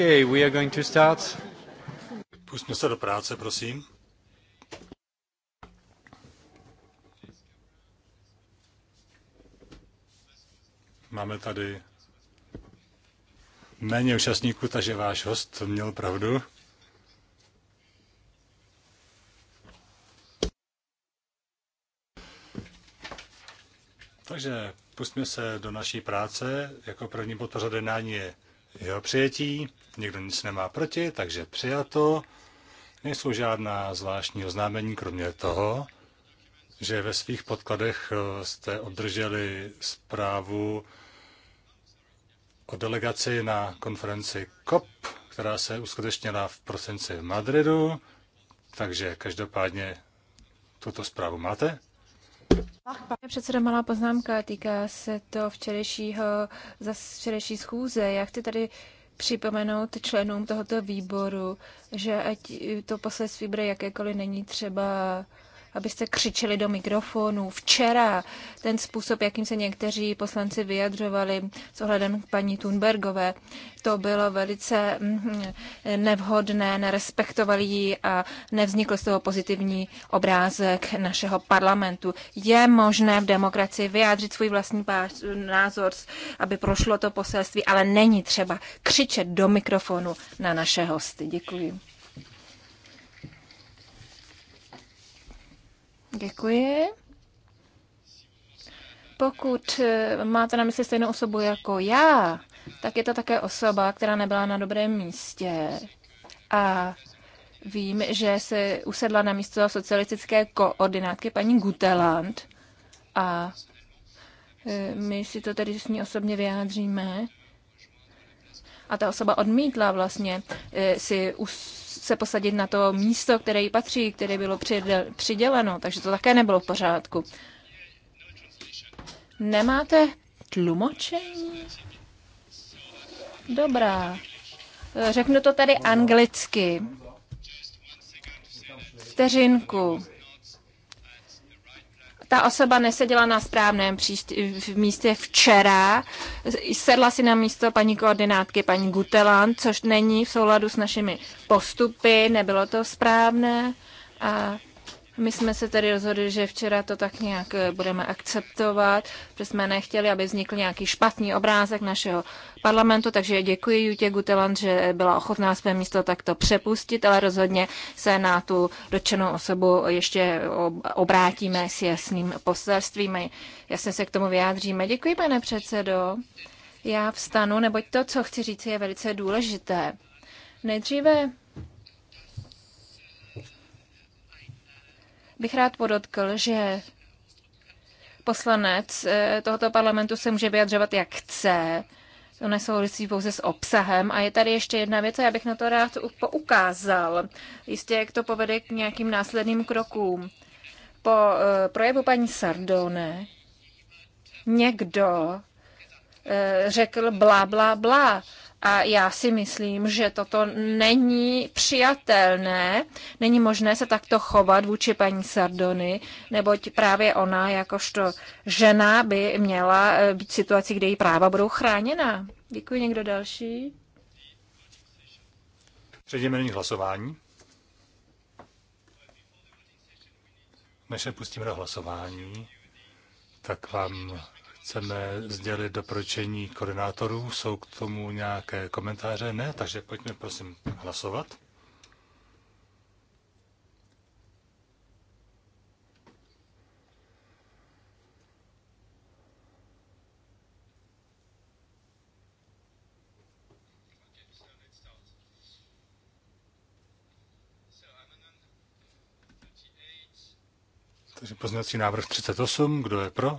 Okay, we are going to start. Pustme se do práce, prosím. Máme tady méně účastníků, takže váš host měl pravdu. Takže pustme se do naší práce. Jako první bod pořadu jednání je jeho přijetí. Nikdo nic nemá proti, takže přijato. Nejsou žádná zvláštní oznámení, kromě toho, že ve svých podkladech eh, jste obdrželi zprávu o delegaci na konferenci COP, která se uskutečnila v prosinci v Madridu, takže každopádně tuto zprávu máte. Pane předseda, malá poznámka, týká se to včerejšího, zase včerejší schůze. Já chci tady připomenout členům tohoto výboru, že ať to poselství bude jakékoliv, není třeba abyste křičeli do mikrofonu Včera ten způsob, jakým se někteří poslanci vyjadřovali s ohledem k paní Thunbergové, to bylo velice mm, nevhodné, nerespektovali ji a nevznikl z toho pozitivní obrázek našeho parlamentu. Je možné v demokracii vyjádřit svůj vlastní názor, aby prošlo to poselství, ale není třeba křičet do mikrofonu na naše hosty. Děkuji. Děkuji. Pokud eh, máte na mysli stejnou osobu jako já, tak je to také osoba, která nebyla na dobrém místě. A vím, že se usedla na místo socialistické koordinátky paní Guteland a eh, my si to tedy s ní osobně vyjádříme. A ta osoba odmítla vlastně eh, si us se posadit na to místo, které jí patří, které bylo přiděleno, takže to také nebylo v pořádku. Nemáte tlumočení? Dobrá. Řeknu to tady anglicky. Vteřinku ta osoba neseděla na správném příště v místě včera, sedla si na místo paní koordinátky paní Gutelan, což není v souladu s našimi postupy, nebylo to správné. A my jsme se tedy rozhodli, že včera to tak nějak eh, budeme akceptovat, protože jsme nechtěli, aby vznikl nějaký špatný obrázek našeho parlamentu, takže děkuji Jutě Guteland, že byla ochotná své místo takto přepustit, ale rozhodně se na tu dotčenou osobu ještě obrátíme s jasným poselstvím. Jasně se k tomu vyjádříme. Děkuji, pane předsedo. Já vstanu, neboť to, co chci říct, je velice důležité. Nejdříve bych rád podotkl, že poslanec eh, tohoto parlamentu se může vyjadřovat, jak chce. To nesouvisí pouze s obsahem. A je tady ještě jedna věc, a já bych na to rád poukázal. Jistě, jak to povede k nějakým následným krokům. Po eh, projevu paní Sardone někdo eh, řekl blá, blá, blá. A já si myslím, že toto není přijatelné, není možné se takto chovat vůči paní Sardony, neboť právě ona, jakožto žena, by měla eh, být v situaci, kde její práva budou chráněna. Děkuji, někdo další? Přejdeme nyní hlasování. Než se pustíme do hlasování, tak vám chceme sdělit doporučení koordinátorů. Jsou k tomu nějaké komentáře? Ne, takže pojďme prosím hlasovat. Takže pozměňovací návrh 38, kdo je pro?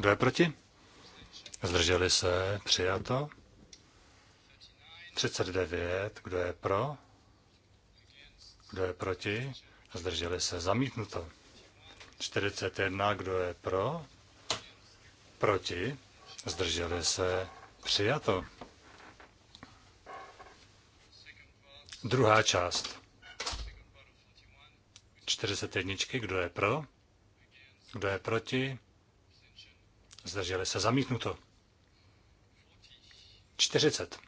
Kdo je proti? Zdrželi se, přijato. 39, kdo je pro? Kdo je proti? Zdrželi se, zamítnuto. 41, kdo je pro? Proti? Zdrželi se, přijato. Druhá část. 41, kdo je pro? Kdo je proti? Zdrželi se zamítnuto. 40.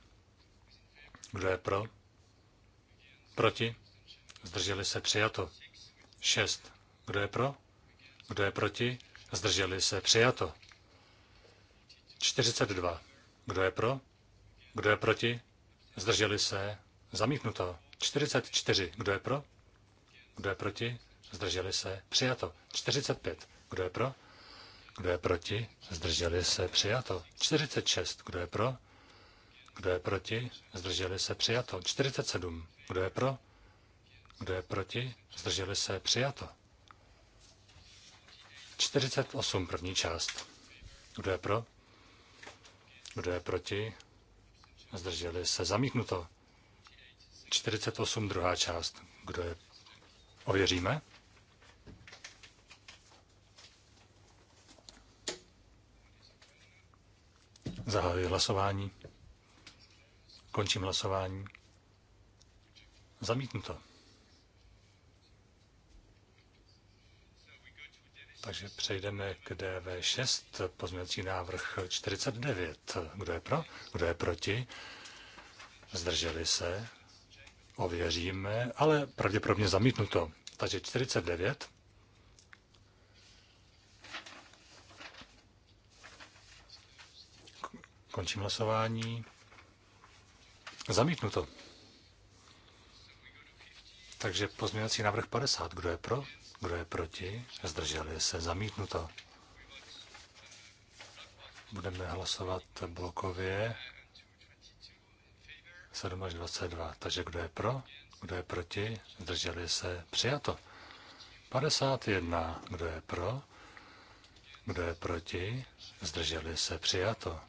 Kdo je pro? Proti? Zdrželi se přijato. 6. Kdo je pro? Kdo je proti? Zdrželi se přijato. 42. Kdo je pro? Kdo je proti? Zdrželi se zamítnuto. 44. Kdo je pro? Kdo je proti? Zdrželi se přijato. 45. Kdo je pro? Kdo je proti? Zdrželi se přijato. 46. Kdo je pro? Kdo je proti? Zdrželi se přijato. 47. Kdo je pro? Kdo je proti? Zdrželi se přijato. 48. První část. Kdo je pro? Kdo je proti? Zdrželi se zamítnuto. 48. Druhá část. Kdo je? Ověříme? Zahajuji hlasování. Končím hlasování. Zamítnuto. Takže přejdeme k DV6, pozměnací návrh 49. Kdo je pro? Kdo je proti? Zdrželi se? Ověříme, ale pravděpodobně zamítnuto. Takže 49. Končím hlasování. Zamítnuto. Takže pozměňovací návrh 50. Kdo je pro? Kdo je proti? Zdrželi se. Zamítnuto. Budeme hlasovat blokově 7 až 22. Takže kdo je pro? Kdo je proti? Zdrželi se. Přijato. 51. Kdo je pro? Kdo je proti? Zdrželi se. Přijato.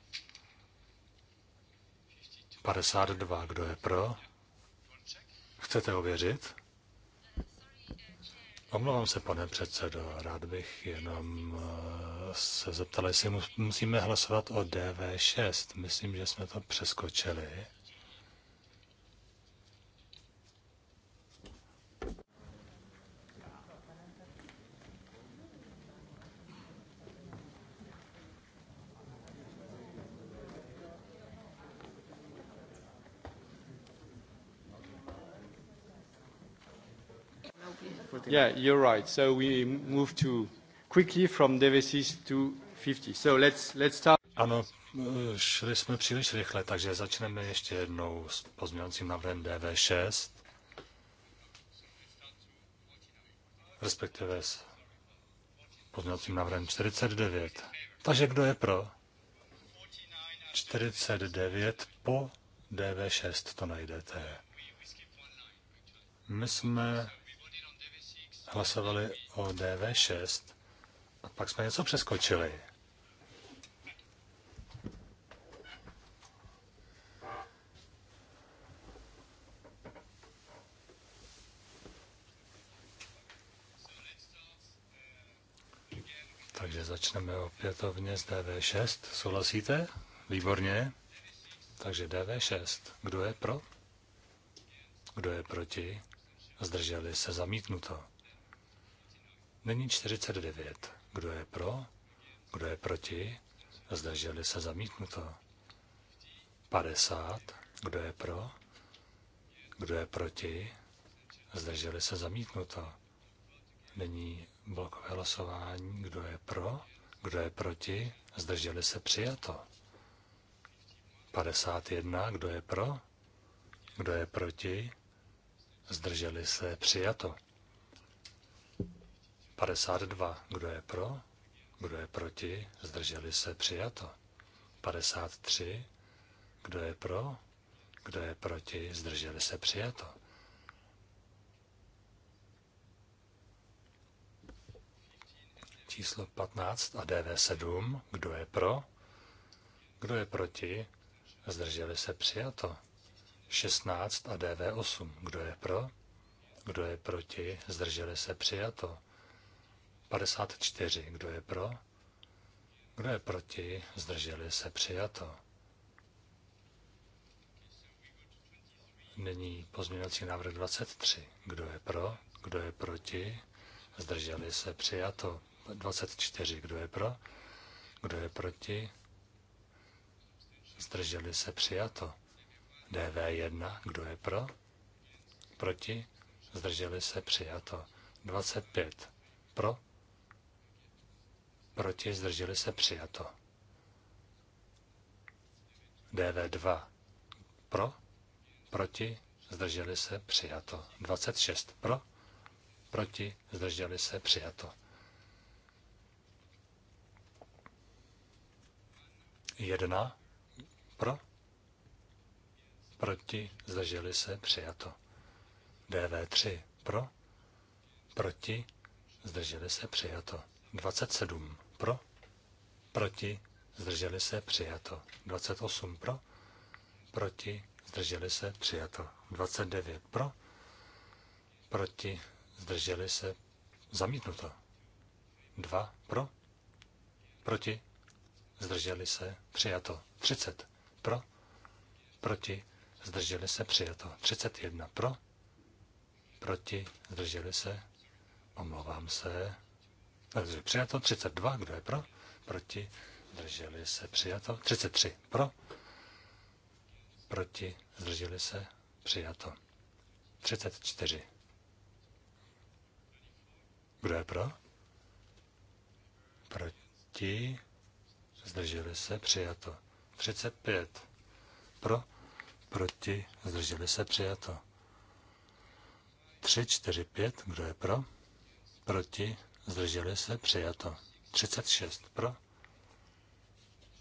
52. Kdo je pro? Chcete ověřit? Omlouvám se, pane předsedo. Rád bych jenom eh, se zeptal, jestli musíme hlasovat o DV6. Myslím, že jsme to přeskočili. Yeah, you're right. So we move to quickly from devices to 50. So let's, let's start. Ano, šli jsme příliš rychle, takže začneme ještě jednou s pozměňovacím návrhem DV6, respektive s pozměňovacím návrhem 49. Takže kdo je pro? 49 po DV6 to najdete. My jsme hlasovali o DV6 a pak jsme něco přeskočili. Takže začneme opětovně s DV6. Souhlasíte? Výborně. Takže DV6. Kdo je pro? Kdo je proti? Zdrželi se zamítnuto. Není 49. Kdo je pro? Kdo je proti? Zdrželi se zamítnuto. 50. Kdo je pro? Kdo je proti? Zdrželi se zamítnuto. Není blokové hlasování. Kdo je pro? Kdo je proti? Zdrželi se přijato. 51. Kdo je pro? Kdo je proti? Zdrželi se přijato. 52. Kdo je pro? Kdo je proti? Zdrželi se přijato. 53. Kdo je pro? Kdo je proti? Zdrželi se přijato. Číslo 15 a DV7. Kdo je pro? Kdo je proti? Zdrželi se přijato. 16 a DV8. Kdo je pro? Kdo je proti? Zdrželi se přijato. 54. Kdo je pro? Kdo je proti? Zdrželi se přijato. Nyní pozměňovací návrh 23. Kdo je pro? Kdo je proti? Zdrželi se přijato. 24. Kdo je pro? Kdo je proti? Zdrželi se přijato. DV1. Kdo je pro? Proti? Zdrželi se přijato. 25. Pro? proti, zdrželi se, přijato. DV2 pro, proti, zdrželi se, přijato. 26 pro, proti, zdrželi se, přijato. 1 pro, proti, zdrželi se, přijato. DV3 pro, proti, zdrželi se, přijato. 27 pro, proti, zdrželi se, přijato. 28 pro, proti, zdrželi se, přijato. 29 pro, proti, zdrželi se, zamítnuto. 2 pro, proti, zdrželi se, přijato. 30 pro, proti, zdrželi se, přijato. 31 pro, proti, zdrželi se, omlouvám se, takže přijato 32, kdo je pro? Proti, zdrželi se, přijato 33, pro? Proti, zdrželi se, přijato 34. Kdo je pro? Proti, zdrželi se, přijato 35, pro? Proti, zdrželi se, přijato 3, 4, 5, kdo je pro? Proti, zdrželi se, přijato. 36 pro,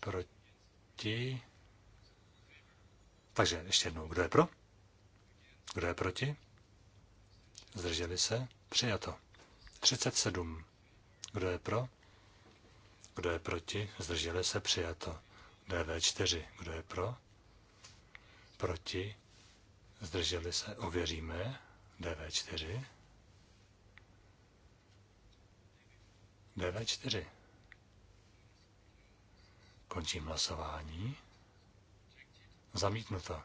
proti, takže ještě jednou, kdo je pro? Kdo je proti? Zdrželi se? Přijato. 37. Kdo je pro? Kdo je proti? Zdrželi se? Přijato. DV4. Kdo je pro? Proti? Zdrželi se? Ověříme. DV4. DV4. Končím hlasování. Zamítnuto.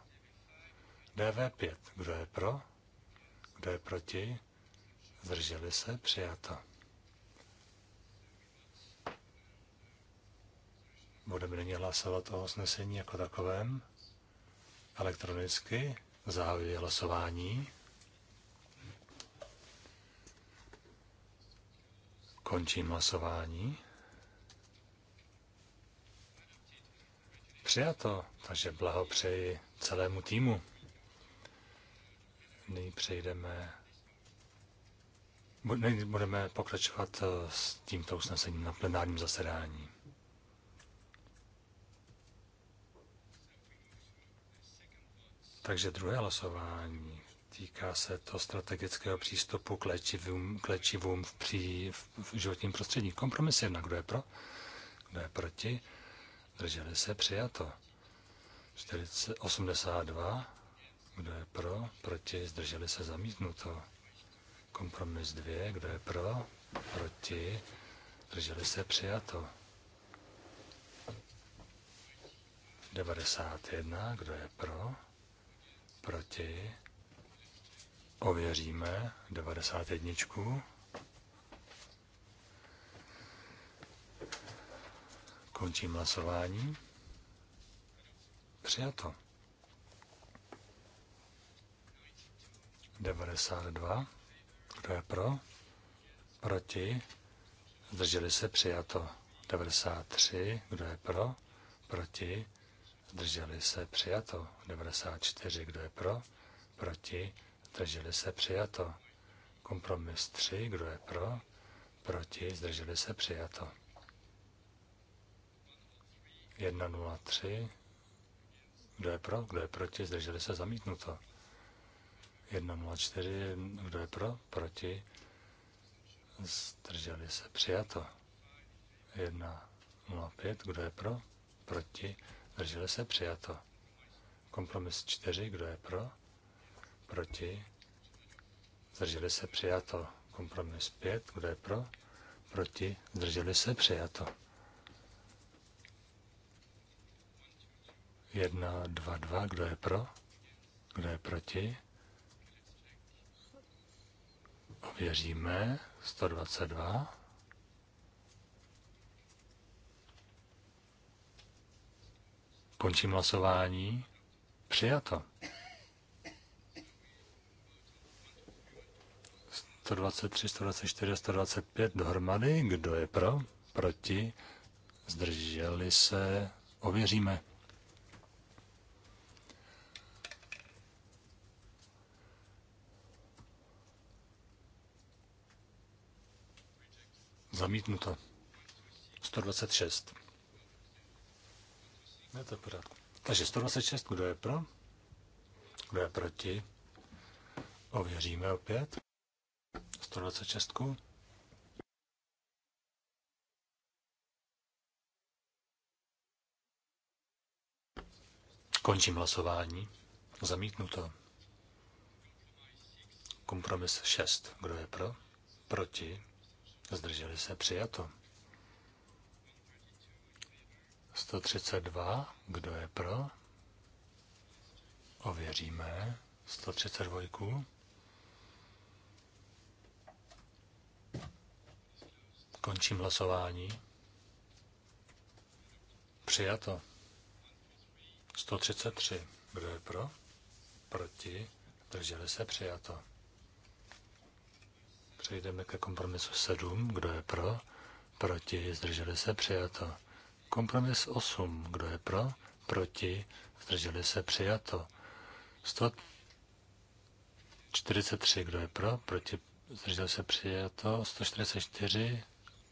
DV5. Kdo je pro? Kdo je proti? Zdrželi se? Přijato. Budeme nyní hlasovat o usnesení jako takovém. Elektronicky zahajuji hlasování. Končím hlasování. Přijato, takže blahopřeji celému týmu. Nyní přejdeme, nyní budeme pokračovat eh, s tímto usnesením na plenárním zasedání. Takže druhé hlasování Týká se to strategického přístupu k léčivům, k léčivům v, při, v v životním prostředí. Kompromis jednak, kdo je pro, kdo je proti. Drželi se přijato. 40, 82, kdo je pro, proti, zdrželi se zamítnuto. Kompromis 2, kdo je pro, proti, zdrželi se přijato. 91, kdo je pro, proti, Ověříme 91. Končím hlasování. Přijato. 92. Kdo je pro? Proti? Zdrželi se přijato. 93. Kdo je pro? Proti? Zdrželi se přijato. 94. Kdo je pro? Proti? zdrželi se přijato. Kompromis 3, kdo je pro, proti, zdrželi se přijato. 103, kdo je pro, kdo je proti, zdrželi se zamítnuto. 104, kdo je pro, proti, zdrželi se přijato. 105, kdo je pro, proti, zdrželi se přijato. Kompromis 4, kdo je pro, proti, zdrželi se přijato. Kompromis 5, kdo je pro, proti, zdrželi se přijato. 1, 2, 2, kdo je pro, kdo je proti. Ověříme 122. Končím hlasování. Přijato. 123, 124 125 dohromady. Kdo je pro? Proti? Zdrželi se? Ověříme. Zamítnuto. 126. Je to je pořádku. Takže 126, kdo je pro? Kdo je proti? Ověříme opět. 126. Končím hlasování. Zamítnuto. Kompromis 6. Kdo je pro? Proti? Zdrželi se přijato. 132. Kdo je pro? Ověříme. 132. Končím hlasování. Přijato. 133. Kdo je pro? Proti? Drželi se přijato. Přejdeme ke kompromisu 7. Kdo je pro? Proti? Zdrželi se přijato. Kompromis 8. Kdo je pro? Proti? Zdrželi se přijato. 143. Kdo je pro? Proti? Zdrželi se přijato. 144.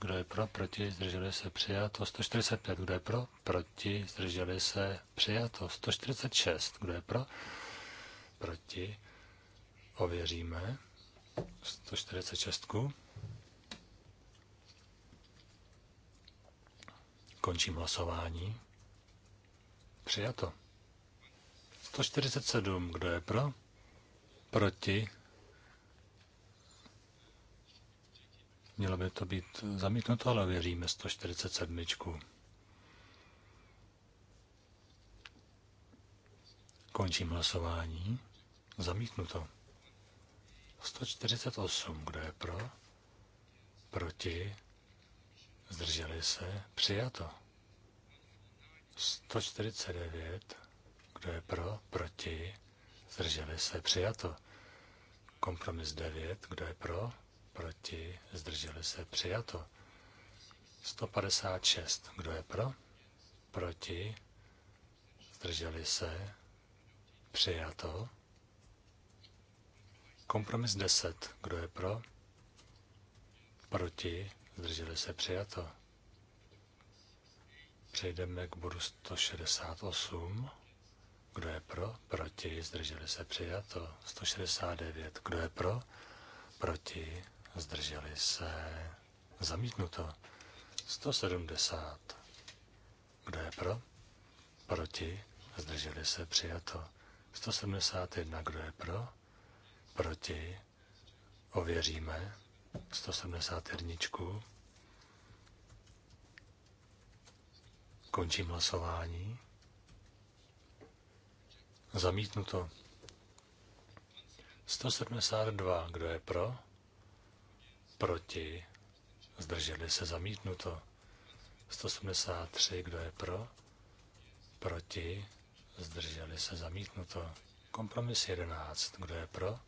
Kdo je pro? Proti? Zdrželi se? Přijato. 145. Kdo je pro? Proti? Zdrželi se? Přijato. 146. Kdo je pro? Proti? Ověříme. 146. Končím hlasování. Přijato. 147. Kdo je pro? Proti? Mělo by to být zamítnuto, ale věříme 147. Končím hlasování. Zamítnuto. 148. Kdo je pro? Proti? Zdrželi se? Přijato. 149. Kdo je pro? Proti? Zdrželi se? Přijato. Kompromis 9. Kdo je pro? proti, zdrželi se, přijato. 156, kdo je pro, proti, zdrželi se, přijato. Kompromis 10, kdo je pro, proti, zdrželi se, přijato. Přejdeme k bodu 168. Kdo je pro? Proti. Zdrželi se přijato. 169. Kdo je pro? Proti zdrželi se, zamítnuto. 170. Kdo je pro? Proti, zdrželi se, přijato. 171. Kdo je pro? Proti, ověříme. 171. Končím hlasování. Zamítnuto. 172. Kdo je pro? proti, zdrželi se zamítnuto. 183, kdo je pro, proti, zdrželi se zamítnuto. Kompromis 11, kdo je pro,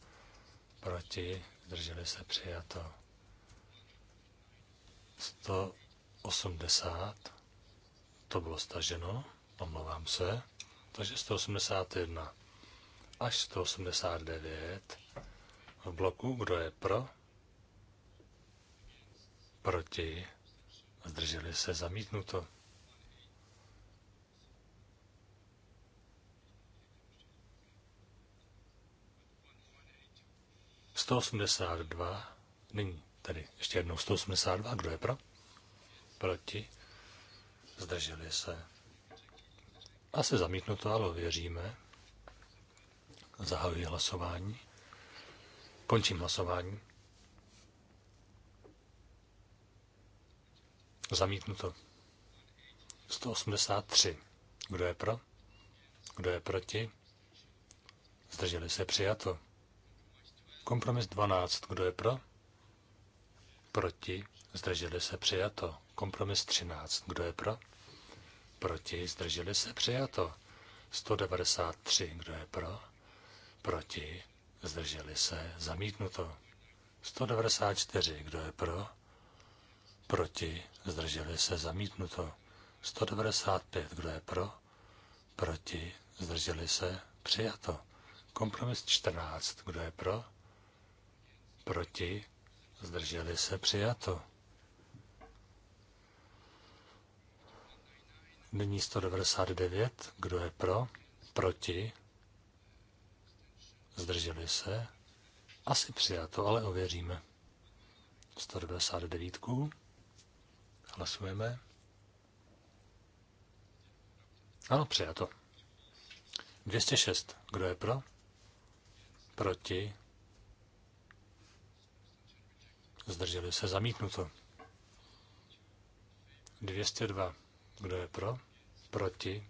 proti, zdrželi se přijato. 180, to bylo staženo, omlouvám se, takže 181 až 189 v bloku, kdo je pro, proti, zdrželi se zamítnuto. Sto osmdesát dva, nyní tady ještě jednou 182, kdo je pro? Proti, zdrželi se. Asi zamítnuto, ale věříme. Zahajuji hlasování. Končím hlasování. Zamítnuto. 183. Kdo je pro? Kdo je proti? Zdrželi se přijato. Kompromis 12. Kdo je pro? Proti. Zdrželi se přijato. Kompromis 13. Kdo je pro? Proti. Zdrželi se přijato. 193. Kdo je pro? Proti. Zdrželi se. Zamítnuto. 194. Kdo je pro? proti, zdrželi se zamítnuto. 195, kdo je pro, proti, zdrželi se přijato. Kompromis 14, kdo je pro, proti, zdrželi se přijato. Nyní 199, kdo je pro, proti, zdrželi se, asi přijato, ale ověříme. 199. Hlasujeme. Ano, přijato. 206. Kdo je pro? Proti? Zdrželi se zamítnuto. 202. Kdo je pro? Proti?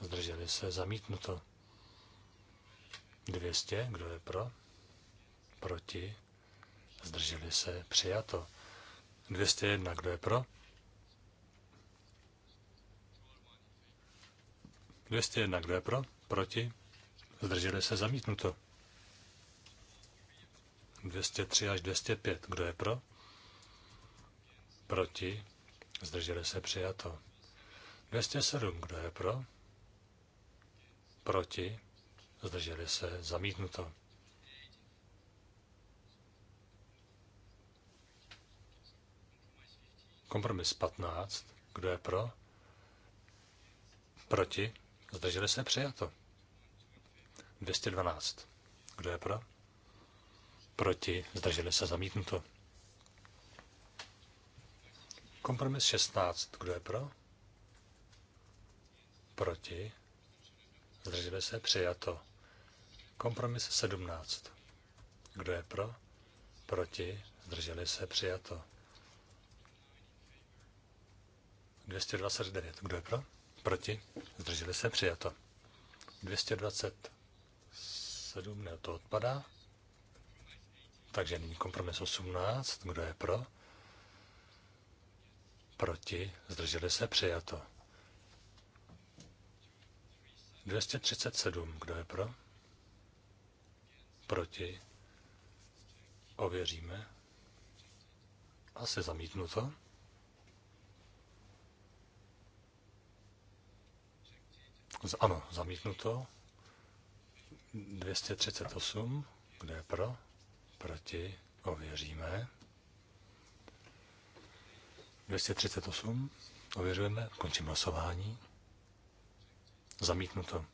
Zdrželi se zamítnuto. 200. Kdo je pro? Proti? Zdrželi se přijato. 201. Kdo je pro? 201. Kdo je pro? Proti? Zdrželi se zamítnuto. 203 až 205. Kdo je pro? Proti? Zdrželi se přijato. 207. Kdo je pro? Proti? Zdrželi se zamítnuto. Kompromis 15. Kdo je pro? Proti? Zdrželi se přijato. 212. Kdo je pro? Proti. Zdrželi se zamítnuto. Kompromis 16. Kdo je pro? Proti. Zdrželi se přijato. Kompromis 17. Kdo je pro? Proti. Zdrželi se přijato. 229. Kdo je pro? Proti? Zdrželi se přijato. 227 ne, to odpadá. Takže nyní kompromis 18. Kdo je pro? Proti? Zdrželi se přijato. 237. Kdo je pro? Proti? Ověříme. Asi zamítnuto. to. Ano, zamítnuto. 238, kde je pro? Proti, ověříme. 238, ověřujeme, končím hlasování. Zamítnuto.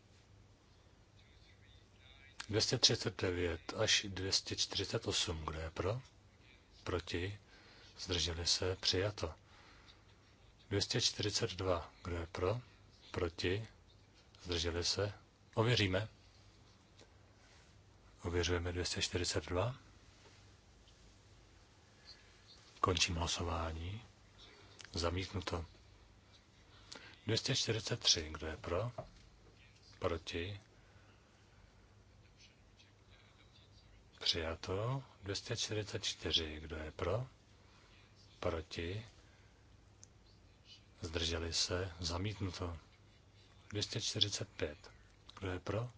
239 až 248, kdo je pro? Proti? Zdrželi se? Přijato. 242, kdo je pro? Proti? zdrželi se, ověříme. Ověřujeme 242. Končím hlasování. Zamítnuto. 243. Kdo je pro? Proti? Přijato. 244. Kdo je pro? Proti? Zdrželi se? Zamítnuto. 245. Kdo je pro?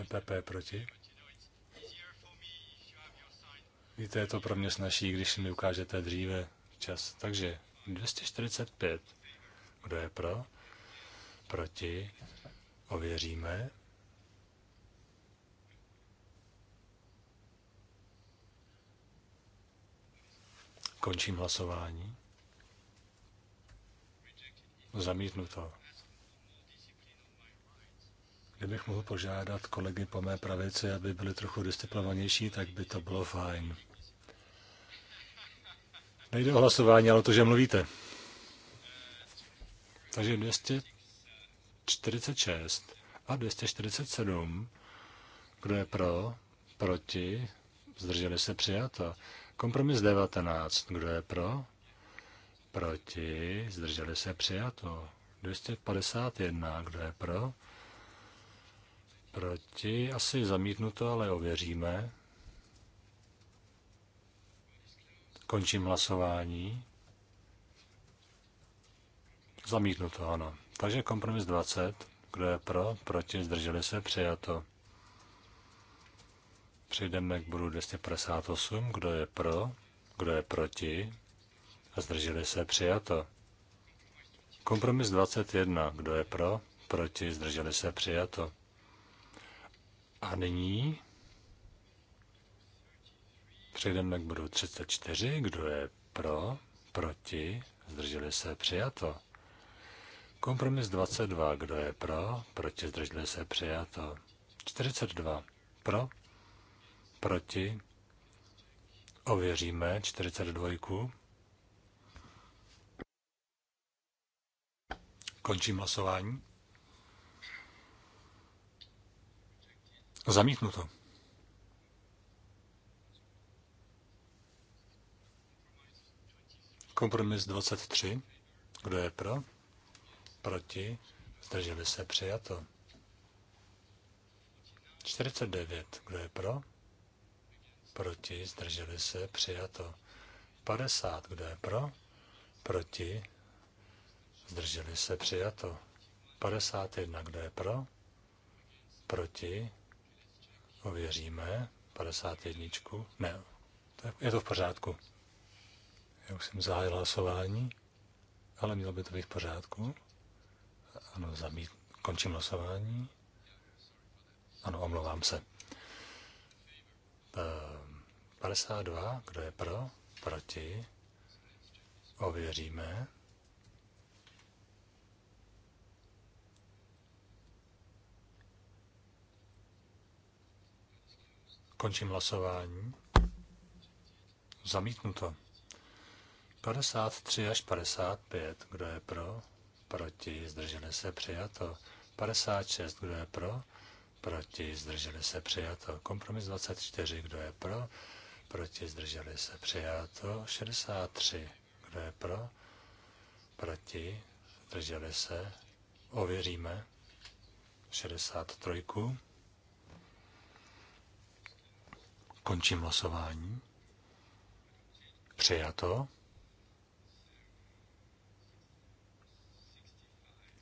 EPP je proti. Víte, je to pro mě snažší, když mi ukážete dříve čas. Takže 245. Kdo je pro? Proti. Ověříme. Končím hlasování. Zamítnuto. Kdybych mohl požádat kolegy po mé pravici, aby byli trochu disciplinovanější, tak by to bylo fajn. Nejde o hlasování, ale to, že mluvíte. Takže 246 a 247. Kdo je pro? Proti? Zdrželi se přijato. Kompromis 19. Kdo je pro? proti, zdrželi se přijato. 251, kdo je pro, proti, asi zamítnuto, ale ověříme. Končím hlasování. Zamítnuto, ano. Takže kompromis 20. Kdo je pro, proti, zdrželi se, přijato. Přejdeme k bodu 258. Kdo je pro, kdo je proti, Zdrželi se přijato. Kompromis 21. Kdo je pro? Proti? Zdrželi se přijato. A nyní přejdeme k bodu 34. Kdo je pro? Proti? Zdrželi se přijato. Kompromis 22. Kdo je pro? Proti? Zdrželi se přijato. 42. Pro? Proti? Ověříme 42. Končím hlasování. Zamítnuto. Kompromis 23. Kdo je pro? Proti? Zdrželi se přijato. 49. Kdo je pro? Proti? Zdrželi se přijato. 50. Kdo je pro? Proti? Zdrželi se přijato. 51. Kdo je pro? Proti? Ověříme. 51. Ne. Je to v pořádku. Já už jsem zahájil hlasování, ale mělo by to být v pořádku. Ano, zamít. Končím hlasování. Ano, omlouvám se. 52. Ehm, kdo je pro? Proti? Ověříme. Končím hlasování. Zamítnuto. 53 až 55, kdo je pro? Proti, zdrželi se, přijato. 56, kdo je pro? Proti, zdrželi se, přijato. Kompromis 24, kdo je pro? Proti, zdrželi se, přijato. 63, kdo je pro? Proti, zdrželi se, ověříme. 63. Končím hlasování. Přijato.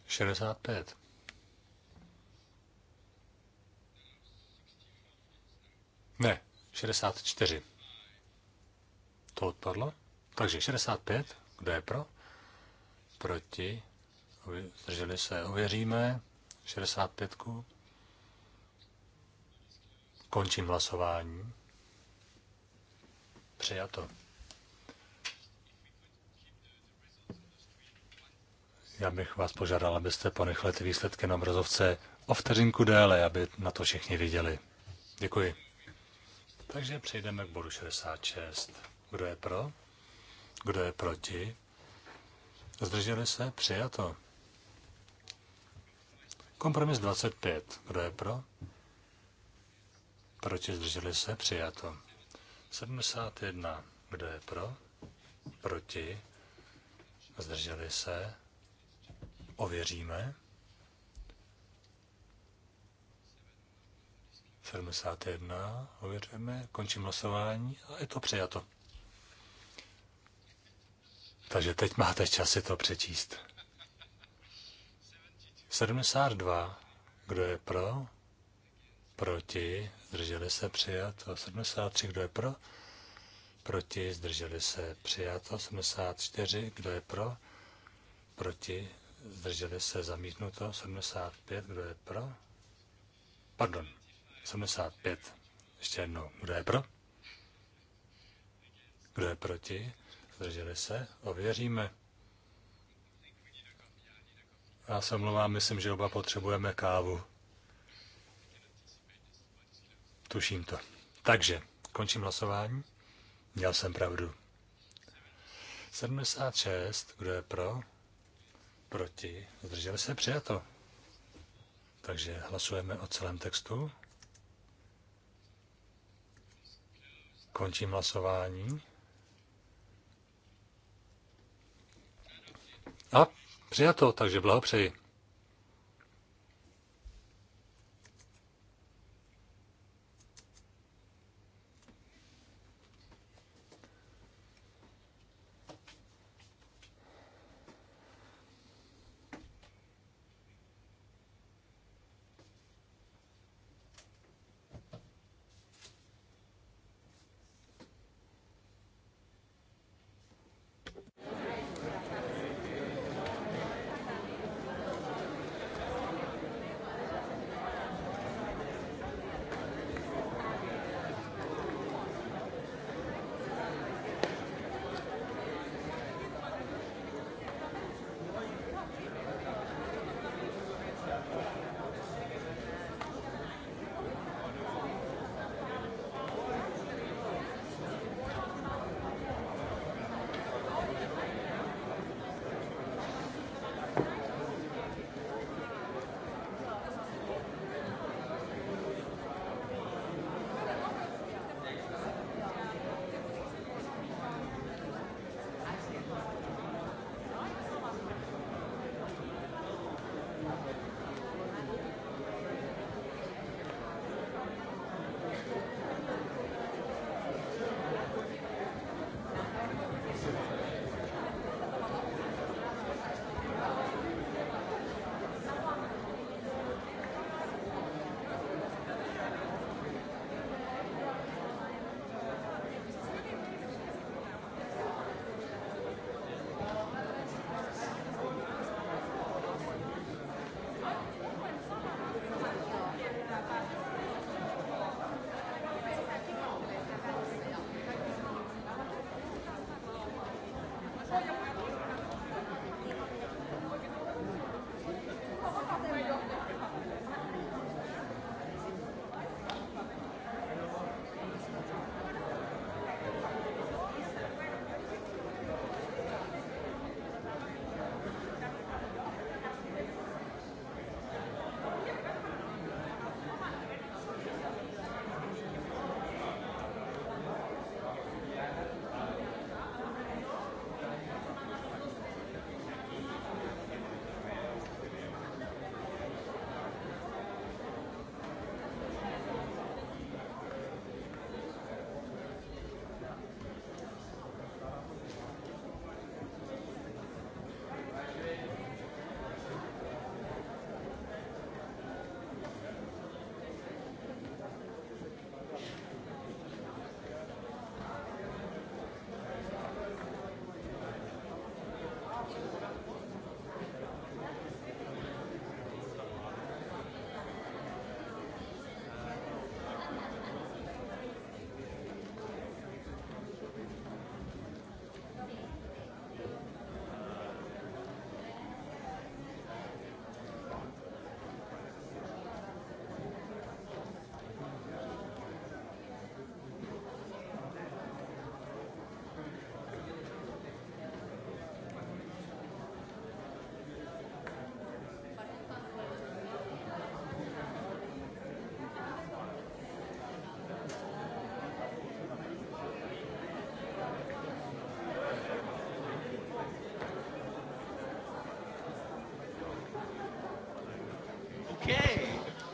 65. Ne, 64. To odpadlo. Takže 65, kdo je pro? Proti. Zdrželi se, ověříme. 65. Končím hlasování. Přijato. Já bych vás požádal, abyste ponechali ty výsledky na obrazovce o vteřinku déle, aby na to všichni viděli. Děkuji. Takže přejdeme k bodu 66. Kdo je pro? Kdo je proti? Zdrželi se? Přijato. Kompromis 25. Kdo je pro? Proti zdrželi se? Přijato. 71. Kdo je pro? Proti? Zdrželi se? Ověříme. 71. Ověřujeme. Končím hlasování a je to přijato. Takže teď máte čas si to přečíst. 72. Kdo je pro? proti, zdrželi se, přijato 73, kdo je pro, proti, zdrželi se, přijato 84, kdo je pro, proti, zdrželi se, zamítnuto 75, kdo je pro, pardon, 75, ještě jednou, kdo je pro, kdo je proti, zdrželi se, ověříme. Já se omlouvám, myslím, že oba potřebujeme kávu. Tuším to. Takže, končím hlasování. Měl jsem pravdu. 76, kdo je pro? Proti. Zdrželi se přijato. Takže hlasujeme o celém textu. Končím hlasování. A přijato, takže blahopřeji.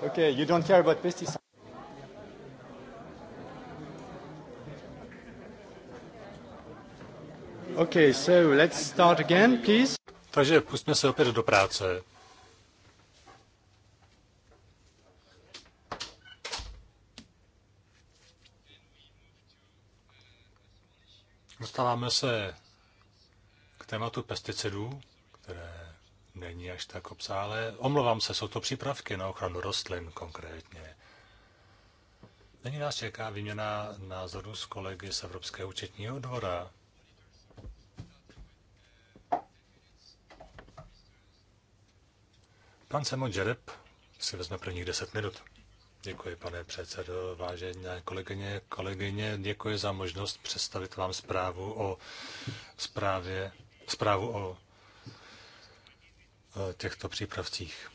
Okay, you don't care about pesticides. Okay, so let's start again, please. Takže pusťme se opět do práce. Dostáváme se k tématu pesticidů až tak obsáhlé. Omlouvám se, jsou to přípravky na ochranu rostlin konkrétně. Není nás čeká výměna názoru s kolegy z Evropského účetního dvora. Pan Samo Džereb si vezme prvních 10 minut. Děkuji, pane předsedo, vážené kolegyně, kolegyně, děkuji za možnost představit vám zprávu o zprávě, zprávu o Eh, těchto přípravcích.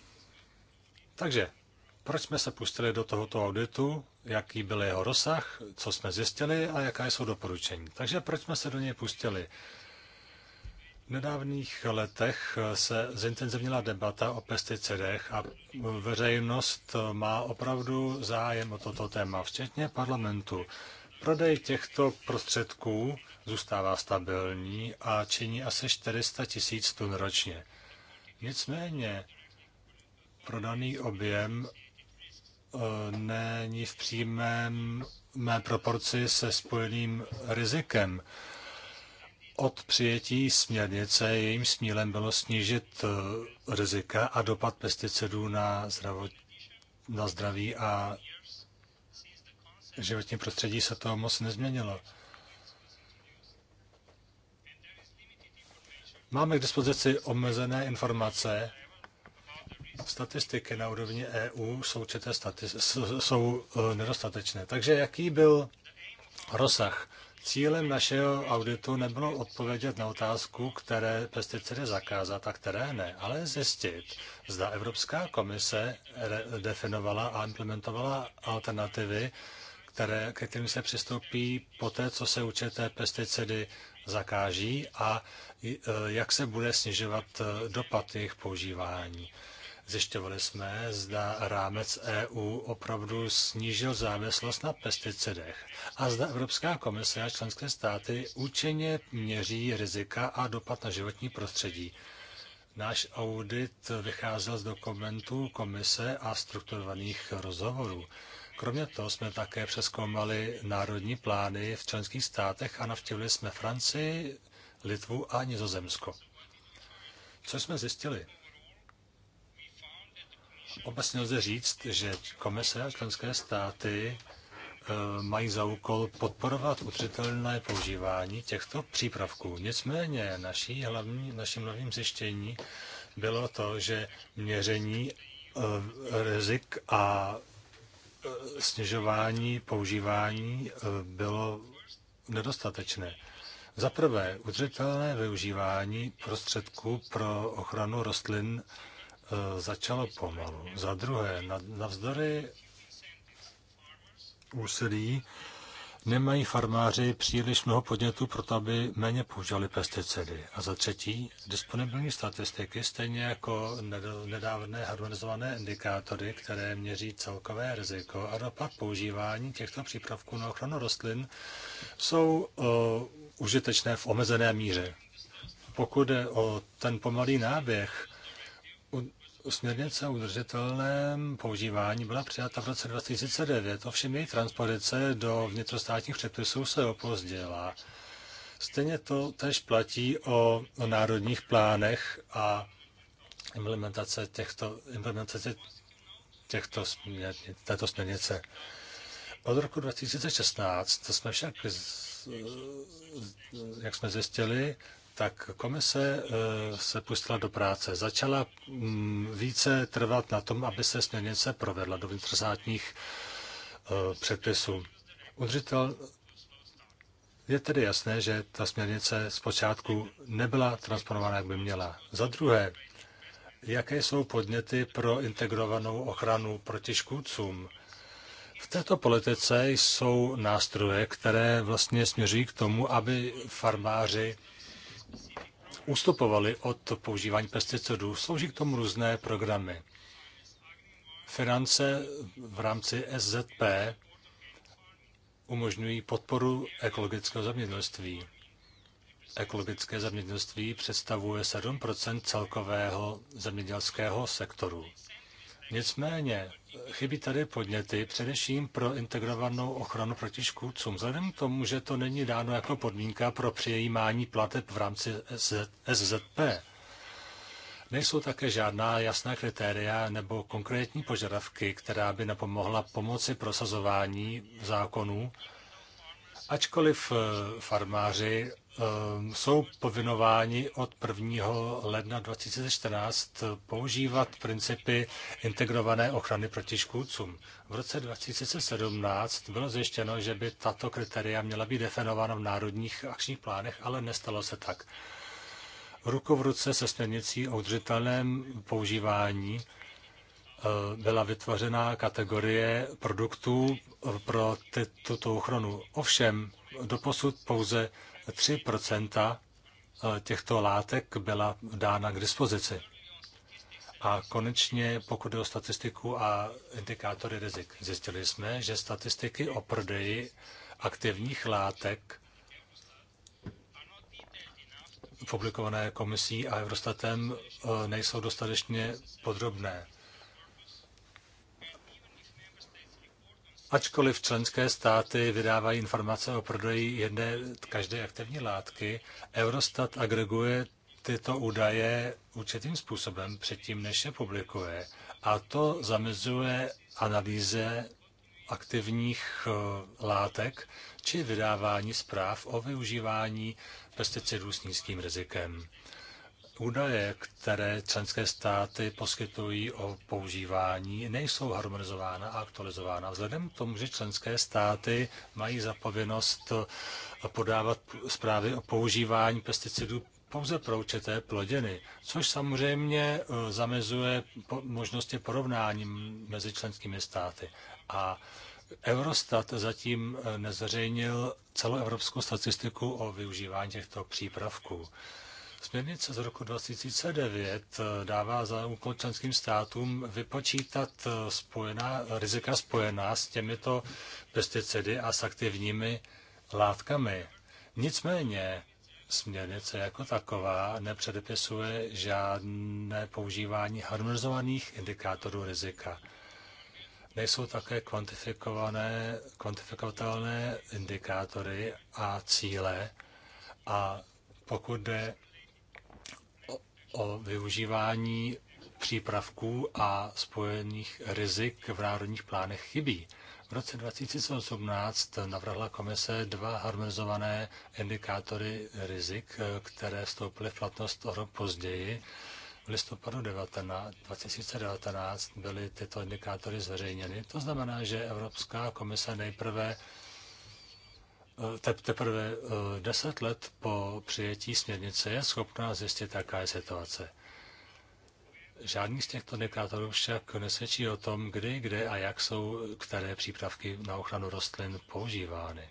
Takže, proč jsme se pustili do tohoto auditu, jaký byl jeho rozsah, co jsme zjistili a jaká jsou doporučení. Takže proč jsme se do něj pustili? V nedávných letech se zintenzivnila debata o pesticidech a veřejnost má opravdu zájem o toto téma, včetně parlamentu. Prodej těchto prostředků zůstává stabilní a činí asi 400 tisíc tun ročně. Nicméně prodaný objem eh, není v přímém mé proporci se spojeným rizikem. Od přijetí směrnice jejím smílem bylo snížit eh, rizika a dopad pesticidů na, zdravo, na zdraví a životní prostředí se to moc nezměnilo. Máme k dispozici omezené informace. Statistiky na úrovni EU jsou, čité stati- jsou e, nedostatečné. Takže jaký byl rozsah? Cílem našeho auditu nebylo odpovědět na otázku, které pesticidy zakázat a které ne, ale zjistit, zda Evropská komise definovala a implementovala alternativy, které, ke kterým se přistoupí poté, co se určité pesticidy zakáží a e, jak se bude snižovat e, dopad jejich používání. Zjišťovali jsme, zda rámec EU opravdu snížil závislost na pesticidech a zda Evropská komise a členské státy účinně měří rizika a dopad na životní prostředí. Náš audit vycházel z dokumentů komise a strukturovaných rozhovorů. Kromě toho jsme také přeskoumali národní plány v členských státech a navštívili jsme Francii, Litvu a Nizozemsko. Co jsme zjistili? Obecně lze říct, že komise a členské státy eh, mají za úkol podporovat udržitelné používání těchto přípravků. Nicméně naší hlavní, naším hlavním zjištění bylo to, že měření eh, rizik a snižování používání eh, bylo nedostatečné. Za prvé, udržitelné využívání prostředků pro ochranu rostlin eh, začalo pomalu. Za druhé, navzdory úsilí nemají farmáři příliš mnoho podnětů pro to, aby méně používali pesticidy. A za třetí, disponibilní statistiky, stejně jako nedávné harmonizované indikátory, které měří celkové riziko a dopad používání těchto přípravků na ochranu rostlin, jsou uh, užitečné v omezené míře. Pokud jde o ten pomalý náběh, Směrnice o udržitelném používání byla přijata v roce 2009, ovšem její transpozice do vnitrostátních předpisů se opozdila. Stejně to tež platí o, o národních plánech a implementace těchto, implementace těchto směrnic, této směrnice. Od roku 2016 jsme však, jak jsme zjistili, tak komise eh, se pustila do práce. Začala mm, více trvat na tom, aby se směrnice provedla do vnitrostátních eh, předpisů. Udřitel je tedy jasné, že ta směrnice zpočátku nebyla transponovaná, jak by měla. Za druhé, jaké jsou podněty pro integrovanou ochranu proti škůdcům? V této politice jsou nástroje, které vlastně směřují k tomu, aby farmáři ustupovali od používání pesticidů. Slouží k tomu různé programy. Finance v rámci SZP umožňují podporu ekologického zemědělství. Ekologické zemědělství představuje 7 celkového zemědělského sektoru. Nicméně Chybí tady podněty, především pro integrovanou ochranu proti škůdcům. Vzhledem k tomu, že to není dáno jako podmínka pro přijímání plateb v rámci SZP, nejsou také žádná jasná kritéria nebo konkrétní požadavky, která by napomohla pomoci prosazování zákonů, ačkoliv eh, farmáři Ehm, jsou povinováni od 1. ledna 2014 používat principy integrované ochrany proti škůdcům. V roce 2017 bylo zjištěno, že by tato kritéria měla být definována v národních akčních plánech, ale nestalo se tak. Ruku v ruce se směrnicí o udržitelném používání ehm, byla vytvořena kategorie produktů pro tuto ochranu. Ovšem, doposud pouze 3 eh, těchto látek byla dána k dispozici. A konečně, pokud jde o statistiku a indikátory rizik, zjistili jsme, že statistiky o prodeji aktivních látek publikované komisí a Eurostatem eh, nejsou dostatečně podrobné. Ačkoliv členské státy vydávají informace o prodeji jedné každé aktivní látky, Eurostat agreguje tyto údaje určitým způsobem předtím, než je publikuje. A to zamezuje analýze aktivních eh, látek či vydávání zpráv o využívání pesticidů s nízkým rizikem. Údaje, které členské státy poskytují o používání, nejsou harmonizována a aktualizována. Vzhledem k tomu, že členské státy mají zapovinnost podávat zprávy o používání pesticidů pouze pro určité plodiny, což samozřejmě eh, zamezuje možnosti porovnání mezi členskými státy. A Eurostat zatím eh, nezveřejnil celoevropskou statistiku o využívání těchto přípravků. Směrnice z roku 2009 eh, dává za úkol členským státům vypočítat eh, spojená, rizika spojená s těmito pesticidy a s aktivními látkami. Nicméně směrnice jako taková nepředepisuje žádné používání harmonizovaných indikátorů rizika. Nejsou také kvantifikované, kvantifikovatelné indikátory a cíle a pokud jde o využívání přípravků a spojených rizik v národních plánech chybí. V roce 2018 navrhla komise dva harmonizované indikátory rizik, které vstoupily v platnost o rok později. V listopadu 2019 byly tyto indikátory zveřejněny. To znamená, že Evropská komise nejprve te, teprve eh, deset let po přijetí směrnice je schopná zjistit, jaká je situace. Žádný z těchto indikátorů však nesvědčí o tom, kdy, kde a jak jsou které přípravky na ochranu rostlin používány.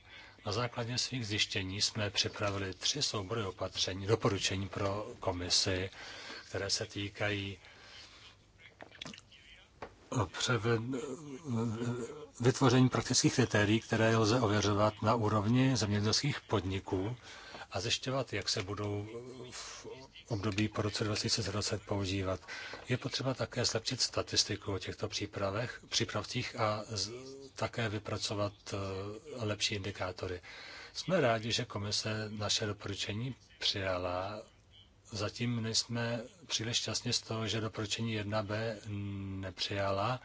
Na základě svých zjištění jsme připravili tři soubory opatření, doporučení pro komisi, které se týkají převed, vytvoření praktických kritérií, které lze ověřovat na úrovni zemědělských podniků a zjišťovat, jak se budou v období po roce 2020 používat. Je potřeba také zlepšit statistiku o těchto přípravech, přípravcích a z, také vypracovat eh, lepší indikátory. Jsme rádi, že komise naše doporučení přijala zatím nejsme příliš šťastní z toho, že doporučení 1b nepřijala.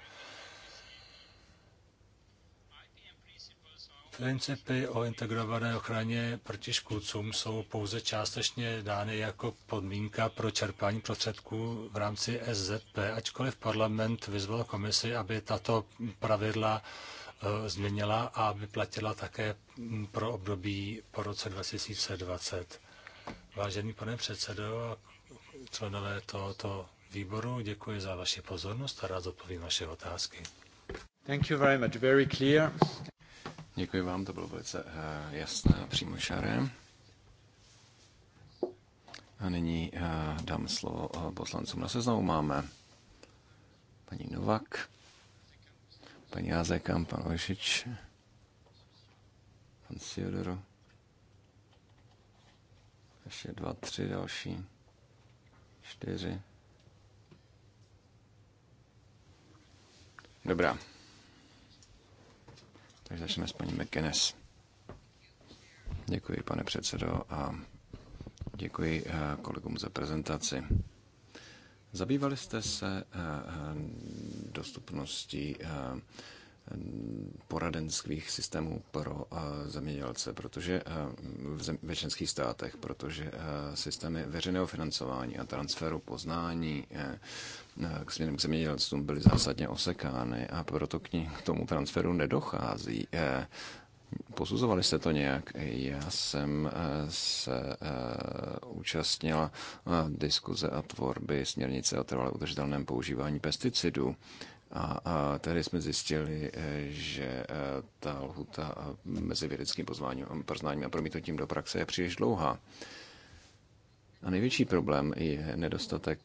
Principy o integrované ochraně proti škůdcům jsou pouze částečně dány jako podmínka pro čerpání prostředků v rámci SZP, ačkoliv parlament vyzval komisi, aby tato pravidla eh, změnila a vyplatila také pro období po roce 2020. Vážený pane předsedo a členové tohoto výboru, děkuji za vaši pozornost a rád odpovím vaše otázky. Thank you very much. Very clear. Děkuji vám, to bylo velice eh, jasné a šaré. A nyní eh, dám slovo eh, poslancům na seznamu. Máme paní Novak, paní Azekam, pan Ošič, pan Siodoro. Ještě dva, tři další. Čtyři. Dobrá. Takže začneme s paní McInnes. Děkuji, pane předsedo, a děkuji eh, kolegům za prezentaci. Zabývali jste se eh, dostupností eh, poradenských systémů pro eh, zemědělce, protože eh, v ve členských státech, protože eh, systémy veřejného financování a transferu poznání k směrem k zemědělcům byly zásadně osekány a proto k, ní, k tomu transferu nedochází. Posuzovali jste to nějak? Já jsem se účastnila diskuze a tvorby směrnice o trvalé udržitelném používání pesticidů a, a tehdy jsme zjistili, eh, že eh, ta lhuta eh, mezi vědeckým poznáním, poznáním a promítnutím do praxe je příliš dlouhá. A největší problém je nedostatek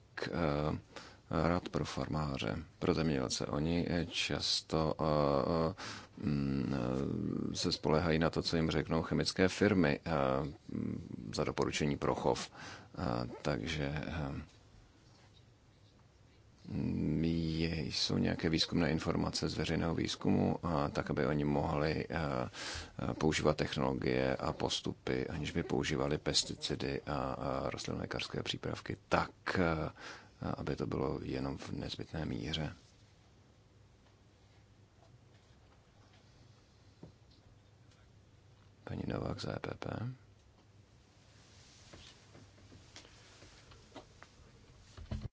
rad pro farmáře, pro zemědělce. Oni často mm, se spolehají na to, co jim řeknou chemické firmy za doporučení pro chov. Takže je, jsou nějaké výzkumné informace z veřejného výzkumu, a tak aby oni mohli eh, eh, používat technologie a postupy, aniž by používali pesticidy a rostlinolékařské přípravky, tak eh, aby to bylo jenom v nezbytné míře. Paní Novák za EPP.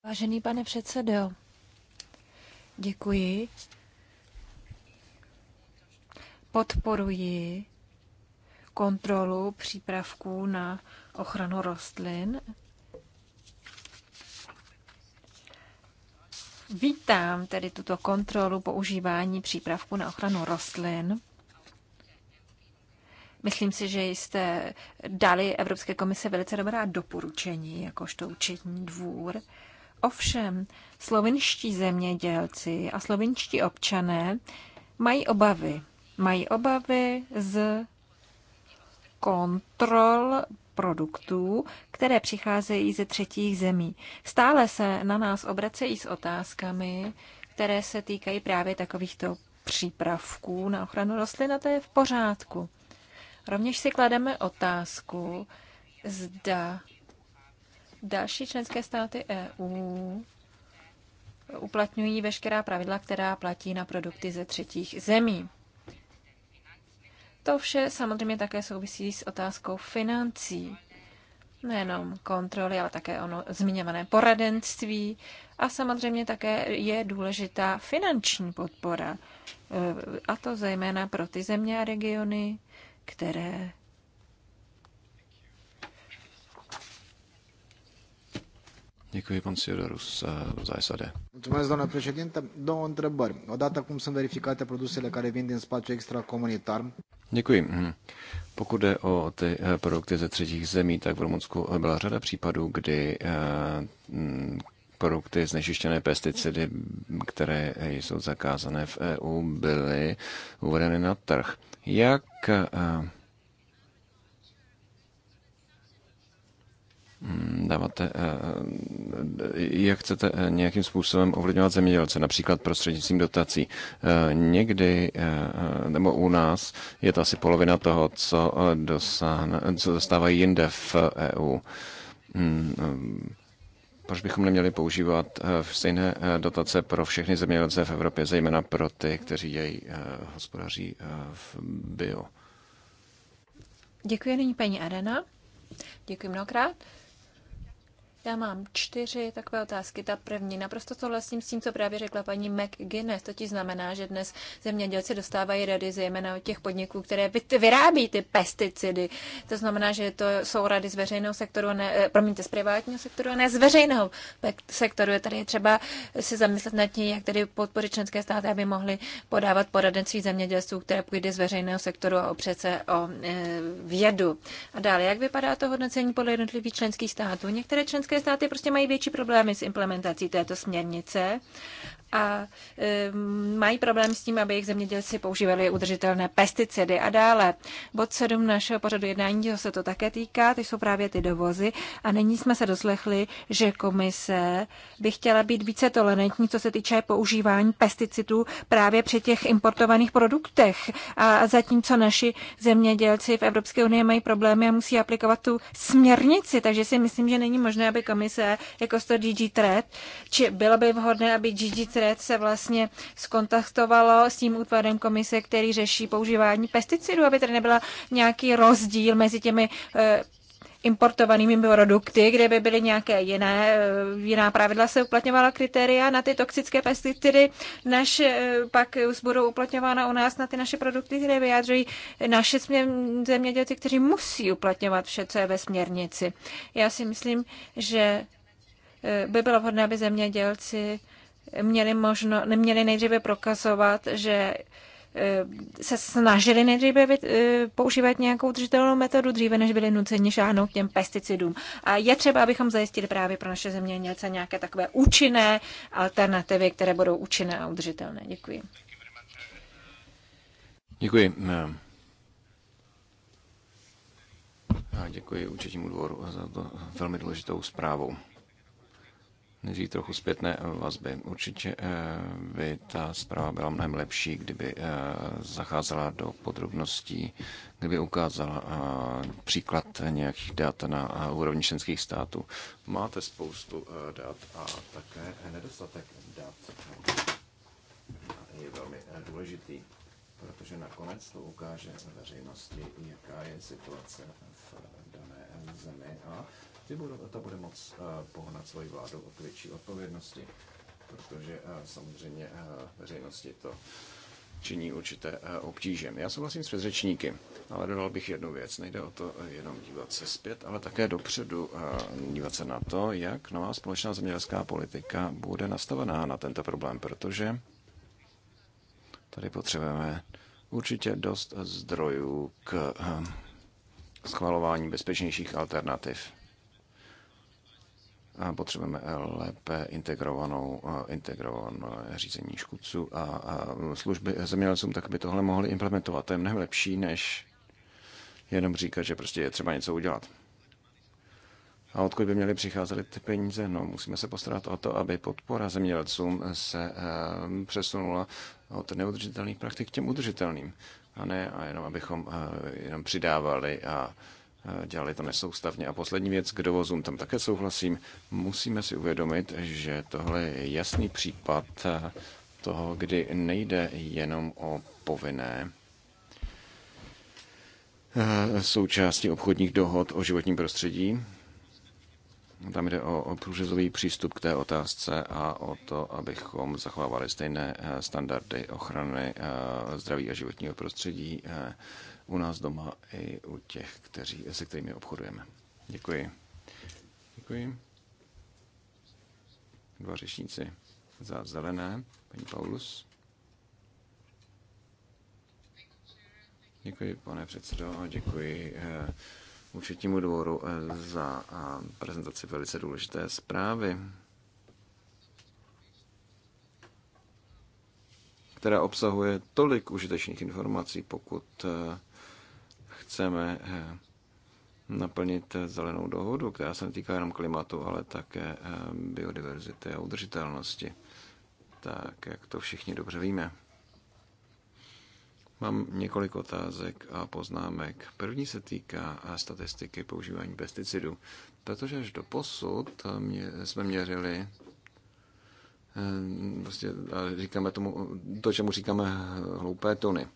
Vážený pane předsedo, děkuji. Podporuji kontrolu přípravků na ochranu rostlin. Vítám tedy tuto kontrolu používání přípravků na ochranu rostlin. Myslím si, že jste dali Evropské komise velice dobrá doporučení, jakožto účetní dvůr. Ovšem, slovinští zemědělci a slovinští občané mají obavy. Mají obavy z kontrol produktů, které přicházejí ze třetích zemí. Stále se na nás obracejí s otázkami, které se týkají právě takovýchto přípravků na ochranu rostlin a to je v pořádku. Rovněž si klademe otázku, zda Další členské státy EU uplatňují veškerá pravidla, která platí na produkty ze třetích zemí. To vše samozřejmě také souvisí s otázkou financí. Nejenom kontroly, ale také ono zmiňované poradenství. A samozřejmě také je důležitá finanční podpora. E, a to zejména pro ty země a regiony, které Děkuji, pan Siodorus, eh, za SAD. Mulțumesc, doamna președintă. Două întrebări. Odată cum sunt verificate produsele care vin din spațiu extracomunitar? Děkuji. Mhm. Pokud jde o ty eh, produkty ze třetích zemí, tak v Rumunsku byla řada případů, kdy eh, produkty znečištěné pesticidy, které jsou zakázané v EU, byly uvedeny na trh. Jak Hmm, dáváte, eh, eh, jak chcete eh, nějakým způsobem ovlivňovat zemědělce, například prostřednictvím dotací. Někdy, nebo u nás, je to asi polovina toho, co, dosáhne, co dostávají jinde v EU. E hmm, proč bychom neměli používat stejné dotace pro všechny zemědělce v Evropě, zejména pro ty, kteří jej hospodaří v bio? Děkuji, nyní paní Arena. Děkuji mnohokrát. Já mám čtyři takové otázky. Ta první, naprosto souhlasím s tím, co právě řekla paní McGuinness. To ti znamená, že dnes zemědělci dostávají rady zejména od těch podniků, které vyrábí ty pesticidy. To znamená, že to jsou rady z veřejného sektoru, ne, eh, promiňte, z privátního sektoru, a ne z veřejného sektoru. Je tady třeba si zamyslet nad tím, jak tedy podpořit členské státy, aby mohly podávat poradenství zemědělců, které půjde z veřejného sektoru a opřece se o e, vědu. A dále, jak vypadá to hodnocení podle jednotlivých členských států? Některé členské Členské státy prostě mají větší problémy s implementací této směrnice a mají problém s tím, aby jejich zemědělci používali udržitelné pesticidy a dále. Bod 7 našeho pořadu jednání, co se to také týká, ty jsou právě ty dovozy a nyní jsme se doslechli, že komise by chtěla být více tolerantní, co se týče používání pesticidů právě při těch importovaných produktech. A zatímco naši zemědělci v Evropské unii mají problémy a musí aplikovat tu směrnici, takže si myslím, že není možné, aby komise jako to DG Trade, či bylo by vhodné, aby GG Red se vlastně skontaktovalo s tím útvarem komise, který řeší používání pesticidů, aby tady nebyla nějaký rozdíl mezi těmi eh, importovanými produkty, kde by byly nějaké jiné, eh, jiná pravidla se uplatňovala kritéria na ty toxické pesticidy, naše eh, pak budou uplatňována u nás na ty naše produkty, které vyjádřují naše zemědělci, kteří musí uplatňovat vše, co je ve směrnici. Já si myslím, že by bylo vhodné, aby zemědělci měli možno, neměli nejdříve prokazovat, že e, se snažili nejdříve e, používat nějakou držitelnou metodu, dříve než byli nuceni šáhnout k těm pesticidům. A je třeba, abychom zajistili právě pro naše země něco nějaké takové účinné alternativy, které budou účinné a udržitelné. Děkuji. Děkuji. A děkuji účetnímu dvoru za to velmi důležitou zprávu nejdřív trochu zpětné vazby. Určitě eh, by ta zpráva byla mnohem lepší, kdyby eh, zacházela do podrobností, kdyby ukázala eh, příklad nějakých dat na úrovni členských států. Máte spoustu dat a také nedostatek dat je velmi důležitý, protože nakonec to ukáže veřejnosti, jaká je situace v dané zemi a a ta bude moc eh, pohnat svoji vládu od větší odpovědnosti, protože eh, samozřejmě eh, veřejnosti to činí určité obtíže. Já souhlasím s předřečníky, ale dodal bych jednu věc. Nejde o to jenom dívat se zpět, ale také dopředu dívat se na to, jak nová společná zemědělská politika bude nastavená na tento problém, protože tady potřebujeme určitě dost zdrojů k schvalování bezpečnějších alternativ potřebujeme lépe integrovanou, integrované řízení škůdců a služby zemědělcům, tak by tohle mohli implementovat. To je mnohem lepší, než jenom říkat, že prostě je třeba něco udělat. A odkud by měly přicházet ty peníze? No, musíme se postarat o to, aby podpora zemědělcům se e, přesunula od neudržitelných praktik k těm udržitelným. A ne, a jenom abychom e, jenom přidávali a Eh, dělali to nesoustavně. A poslední věc k dovozům, tam také souhlasím, musíme si uvědomit, že tohle je jasný případ eh, toho, kdy nejde jenom o povinné eh, součástí obchodních dohod o životním prostředí. Tam jde o průřezový přístup k té otázce a o to, abychom zachovávali stejné standardy ochrany zdraví a životního prostředí u nás doma i u těch, kteří, se kterými obchodujeme. Děkuji. Děkuji. Dva řešníci za zelené, paní Paulus. Děkuji, pane předsedo, děkuji eh, účetnímu dvoru eh, za eh, prezentaci velice důležité zprávy, která obsahuje tolik užitečných informací, pokud chceme eh, naplnit zelenou dohodu, která se netýká jenom klimatu, ale také eh, biodiverzity a udržitelnosti, tak jak to všichni dobře víme. Mám několik otázek a poznámek. První se týká eh, statistiky používání pesticidů, protože až do posud mě, jsme měřili, vlastně říkáme tomu, to, čemu říkáme hloupé tuny.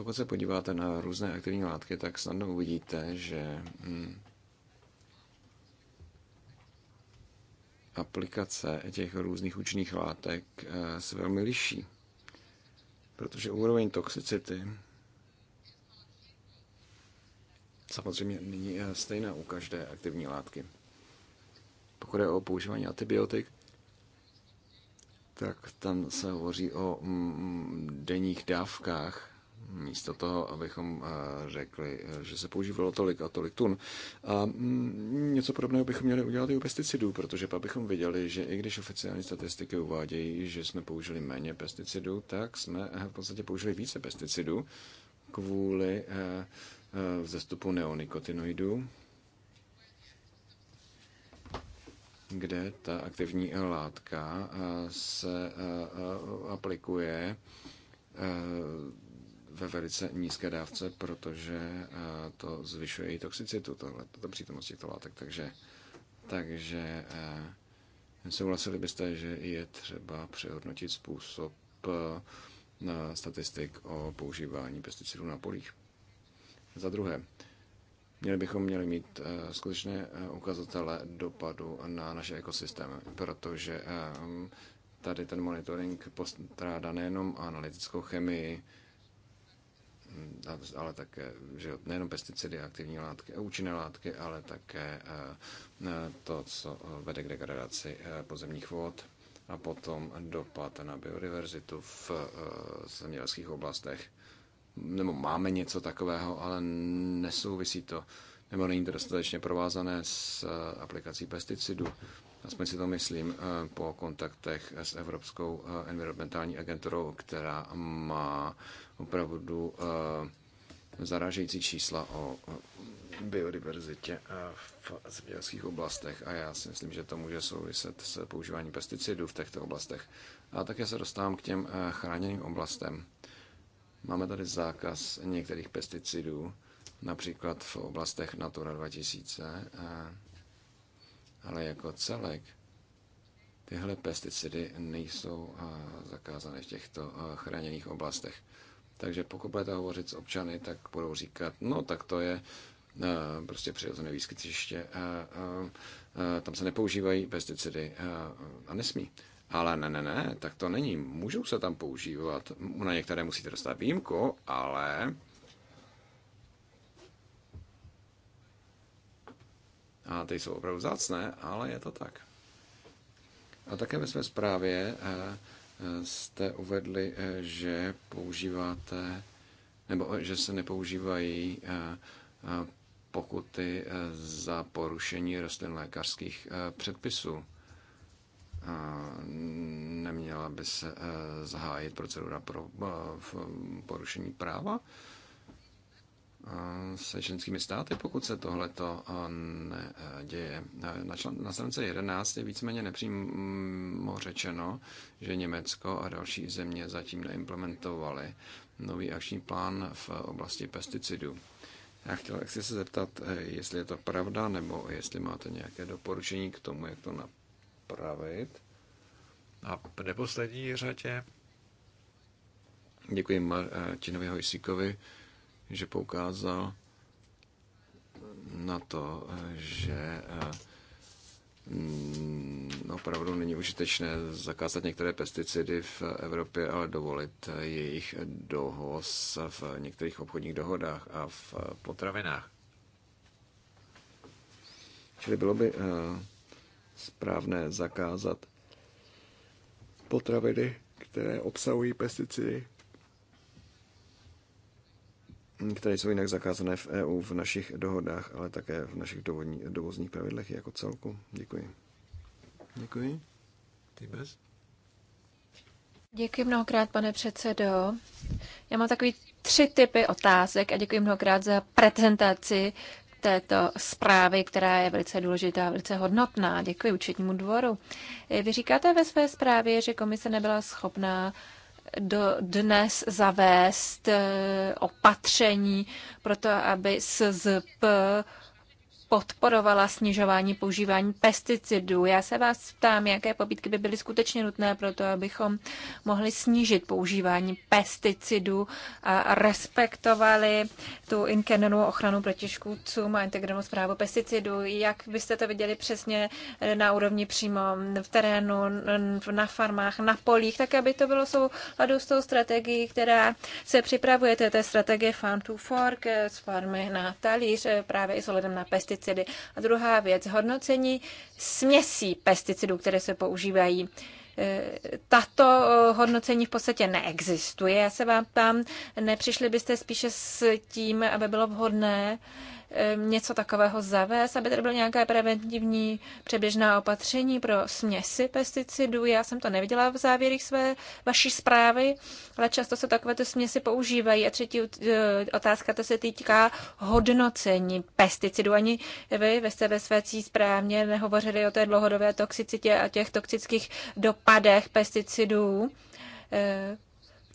Pokud se podíváte na různé aktivní látky, tak snadno uvidíte, že mm, aplikace těch různých účinných látek eh, se velmi liší, protože úroveň toxicity samozřejmě není eh, stejná u každé aktivní látky. Pokud je o používání antibiotik, tak tam se hovoří o mm, denních dávkách místo toho, abychom eh, řekli, eh, že se používalo tolik a tolik tun. A mm, něco podobného bychom měli udělat i u pesticidů, protože pak bychom viděli, že i když oficiální statistiky uvádějí, že jsme použili méně pesticidů, tak jsme eh, v podstatě použili více pesticidů kvůli vzestupu neonikotinoidů, kde ta aktivní látka se aplikuje ve velice nízké dávce, protože eh, to zvyšuje i toxicitu, tohle, tato přítomnost těchto látek. Takže, takže eh, souhlasili byste, že je třeba přehodnotit způsob na eh, statistik o používání pesticidů na polích. Za druhé, měli bychom měli mít skutečné ukazatele dopadu na naše ekosystémy, protože tady ten monitoring postrádá nejenom analytickou chemii, Mm, ale také že nejenom pesticidy a aktivní látky, účinné látky, ale také eh, eh, to, co vede k degradaci eh, pozemních vod a potom dopad na biodiverzitu v zemědělských oblastech. Nebo máme něco takového, ale nesouvisí to, nebo není to dostatečně provázané s aplikací pesticidů aspoň si to myslím, eh, po kontaktech s Evropskou eh, environmentální agenturou, která má opravdu eh, zaražející čísla o biodiverzitě v zemědělských oblastech a já si myslím, že to může souviset s používáním pesticidů v těchto oblastech. A také se dostávám k těm chráněným oblastem. Máme tady zákaz některých pesticidů, například v oblastech Natura 2000 ale jako celek tyhle pesticidy nejsou zakázané v těchto chráněných oblastech. Takže pokud budete hovořit s občany, tak budou říkat, no tak to je prostě přirozené výskytiště, tam se nepoužívají pesticidy a nesmí. Ale ne, ne, ne, tak to není. Můžou se tam používat. Na některé musíte dostat výjimku, ale A ty jsou opravdu zácné, ale je to tak. A také ve své zprávě eh, jste uvedli, eh, že používáte, nebo eh, že se nepoužívají pokuty za porušení lékařských předpisů. Neměla by se zahájit procedura pro porušení práva se členskými státy, pokud se tohle to e, děje. Na, člen, na stránce 11 je víceméně nepřímo řečeno, že Německo a další země zatím neimplementovaly nový akční plán v oblasti pesticidů. Já chtěl, jak si se zeptat, e, jestli je to pravda, nebo jestli máte nějaké doporučení k tomu, jak to napravit. A v neposlední řadě děkuji Martinovi e, Hojsíkovi, že poukázal na to, že eh, mm, opravdu není užitečné zakázat některé pesticidy v Evropě, ale dovolit jejich dohoz v některých obchodních dohodách a v potravinách. Čili bylo by eh, správné zakázat potraviny, které obsahují pesticidy které jsou jinak zakázané v EU v našich dohodách, ale také v našich dovodní, dovozních pravidlech jako celku. Děkuji. Děkuji. Ty bez. Děkuji mnohokrát, pane předsedo. Já mám takový tři typy otázek a děkuji mnohokrát za prezentaci této zprávy, která je velice důležitá, velice hodnotná. Děkuji účetnímu dvoru. Vy říkáte ve své zprávě, že komise nebyla schopná do dnes zavést eh, opatření pro to, aby SZP podporovala snižování používání pesticidů. Já se vás ptám, jaké pobídky by byly skutečně nutné pro to, abychom mohli snížit používání pesticidů a respektovali tu inkenenu ochranu proti škůdcům a integrovanou zprávu pesticidů. Jak byste to viděli přesně na úrovni přímo v terénu, na farmách, na polích, tak aby to bylo souladu s tou strategií, která se připravuje, to je strategie Farm to Fork z farmy na talíř, právě i s na pesticidy pesticidy. A druhá věc, hodnocení směsí pesticidů, které se používají. E, tato e, hodnocení v podstatě neexistuje. Já se vám tam nepřišli byste spíše s tím, aby bylo vhodné Eh, něco takového zavést, aby tady bylo nějaké preventivní přeběžná opatření pro směsi pesticidů. Já jsem to neviděla v závěrech své vaší zprávy, ale často se takovéto směsi používají. A třetí eh, otázka, to se týká hodnocení pesticidů. Ani vy, vy jste ve své správně nehovořili o té dlouhodobé toxicitě a těch toxických dopadech pesticidů eh,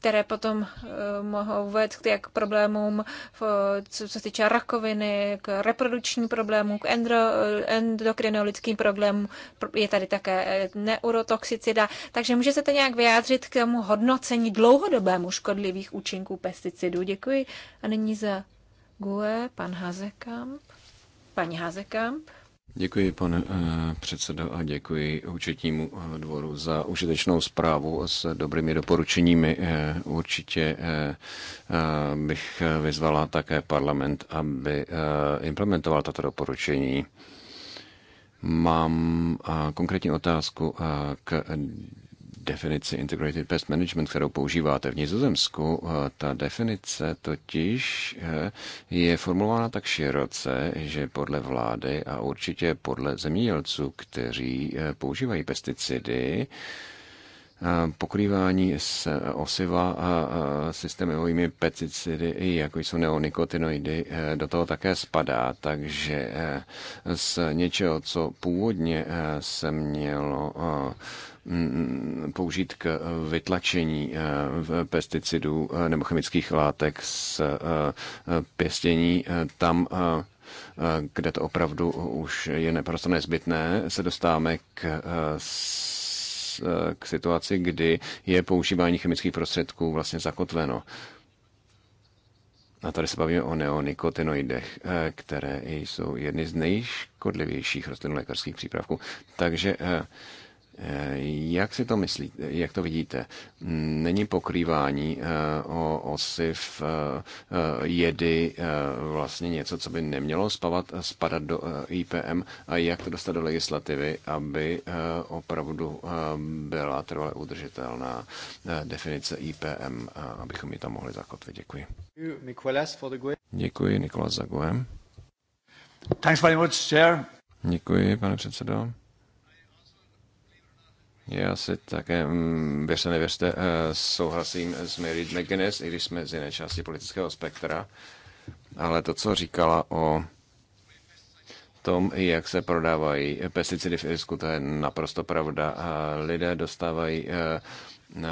které potom eh, mohou vést jak k problémům, eh, co se týče rakoviny, k reprodukčním problémům, k endro, eh, endokrinologickým problémům. Je tady také neurotoxicida. Takže může se to nějak vyjádřit k tomu hodnocení dlouhodobému škodlivých účinků pesticidů. Děkuji. A nyní za GUE pan Hazekamp. Paní Hazekamp. Děkuji, pane eh, předsedo, a děkuji účetnímu eh, dvoru za užitečnou zprávu s dobrými doporučeními. Eh, určitě bych vyzvala také parlament, aby implementoval tato doporučení. Mám konkrétní otázku k definici Integrated Pest Management, kterou používáte v Nizozemsku. Eh, ta definice totiž eh, je formulována tak široce, že podle vlády a určitě podle zemědělců, kteří eh, používají pesticidy, pokrývání s osiva a systémovými pesticidy, jako jsou neonikotinoidy, do toho také spadá, takže z něčeho, co původně se mělo Mm, použít k eh, vytlačení eh, pesticidů eh, nebo chemických látek z pěstění tam, kde to opravdu už je naprosto nezbytné, se dostáváme k k situaci, kdy je používání chemických prostředků vlastně zakotveno. A tady se bavíme o neonikotinoidech, které jsou jedny z nejškodlivějších rostlinolékařských přípravků. Takže Eh, jak si to myslíte, eh, jak to vidíte? Mm, není pokrývání eh, o osiv jedy vlastně něco, co by nemělo spavat, spadat do IPM a jak to dostat do legislativy, aby opravdu byla trvale udržitelná definice IPM, abychom ji tam mohli zakotvit. Děkuji. Děkuji, Nikolas Zaguem. Děkuji, pane předsedo. Já si také, mm, věřte, nevěřte, eh, souhlasím s Mary McGuinness, i když jsme z jiné části politického spektra, ale to, co říkala o tom, jak se prodávají pesticidy v Irsku, to je naprosto pravda. Lidé dostávají eh, Eh,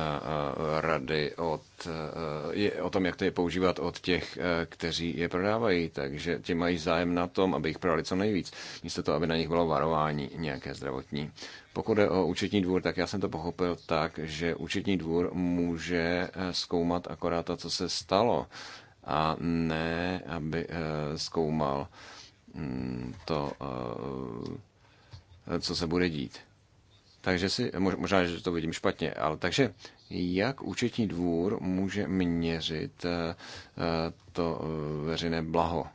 rady od, eh, je, o tom, jak to je používat od těch, eh, kteří je prodávají. Takže ti mají zájem na tom, aby jich prodali co nejvíc, místo toho, aby na nich bylo varování nějaké zdravotní. Pokud je o účetní dvůr, tak já jsem to pochopil tak, že účetní dvůr může zkoumat akorát to, co se stalo, a ne, aby zkoumal mm, to, co se bude dít. Takže si, možná, že to vidím špatně, ale takže jak účetní dvůr může měřit eh, eh, to eh, veřejné blaho?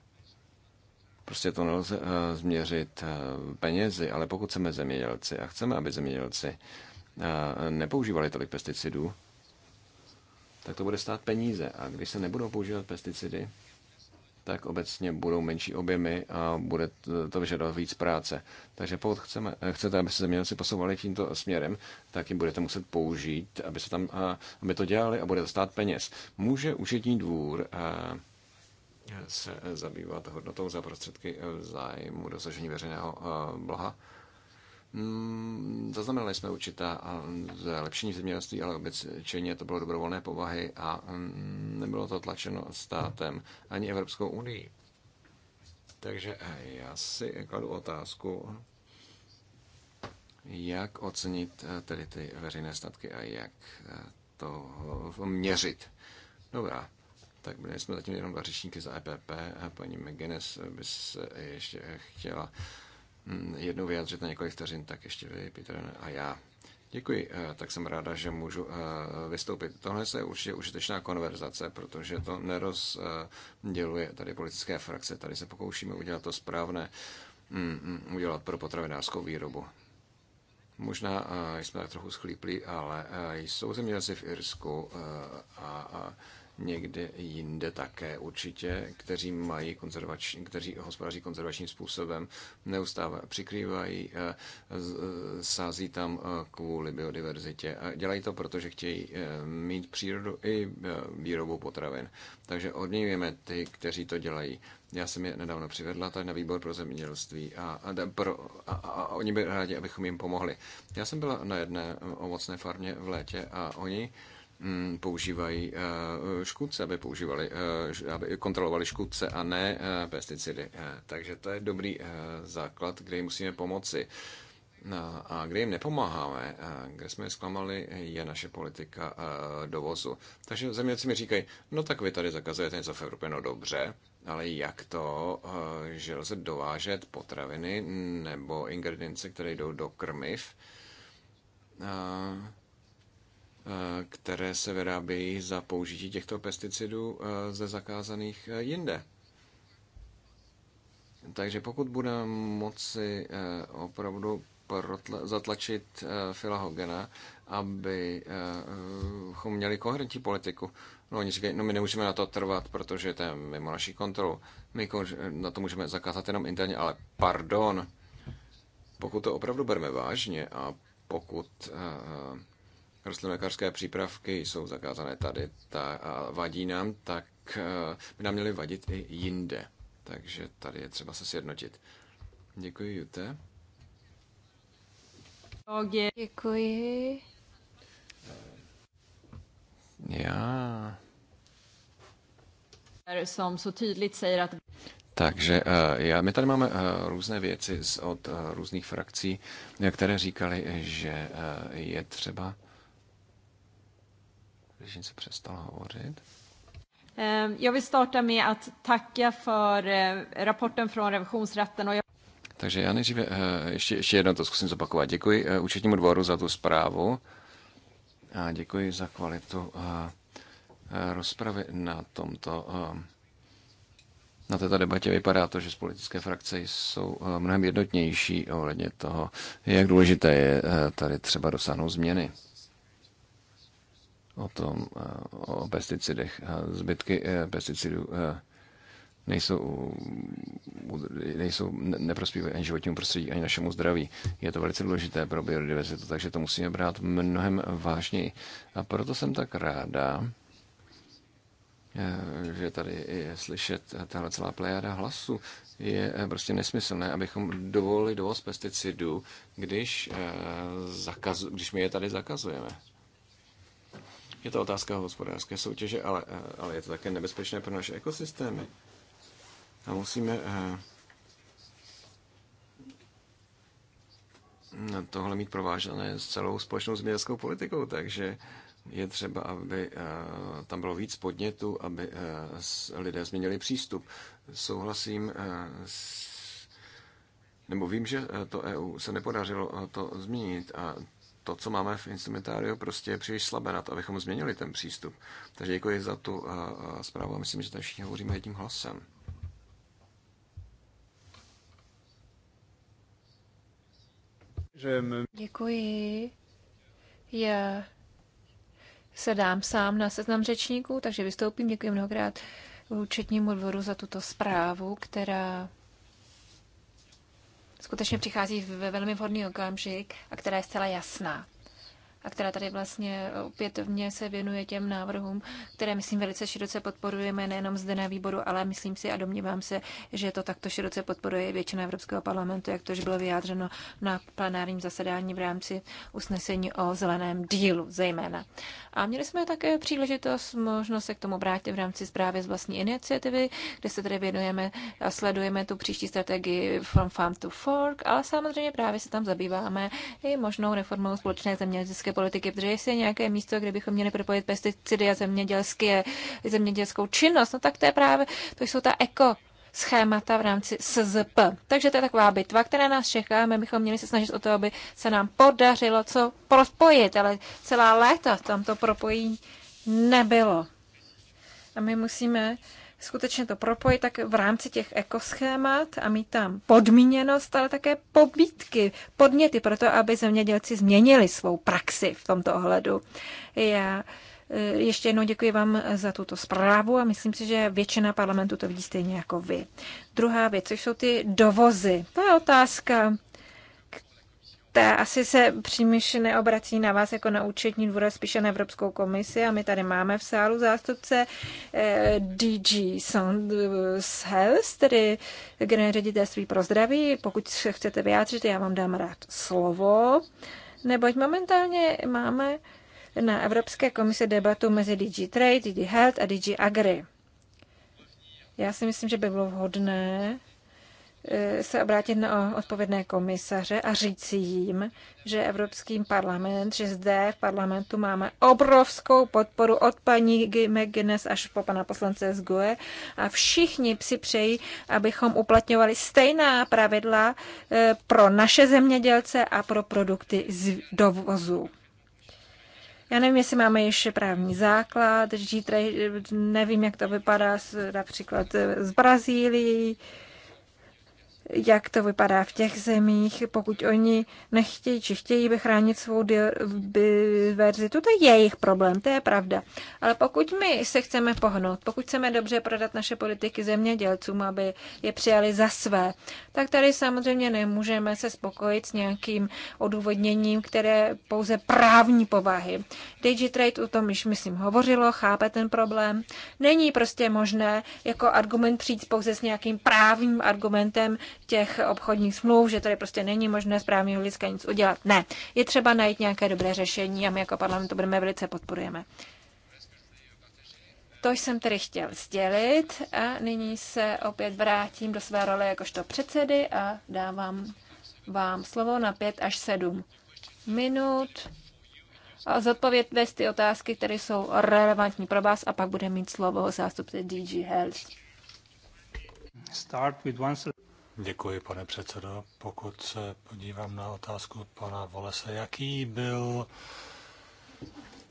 Prostě to nelze změřit penězi, ale pokud chceme zemědělci a chceme, aby zemědělci nepoužívali tolik pesticidů, tak to bude stát peníze. A když se nebudou používat pesticidy, tak obecně budou menší objemy a bude to vyžadovat víc práce. Takže pokud chceme, chcete, aby se zemědělci posouvali tímto směrem, tak jim budete muset použít, aby, se tam, aby to dělali a bude to stát peněz. Může užitní dvůr se zabývat hodnotou za prostředky v zájmu dosažení veřejného blaha? Mm, zaznamenali jsme určitá zlepšení e, v zemědělství, ale obecně to bylo dobrovolné povahy a mm, nebylo to tlačeno státem ani Evropskou unii. Takže e, já si kladu otázku, jak ocenit e, tedy ty veřejné statky a jak to měřit. Dobrá, tak byli jsme zatím jenom dva řečníky za EPP a paní McGuinness by se ještě chtěla Mm, jednou vyjádřit na několik vteřin, tak ještě vy, Petr a já. Děkuji, eh, tak jsem ráda, že můžu eh, vystoupit. Tohle je určitě užitečná konverzace, protože to nerozděluje tady politické frakce. Tady se pokoušíme udělat to správné, mm, mm, udělat pro potravinářskou výrobu. Možná eh, jsme tak trochu schlíplí, ale jsou zemědělci v Irsku a někde jinde také určitě, kteří mají konzervační, kteří hospodaří konzervačním způsobem, neustále přikrývají, eh, eh, sází tam eh, kvůli biodiverzitě. A dělají to, protože chtějí mít přírodu i výrobu potravin. Takže odměňujeme ty, kteří to dělají. Já jsem je nedávno přivedla tady na výbor pro zemědělství a, a, pro, a, a oni by rádi, abychom jim pomohli. Já jsem byla na jedné ovocné farmě v létě a oni uh, Mm, používají eh, škůdce, aby, používali, eh, aby kontrolovali škůdce a ne eh, pesticidy. Takže to je dobrý základ, kde jim musíme pomoci. No, a kde jim nepomáháme, kde jsme je zklamali, je naše politika dovozu. Takže zeměci mi říkají, no tak vy tady zakazujete něco v Evropě, no dobře, ale jak to, že lze dovážet potraviny nebo ingredience, které jdou do krmiv, Eh, které se vyrábějí za použití těchto pesticidů eh, ze zakázaných eh, jinde. Takže pokud budeme moci opravdu zatlačit Filahogena, abychom měli koherentní politiku. No oni říkají, no my nemůžeme na to trvat, protože to je mimo naší kontrolu. My na to můžeme zakázat jenom interně, ale pardon, pokud to opravdu bereme vážně a pokud rostlinolékařské přípravky jsou zakázané tady ta, a vadí nám, tak eh, by nám měly vadit i jinde. Takže tady je třeba se sjednotit. Děkuji, Jute. Děkuji. Já. Takže eh, já, my tady máme eh, různé věci od různých frakcí, které říkali, že je třeba Řečnice přestala hovořit. Ehm, jag vill starta med att tacka för eh, rapporten från revisionsrätten. Och jag... Takže já nejdříve eh, ještě, ještě jednou to zkusím zopakovat. Děkuji eh, účetnímu dvoru za tu zprávu a děkuji za kvalitu rozpravy na tomto. Na této debatě vypadá to, že z politické frakce jsou mnohem jednotnější ohledně toho, jak důležité je tady třeba dosáhnout změny o tom, eh, o pesticidech. Zbytky eh, pesticidů eh, nejsou, nejsou, neprospívají ani životnímu prostředí, ani našemu zdraví. Je to velice důležité pro biodiverzitu, takže to musíme brát mnohem vážněji. A proto jsem tak ráda, že tady je slyšet tahle celá plejada hlasu, je prostě nesmyslné, abychom dovolili dovoz pesticidů, když, když my je tady zakazujeme. Je to otázka hospodářské soutěže, ale, eh, ale je to také nebezpečné pro naše ekosystémy. A musíme eh, tohle mít provážené s celou společnou zemědělskou politikou, takže je třeba, aby eh, tam bylo víc podnětu, aby lidé změnili přístup. Souhlasím s nebo vím, že to EU se nepodařilo to změnit a to, co máme v instrumentáriu, prostě je příliš slabé na to, abychom změnili ten přístup. Takže děkuji za tu eh, eh, zprávu a myslím, že tady všichni hovoříme jedním hlasem. Děkuji. Já se dám sám na seznam řečníků, takže vystoupím. Děkuji mnohokrát účetnímu dvoru za tuto zprávu, která skutečně přichází ve velmi vhodný okamžik a která je zcela jasná a která tady vlastně opětovně se věnuje těm návrhům, které, myslím, velice široce podporujeme, nejenom zde na výboru, ale myslím si a domnívám se, že to takto široce podporuje většina Evropského parlamentu, jak to už bylo vyjádřeno na plenárním zasedání v rámci usnesení o zeleném dílu zejména. A měli jsme také příležitost, možnost se k tomu vrátit v rámci zprávy z vlastní iniciativy, kde se tedy věnujeme a sledujeme tu příští strategii From Farm to Fork, ale samozřejmě právě se tam zabýváme i možnou reformou společné zemědělské zemědělské politiky, protože jestli je nějaké místo, kde bychom měli propojit pesticidy a zemědělské, zemědělskou činnost, no tak to je právě, to jsou ta eko schémata v rámci SZP. Takže to je taková bitva, která nás čeká. My bychom měli se snažit o to, aby se nám podařilo co propojit, ale celá léta tam to propojí nebylo. A my musíme skutečně to propojit tak v rámci těch ekoschémat a mít tam podmíněnost, ale také pobítky, podněty pro to, aby zemědělci změnili svou praxi v tomto ohledu. Já e, ještě jednou děkuji vám za tuto zprávu a myslím si, že většina parlamentu to vidí stejně jako vy. Druhá věc, což jsou ty dovozy. To je otázka ta asi se příliš neobrací na vás jako na účetní dvůr, spíše na Evropskou komisi a my tady máme v sálu zástupce eh, DG Sound Health, tedy generální ředitelství pro zdraví. Pokud se chcete vyjádřit, já vám dám rád slovo, neboť momentálně máme na Evropské komisi debatu mezi DG Trade, DG Health a DG Agri. Já si myslím, že by bylo vhodné Eh, se obrátit na odpovědné komisaře a říci jim, že Evropský parlament, že zde v parlamentu máme obrovskou podporu od paní McGuinness až po pana poslance z GUE a všichni si přejí, abychom uplatňovali stejná pravidla eh, pro naše zemědělce a pro produkty z dovozu. Já nevím, jestli máme ještě právní základ, zítra eh, nevím, jak to vypadá s, například z Brazílii, jak to vypadá v těch zemích, pokud oni nechtějí či chtějí vychránit svou diverzitu, to je jejich problém, to je pravda. Ale pokud my se chceme pohnout, pokud chceme dobře prodat naše politiky zemědělcům, aby je přijali za své, tak tady samozřejmě nemůžeme se spokojit s nějakým odůvodněním, které pouze právní povahy. Digitrade o tom již, myslím, hovořilo, chápe ten problém. Není prostě možné jako argument přijít pouze s nějakým právním argumentem, těch obchodních smluv, že tady prostě není možné z právního hlediska nic udělat. Ne, je třeba najít nějaké dobré řešení a my jako parlament to budeme velice podporujeme. To jsem tedy chtěl sdělit a nyní se opět vrátím do své role jakožto předsedy a dávám vám slovo na pět až sedm minut a zodpovědte ty otázky, které jsou relevantní pro vás a pak bude mít slovo zástupce DG Health. Start with one... Děkuji, pane předsedo. Pokud se podívám na otázku pana Volese, jaký byl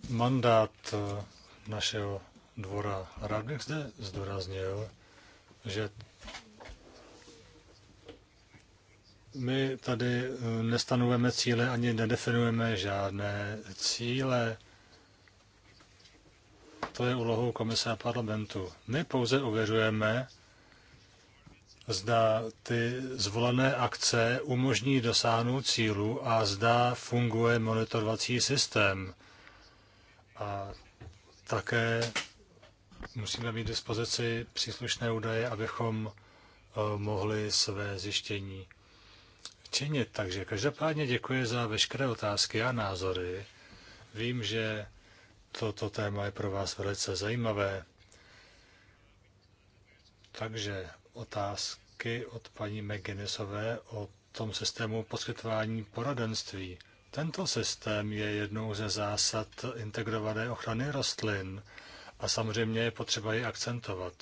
mandát našeho dvora? Rád bych zde zdůraznil, že my tady eh, nestanujeme cíle ani nedefinujeme žádné cíle. To je úlohou komise a parlamentu. My pouze uvěřujeme, zda ty zvolené akce umožní dosáhnout cílu a zda funguje monitorovací systém. A také musíme mít dispozici příslušné údaje, abychom eh, mohli své zjištění činit. Takže každopádně děkuji za veškeré otázky a názory. Vím, že toto téma je pro vás velice zajímavé. Takže otázky od paní McGinnisové o tom systému poskytování poradenství. Tento systém je jednou ze zásad integrované ochrany rostlin a samozřejmě je potřeba ji akcentovat.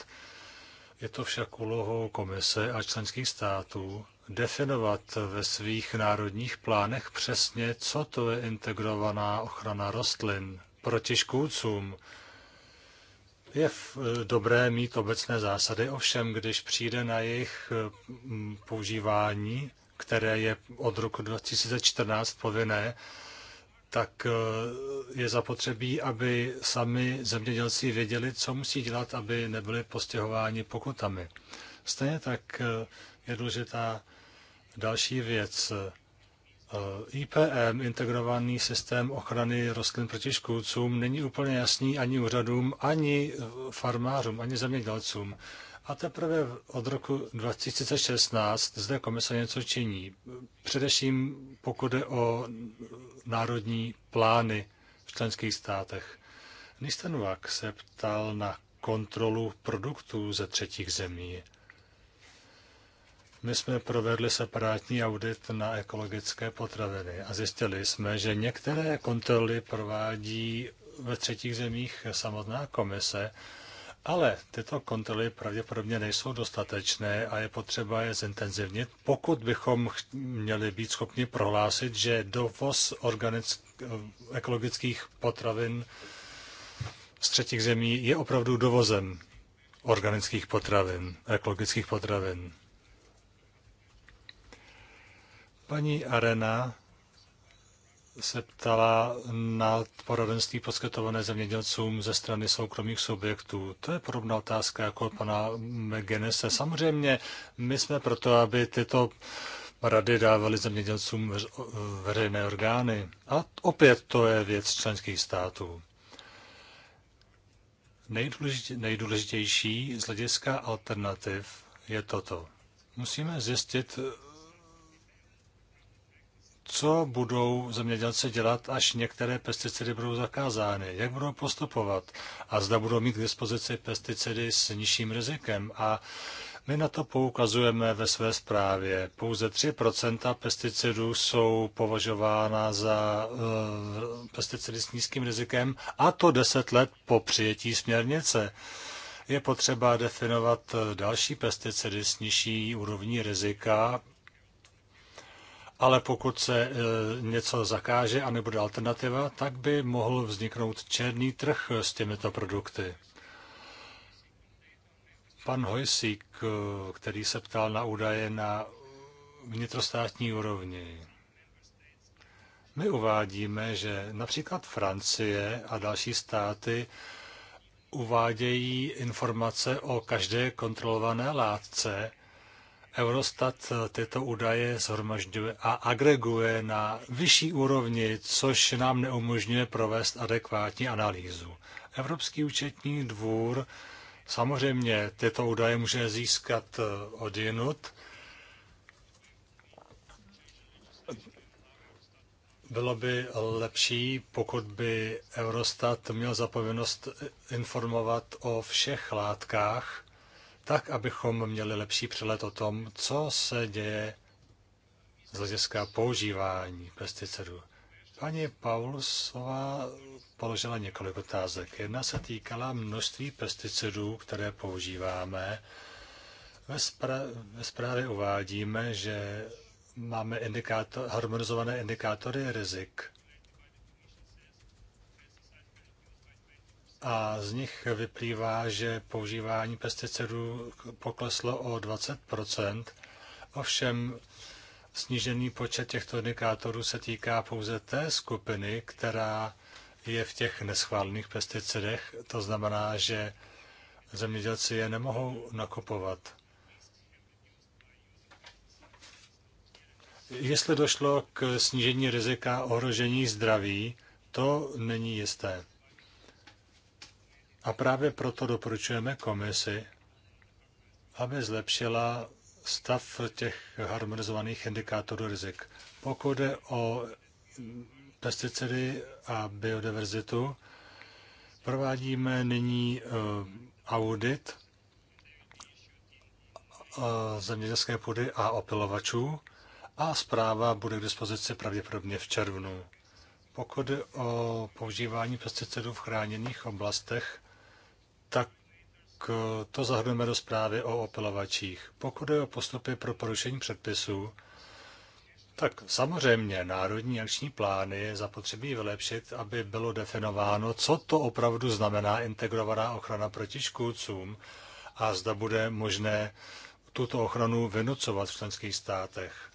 Je to však úlohou komise a členských států definovat ve svých národních plánech přesně, co to je integrovaná ochrana rostlin proti škůdcům, je v eh, dobré mít obecné zásady, ovšem když přijde na jejich eh, používání, které je od roku 2014 povinné, tak eh, je zapotřebí, aby sami zemědělci věděli, co musí dělat, aby nebyli postěhováni pokutami. Stejně tak je důležitá další věc. Eh, IPM, integrovaný systém ochrany rostlin proti škůdcům, není úplně jasný ani úřadům, ani eh, farmářům, ani zemědělcům. A teprve od roku 2016 zde komise něco činí. Především pokud je o národní plány v členských státech. Nistanovák se ptal na kontrolu produktů ze třetích zemí. My jsme provedli separátní audit na ekologické potraviny a zjistili jsme, že některé kontroly provádí ve třetích zemích samotná komise, ale tyto kontroly pravděpodobně nejsou dostatečné a je potřeba je zintenzivnit, pokud bychom měli být schopni prohlásit, že dovoz ekologických potravin z třetích zemí je opravdu dovozem organických potravin, ekologických potravin. Paní Arena se ptala na poradenství poskytované zemědělcům ze strany soukromých subjektů. To je podobná otázka jako pana Genese. Samozřejmě my jsme proto, aby tyto rady dávaly zemědělcům veřejné orgány. A opět to je věc členských států. Nejdůležitější z hlediska alternativ je toto. Musíme zjistit, co budou zemědělci dělat, až některé pesticidy budou zakázány, jak budou postupovat a zda budou mít k dispozici pesticidy s nižším rizikem. A my na to poukazujeme ve své zprávě. Pouze 3 pesticidů jsou považována za uh, pesticidy s nízkým rizikem a to 10 let po přijetí směrnice. Je potřeba definovat eh, další pesticidy s nižší úrovní rizika, ale pokud se e, něco zakáže a nebude alternativa, tak by mohl vzniknout černý trh s těmito produkty. Pan Hojsík, e, který se ptal na údaje na vnitrostátní úrovni. My uvádíme, že například Francie a další státy uvádějí informace o každé kontrolované látce, Eurostat tyto údaje zhromažďuje a agreguje na vyšší úrovni, což nám neumožňuje provést adekvátní analýzu. Evropský účetní dvůr samozřejmě tyto údaje může získat eh, od jinut. Bylo by lepší, pokud by Eurostat měl zapovinnost informovat o všech látkách, tak abychom měli lepší přelet o tom, co se děje z hlediska používání pesticidů. Paní Paulusová položila několik otázek. Jedna se týkala množství pesticidů, které používáme. Ve, spra- ve zprávě uvádíme, že máme indikátor, harmonizované indikátory rizik. a z nich vyplývá, že používání pesticidů pokleslo o 20 Ovšem snížený počet těchto indikátorů se týká pouze té skupiny, která je v těch neschválených pesticidech. To znamená, že zemědělci je nemohou nakupovat. Jestli došlo k snížení rizika ohrožení zdraví, to není jisté. A právě proto doporučujeme komisi, aby zlepšila stav těch harmonizovaných indikátorů rizik. Pokud jde o pesticidy a biodiverzitu, provádíme nyní eh, audit eh, zemědělské půdy a opilovačů a zpráva bude k dispozici pravděpodobně v červnu. Pokud o používání pesticidů v chráněných oblastech, Eh, to zahrneme do zprávy o opilovačích. Pokud je o postupy pro porušení předpisů, tak samozřejmě národní akční plány je zapotřebí vylepšit, aby bylo definováno, co to opravdu znamená integrovaná ochrana proti škůdcům a zda bude možné tuto ochranu vynucovat v členských státech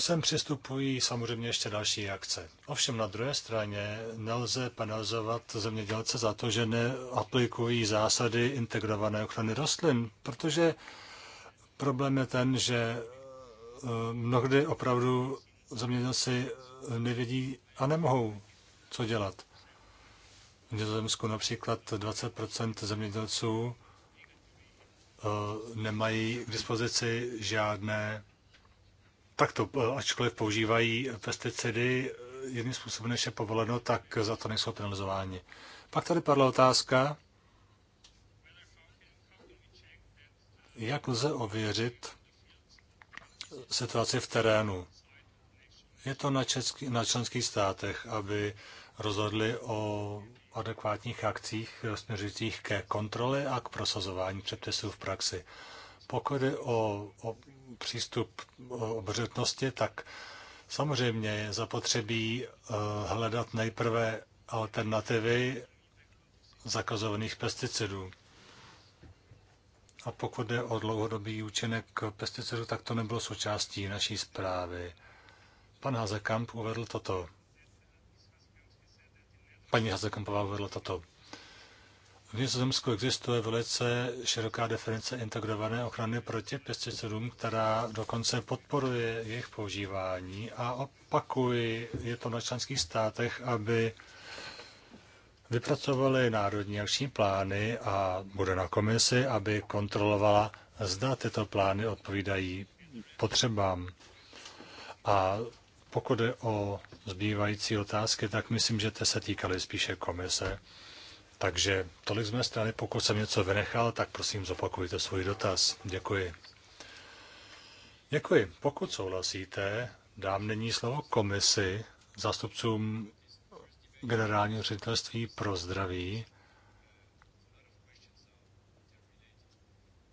sem přistupují samozřejmě ještě další akce. Ovšem na druhé straně nelze penalizovat zemědělce za to, že neaplikují zásady integrované ochrany rostlin, protože problém je ten, že eh, mnohdy opravdu zemědělci nevědí a nemohou, co dělat. V Nizozemsku například 20 zemědělců eh, nemají k dispozici žádné takto, eh, ačkoliv používají pesticidy eh, jiným způsobem, než je povoleno, tak za to nejsou penalizováni. Pak tady padla otázka, jak lze ověřit situaci v terénu. Je to na, český, na členských státech, aby rozhodli o adekvátních akcích směřujících ke kontrole a k prosazování předpisů v praxi. Pokud je o, o přístup eh, obřetnosti, tak samozřejmě je zapotřebí eh, hledat nejprve alternativy zakazovaných pesticidů. A pokud jde o dlouhodobý účinek pesticidů, tak to nebylo součástí naší zprávy. Pan Hazekamp uvedl toto. Paní Hazekampová uvedla toto. V Nizozemsku existuje velice široká definice integrované ochrany proti pesticidům, která dokonce podporuje jejich používání a opakuji, je to na členských státech, aby vypracovali národní akční plány a bude na komisi, aby kontrolovala, zda tyto plány odpovídají potřebám. A pokud je o zbývající otázky, tak myslím, že to se týkaly spíše komise. Takže tolik z mé strany, pokud jsem něco vynechal, tak prosím zopakujte svůj dotaz. Děkuji. Děkuji. Pokud souhlasíte, dám nyní slovo komisi, zástupcům generálního ředitelství pro zdraví.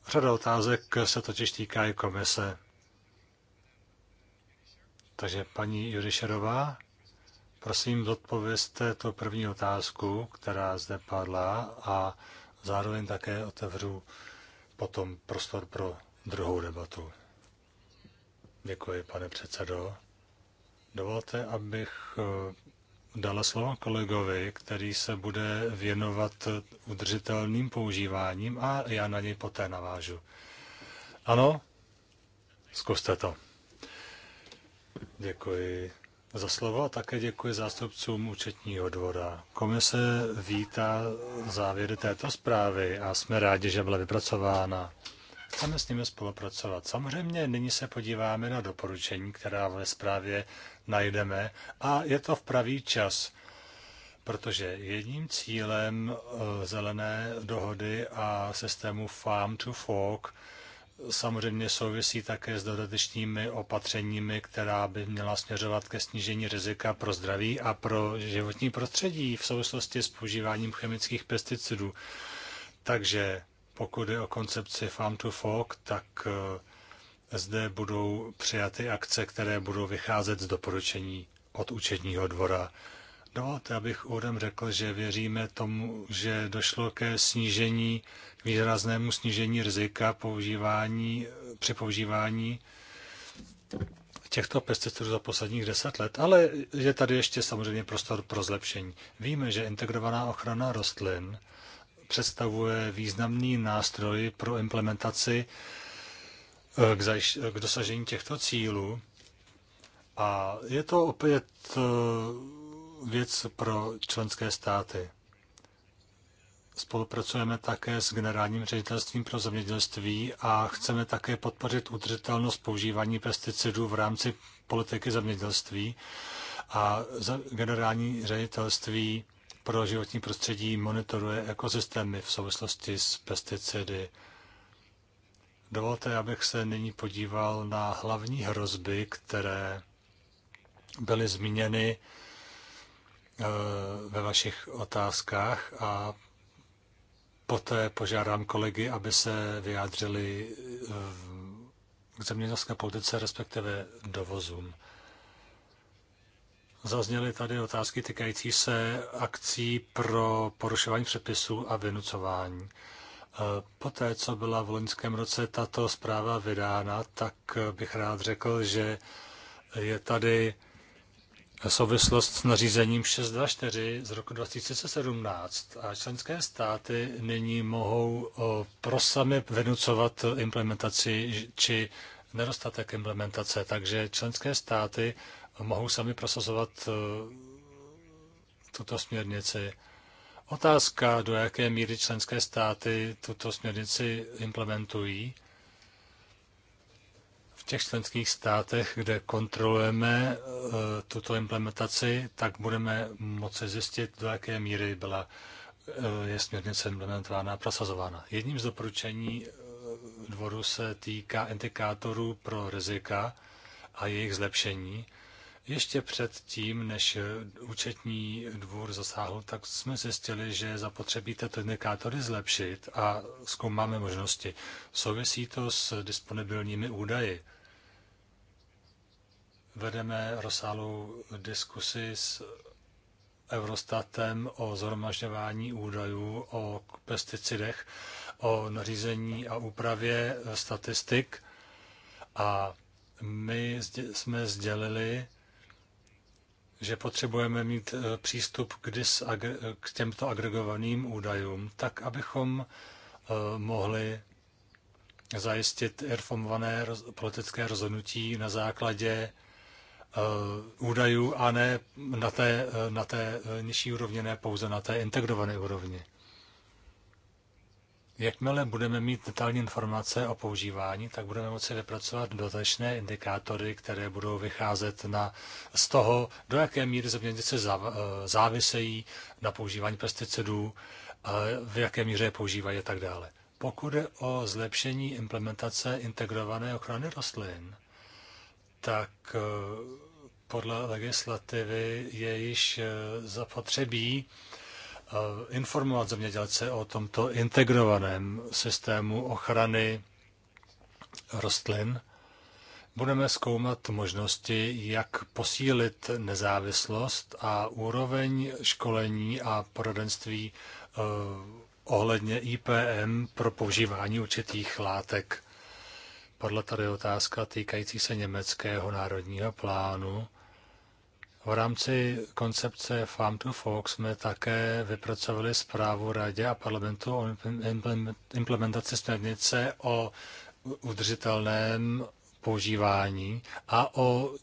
Řada otázek se totiž týká i komise. Takže paní Jurišerová, Prosím, zodpovězte to první otázku, která zde padla a zároveň také otevřu potom prostor pro druhou debatu. Děkuji, pane předsedo. Dovolte, abych eh, dala slovo kolegovi, který se bude věnovat udržitelným používáním a já na něj poté navážu. Ano? Zkuste to. Děkuji za slovo a také děkuji zástupcům účetního dvora. Komise vítá závěry této zprávy a jsme rádi, že byla vypracována. Chceme s nimi spolupracovat. Samozřejmě nyní se podíváme na doporučení, která ve zprávě najdeme a je to v pravý čas, protože jedním cílem eh, zelené dohody a systému Farm to Fork samozřejmě souvisí také s dodatečnými opatřeními, která by měla směřovat ke snížení rizika pro zdraví a pro životní prostředí v souvislosti s používáním chemických pesticidů. Takže pokud je o koncepci Farm to Fork, tak eh, zde budou přijaty akce, které budou vycházet z doporučení od účetního dvora já abych úvodem řekl, že věříme tomu, že došlo ke snížení, k výraznému snížení rizika používání, při používání těchto pesticidů za posledních deset let, ale je tady ještě samozřejmě prostor pro zlepšení. Víme, že integrovaná ochrana rostlin představuje významný nástroj pro implementaci eh, k, zajiš- k dosažení těchto cílů. A je to opět eh, věc pro členské státy. Spolupracujeme také s Generálním ředitelstvím pro zemědělství a chceme také podpořit udržitelnost používání pesticidů v rámci politiky zemědělství. A Generální ředitelství pro životní prostředí monitoruje ekosystémy v souvislosti s pesticidy. Dovolte, abych se nyní podíval na hlavní hrozby, které byly zmíněny Eh, ve vašich otázkách a poté požádám kolegy, aby se vyjádřili eh, k zemědělské politice, respektive dovozům. Zazněly tady otázky týkající se akcí pro porušování předpisů a vynucování. Eh, poté, co byla v loňském roce tato zpráva vydána, tak bych rád řekl, že je tady souvislost s nařízením 624 z roku 2017 a členské státy nyní mohou pro sami vynucovat implementaci či nedostatek implementace, takže členské státy mohou sami prosazovat tuto směrnici. Otázka, do jaké míry členské státy tuto směrnici implementují, v těch členských státech, kde kontrolujeme eh, tuto implementaci, tak budeme moci zjistit, do jaké míry byla eh, je směrnice implementována a prosazována. Jedním z doporučení eh, dvoru se týká indikátorů pro rizika a jejich zlepšení. Ještě před tím, než účetní dvůr zasáhl, tak jsme zjistili, že je zapotřebí tyto indikátory zlepšit a zkoumáme možnosti. Souvisí to s disponibilními údaji. Vedeme rozsáhlou diskusi s Eurostatem o zhromažďování údajů o pesticidech, o nařízení a úpravě statistik a my jsme sdělili, že potřebujeme mít eh, přístup k, dis, k těmto agregovaným údajům, tak abychom eh, mohli zajistit informované politické rozhodnutí na základě Eh, údajů a ne na té, eh, na té eh, nižší úrovni, ne pouze na té integrované úrovni. Jakmile budeme mít detailní informace o používání, tak budeme moci vypracovat dotačné indikátory, které budou vycházet na, z toho, do jaké míry zemědělci závisejí na používání pesticidů, v jaké míře je používají a tak dále. Pokud je o zlepšení implementace integrované ochrany rostlin, tak podle legislativy je již eh, zapotřebí eh, informovat zemědělce o tomto integrovaném systému ochrany rostlin. Budeme zkoumat možnosti, jak posílit nezávislost a úroveň školení a poradenství eh, ohledně IPM pro používání určitých látek. Podle tady otázka týkající se německého národního plánu v rámci koncepce Farm to Fork jsme také vypracovali zprávu Radě a parlamentu o implementaci směrnice o udržitelném používání a o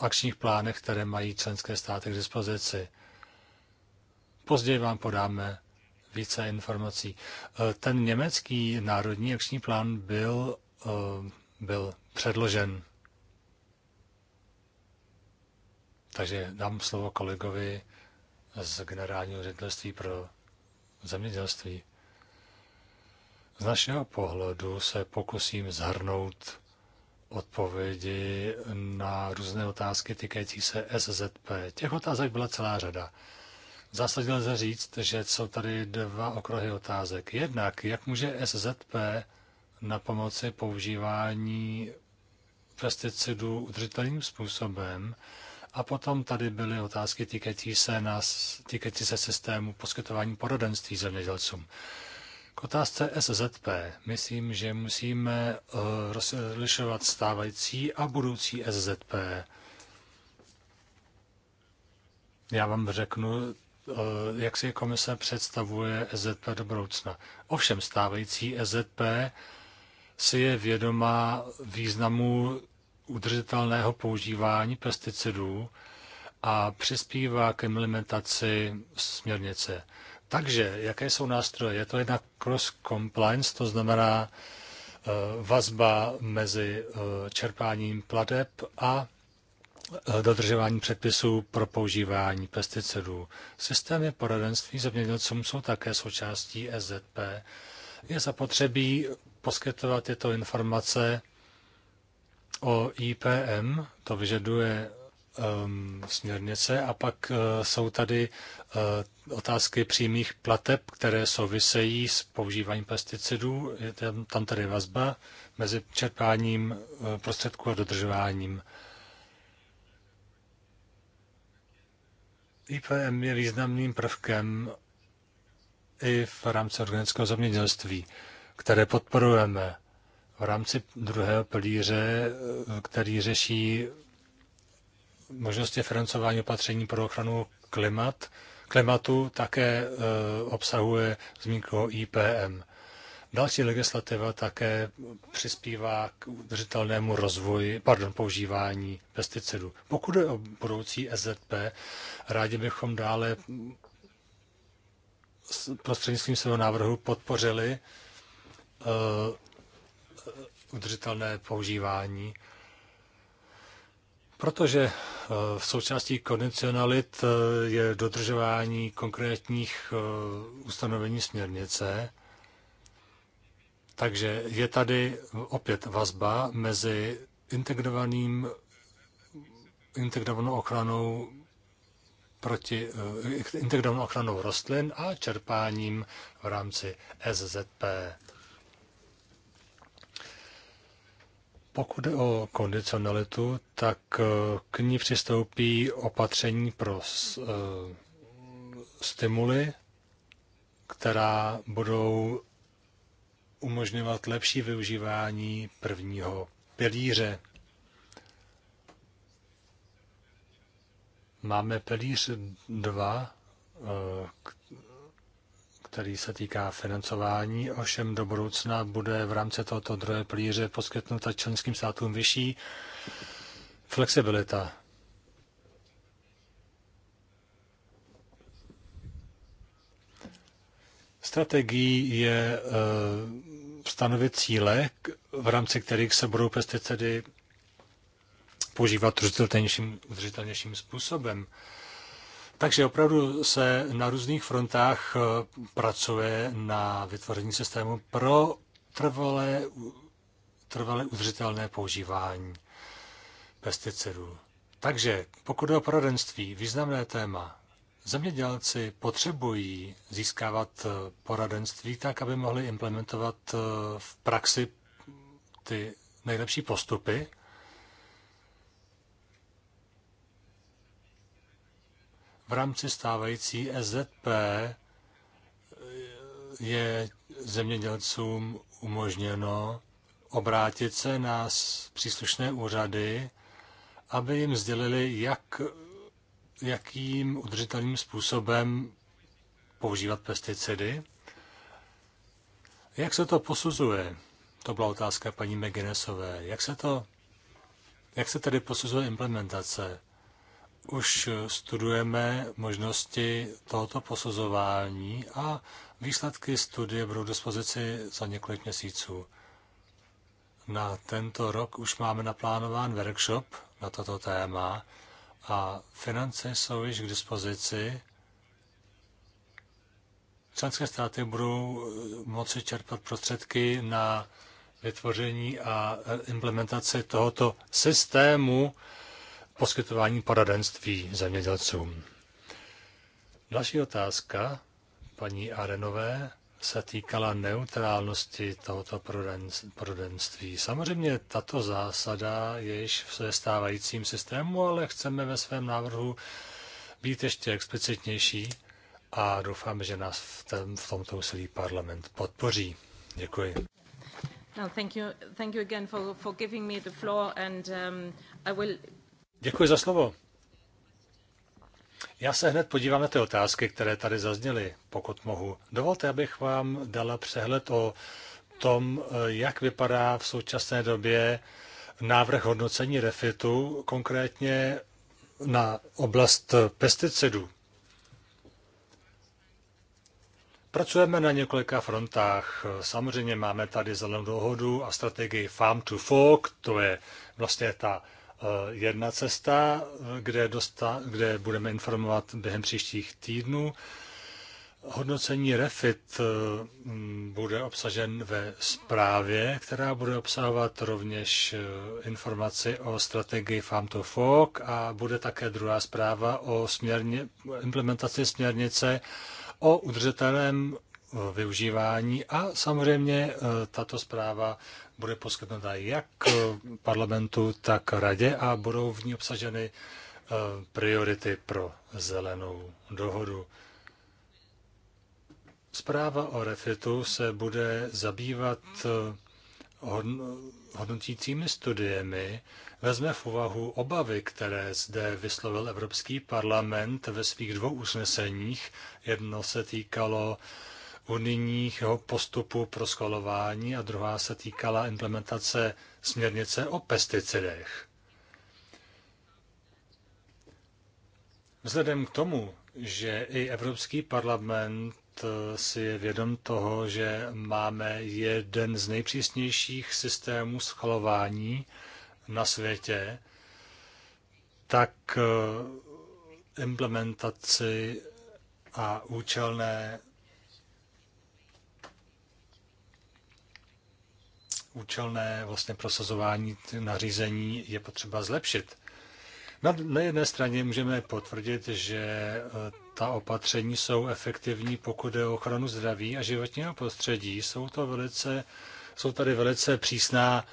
akčních plánech, které mají členské státy k dispozici. Později vám podáme více informací. Eh, ten německý národní akční plán byl, eh, byl předložen. Takže dám slovo kolegovi z generálního ředitelství pro zemědělství. Z našeho pohledu se pokusím zhrnout odpovědi na různé otázky týkající se SZP. Těch otázek byla celá řada. Zásadně lze říct, že jsou tady dva okruhy otázek. Jednak, jak může SZP na pomoci používání pesticidů udržitelným způsobem, a potom tady byly otázky týkající se, nás, týkající se systému poskytování poradenství zemědělcům. K otázce SZP myslím, že musíme eh, rozlišovat stávající a budoucí SZP. Já vám řeknu, eh, jak si komise představuje SZP do budoucna. Ovšem stávající SZP si je vědomá významu udržitelného používání pesticidů a přispívá k implementaci směrnice. Takže, jaké jsou nástroje? Je to jedna cross-compliance, to znamená e, vazba mezi e, čerpáním pladeb a e, dodržování předpisů pro používání pesticidů. Systémy poradenství zemědělcům jsou také součástí SZP. Je zapotřebí poskytovat tyto informace o IPM, to vyžaduje um, směrnice, a pak uh, jsou tady uh, otázky přímých plateb, které souvisejí s používáním pesticidů. Je tam, tam tady vazba mezi čerpáním uh, prostředků a dodržováním. IPM je významným prvkem i v rámci organického zemědělství, které podporujeme v rámci druhého pilíře, který řeší možnosti financování opatření pro ochranu klimat, klimatu, také e, obsahuje zmínku o IPM. Další legislativa také přispívá k udržitelnému rozvoji, pardon, používání pesticidů. Pokud je o budoucí SZP, rádi bychom dále prostřednictvím svého návrhu podpořili e, udržitelné používání, protože eh, v součástí kondicionalit eh, je dodržování konkrétních eh, ustanovení směrnice, takže je tady opět vazba mezi integrovaným, integrovanou ochranou proti integrovanou ochranou rostlin a čerpáním v rámci SZP. Pokud jde o kondicionalitu, tak eh, k ní přistoupí opatření pro eh, stimuly, která budou umožňovat lepší využívání prvního pilíře. Máme pilíř 2, který se týká financování, ovšem do budoucna bude v rámci tohoto druhé plíře poskytnuta členským státům vyšší flexibilita. Strategií je eh, stanovit cíle, v rámci kterých se budou pesticidy používat udržitelnějším, udržitelnějším způsobem. Takže opravdu se na různých frontách eh, pracuje na vytvoření systému pro trvalé, trvalé udržitelné používání pesticidů. Takže pokud je o poradenství, významné téma. Zemědělci potřebují získávat eh, poradenství tak, aby mohli implementovat eh, v praxi ty nejlepší postupy, v rámci stávající SZP je zemědělcům umožněno obrátit se na příslušné úřady, aby jim sdělili, jak, jakým udržitelným způsobem používat pesticidy. Jak se to posuzuje? To byla otázka paní Meginesové. Jak se to, jak se tedy posuzuje implementace? už studujeme možnosti tohoto posuzování a výsledky studie budou dispozici za několik měsíců. Na tento rok už máme naplánován workshop na toto téma a finance jsou již k dispozici. Členské státy budou moci čerpat prostředky na vytvoření a implementaci tohoto systému, poskytování poradenství zemědělcům. Další otázka paní Arenové se týkala neutrálnosti tohoto prudenství. Samozřejmě tato zásada je již v stávajícím systému, ale chceme ve svém návrhu být ještě explicitnější a doufáme, že nás v, tém, v tomto úsilí parlament podpoří. Děkuji. No, thank you, thank you again for, for giving me the floor and um, I will Děkuji za slovo. Já se hned podívám na ty otázky, které tady zazněly, pokud mohu. Dovolte, abych vám dala přehled o tom, jak vypadá v současné době návrh hodnocení refitu, konkrétně na oblast pesticidů. Pracujeme na několika frontách. Samozřejmě máme tady zelenou dohodu a strategii Farm to Fork, to je vlastně ta Eh, jedna cesta, eh, kde, dosta, kde budeme informovat během příštích týdnů. Hodnocení REFIT eh, bude obsažen ve zprávě, která bude obsahovat rovněž informaci o strategii Farm to Fork a bude také druhá zpráva o směrně, implementaci směrnice o udržitelném využívání a samozřejmě tato zpráva bude poskytnuta jak eh, parlamentu, tak radě a budou v ní obsaženy eh, priority pro zelenou dohodu. Zpráva o refitu se bude zabývat eh, hodnotícími studiemi, vezme v úvahu obavy, které zde vyslovil Evropský parlament ve svých dvou usneseních. Jedno se týkalo unijních postupů pro schvalování a druhá se týkala implementace směrnice o pesticidech. Vzhledem k tomu, že i Evropský parlament eh, si je vědom toho, že máme jeden z nejpřísnějších systémů schvalování na světě, tak eh, implementaci a účelné účelné vlastně prosazování nařízení je potřeba zlepšit. Na, na jedné straně můžeme potvrdit, že e, ta opatření jsou efektivní, pokud je o ochranu zdraví a životního prostředí. Jsou, to velice, jsou tady velice přísná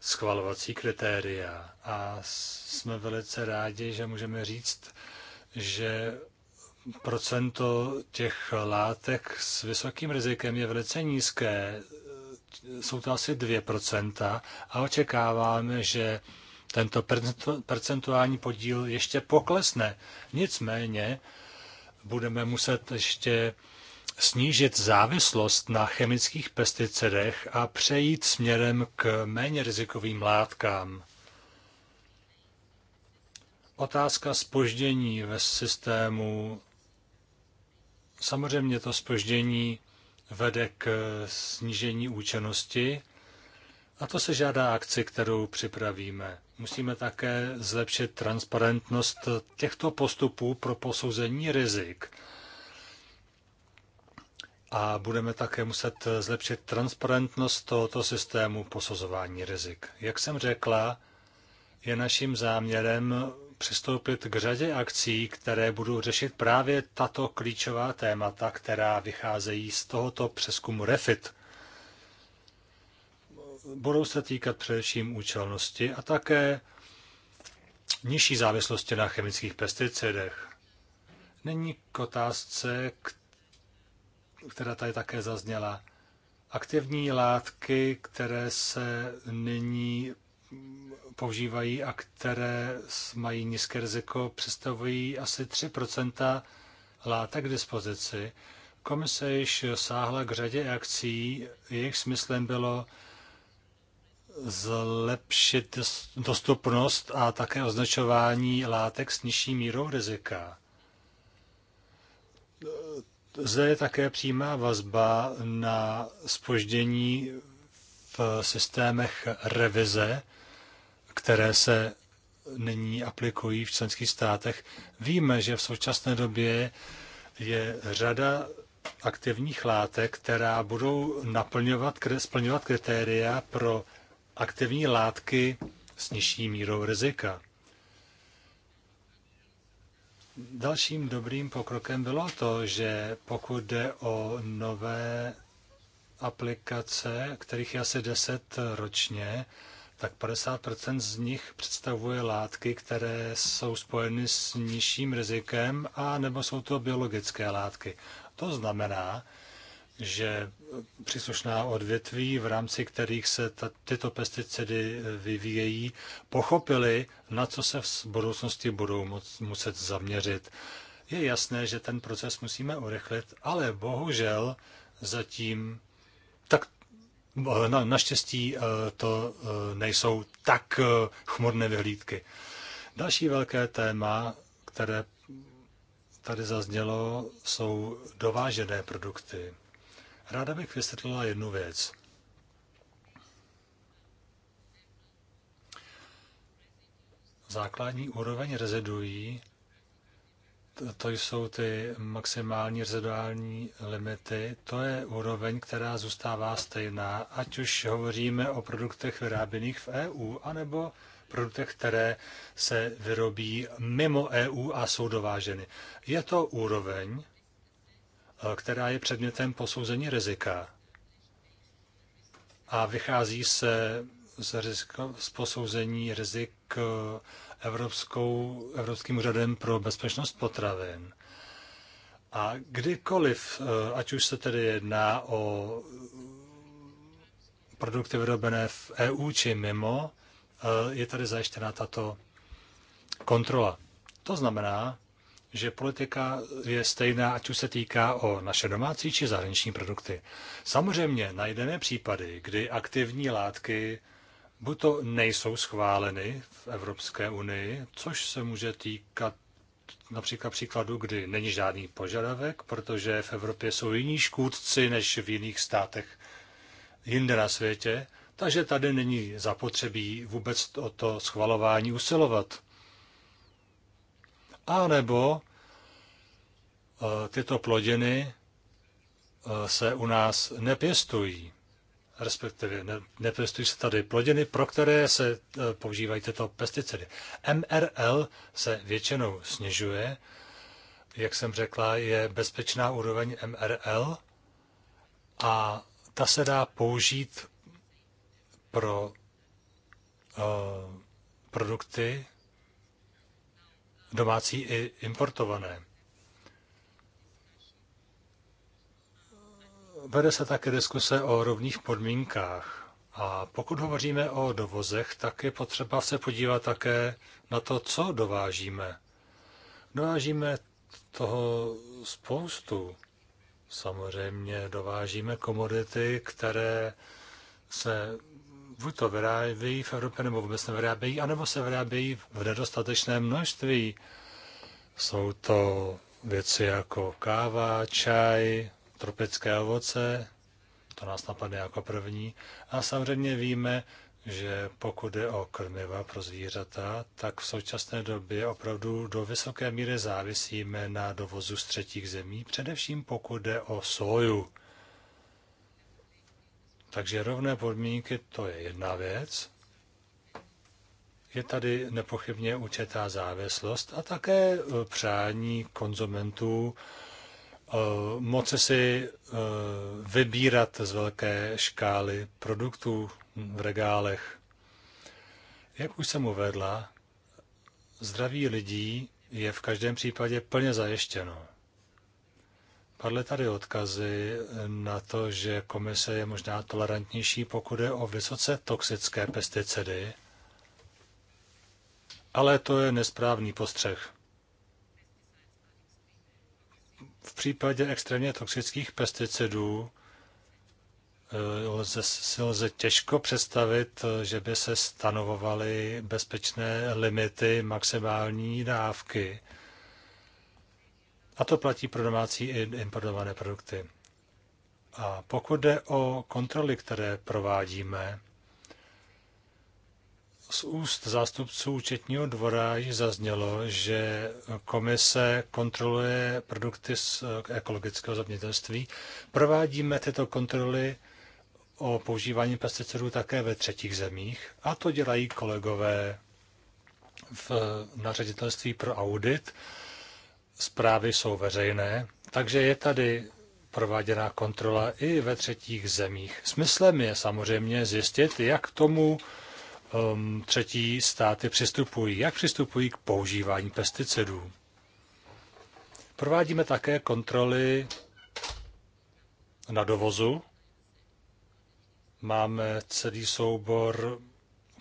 schvalovací kritéria a jsme velice rádi, že můžeme říct, že procento těch látek s vysokým rizikem je velice nízké jsou to asi 2% a očekáváme, že tento percentuální podíl ještě poklesne. Nicméně budeme muset ještě snížit závislost na chemických pesticidech a přejít směrem k méně rizikovým látkám. Otázka spoždění ve systému. Samozřejmě to spoždění vede k snížení účinnosti a to se žádá akci, kterou připravíme. Musíme také zlepšit transparentnost těchto postupů pro posouzení rizik. A budeme také muset zlepšit transparentnost tohoto systému posuzování rizik. Jak jsem řekla, je naším záměrem přistoupit k řadě akcí, které budou řešit právě tato klíčová témata, která vycházejí z tohoto přeskumu REFIT. Budou se týkat především účelnosti a také nižší závislosti na chemických pesticidech. Není k otázce, která tady také zazněla. Aktivní látky, které se nyní používají a které mají nízké riziko, představují asi 3 látek k dispozici. Komise již sáhla k řadě akcí, jejich smyslem bylo zlepšit dostupnost a také označování látek s nižší mírou rizika. Zde je také přímá vazba na spoždění v systémech revize, které se nyní aplikují v členských státech. Víme, že v současné době je řada aktivních látek, která budou naplňovat, splňovat kritéria pro aktivní látky s nižší mírou rizika. Dalším dobrým pokrokem bylo to, že pokud jde o nové aplikace, kterých je asi 10 ročně, tak 50 z nich představuje látky, které jsou spojeny s nižším rizikem, a nebo jsou to biologické látky. To znamená, že příslušná odvětví, v rámci kterých se ta, tyto pesticidy vyvíjejí, pochopili, na co se v budoucnosti budou moc, muset zaměřit. Je jasné, že ten proces musíme urychlit, ale bohužel zatím tak Eh, na, naštěstí eh, to eh, nejsou tak chmurné vyhlídky. Další velké téma, které tady zaznělo, jsou dovážené produkty. Ráda bych vysvětlila jednu věc. Základní úroveň reziduí to jsou ty maximální reziduální limity. To je úroveň, která zůstává stejná, ať už hovoříme o produktech vyráběných v EU, anebo produktech, které se vyrobí mimo EU a jsou dováženy. Je to úroveň, která je předmětem posouzení rizika a vychází se z, riziko, z posouzení rizik Evropskou, Evropským úřadem pro bezpečnost potravin. A kdykoliv, eh, ať už se tedy jedná o produkty vyrobené v EU či mimo, eh, je tady zajištěna tato kontrola. To znamená, že politika je stejná, ať už se týká o naše domácí či zahraniční produkty. Samozřejmě najdeme případy, kdy aktivní látky buď to nejsou schváleny v Evropské unii, což se může týkat například příkladu, kdy není žádný požadavek, protože v Evropě jsou jiní škůdci než v jiných státech jinde na světě, takže tady není zapotřebí vůbec o to schvalování usilovat. A nebo eh, tyto plodiny eh, se u nás nepěstují respektive ne, nepěstují se tady plodiny, pro které se e, používají tyto pesticidy. MRL se většinou snižuje, jak jsem řekla, je bezpečná úroveň MRL a ta se dá použít pro e, produkty domácí i importované. vede se také diskuse o rovných podmínkách. A pokud hovoříme o dovozech, tak je potřeba se podívat také na to, co dovážíme. Dovážíme toho spoustu. Samozřejmě dovážíme komodity, které se buď to vyrábějí v Evropě, nebo vůbec nevyrábějí, anebo se vyrábějí v nedostatečném množství. Jsou to věci jako káva, čaj, tropické ovoce, to nás napadne jako první. A samozřejmě víme, že pokud je o krmiva pro zvířata, tak v současné době opravdu do vysoké míry závisíme na dovozu z třetích zemí, především pokud je o soju. Takže rovné podmínky to je jedna věc. Je tady nepochybně určitá závislost a také eh, přání konzumentů Eh, moci si eh, vybírat z velké škály produktů v regálech. Jak už jsem uvedla, zdraví lidí je v každém případě plně zajištěno. Padly tady odkazy na to, že komise je možná tolerantnější, pokud je o vysoce toxické pesticidy, ale to je nesprávný postřeh. V případě extrémně toxických pesticidů eh, lze, si lze těžko představit, eh, že by se stanovovaly bezpečné limity maximální dávky. A to platí pro domácí i importované produkty. A pokud jde o kontroly, které provádíme, z úst zástupců účetního dvora již zaznělo, že komise kontroluje produkty z eh, ekologického zemědělství. Provádíme tyto kontroly o používání pesticidů také ve třetích zemích a to dělají kolegové v, na ředitelství pro audit. Zprávy jsou veřejné, takže je tady prováděná kontrola i ve třetích zemích. Smyslem je samozřejmě zjistit, jak tomu um, třetí státy přistupují, jak přistupují k používání pesticidů. Provádíme také kontroly na dovozu. Máme celý soubor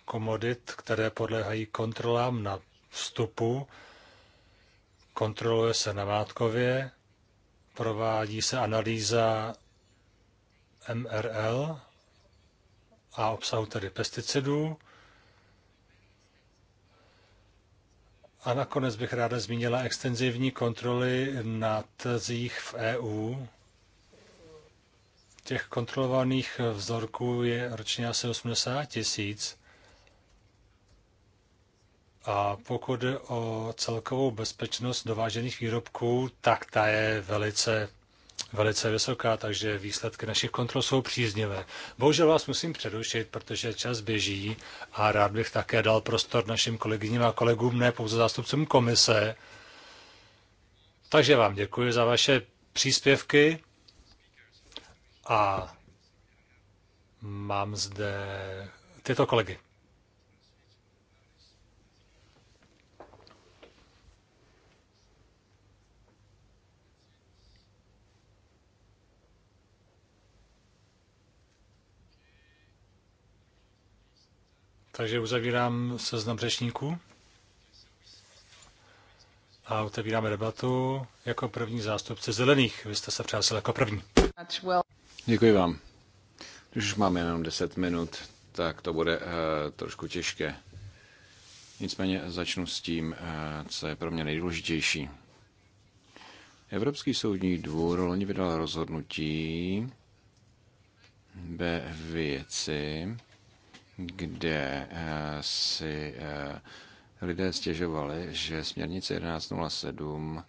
komodit, které podléhají kontrolám na vstupu. Kontroluje se na Mátkově, provádí se analýza MRL a obsahu tedy pesticidů. A nakonec bych ráda zmínila extenzivní kontroly na trzích v EU. Těch kontrolovaných vzorků je ročně asi 80 tisíc. A pokud o celkovou bezpečnost dovážených výrobků, tak ta je velice velice vysoká, takže výsledky našich kontrol jsou příznivé. Bohužel vás musím přerušit, protože čas běží a rád bych také dal prostor našim kolegyním a kolegům, ne pouze zástupcům komise. Takže vám děkuji za vaše příspěvky a mám zde tyto kolegy. Takže uzavírám seznam řečníků a otevíráme debatu jako první zástupce zelených. Vy jste se přihlásil jako první. Děkuji vám. Když už máme jenom 10 minut, tak to bude uh, trošku těžké. Nicméně začnu s tím, uh, co je pro mě nejdůležitější. Evropský soudní dvůr loni vydal rozhodnutí ve věci, kde eh, si eh, lidé stěžovali, že směrnice 1107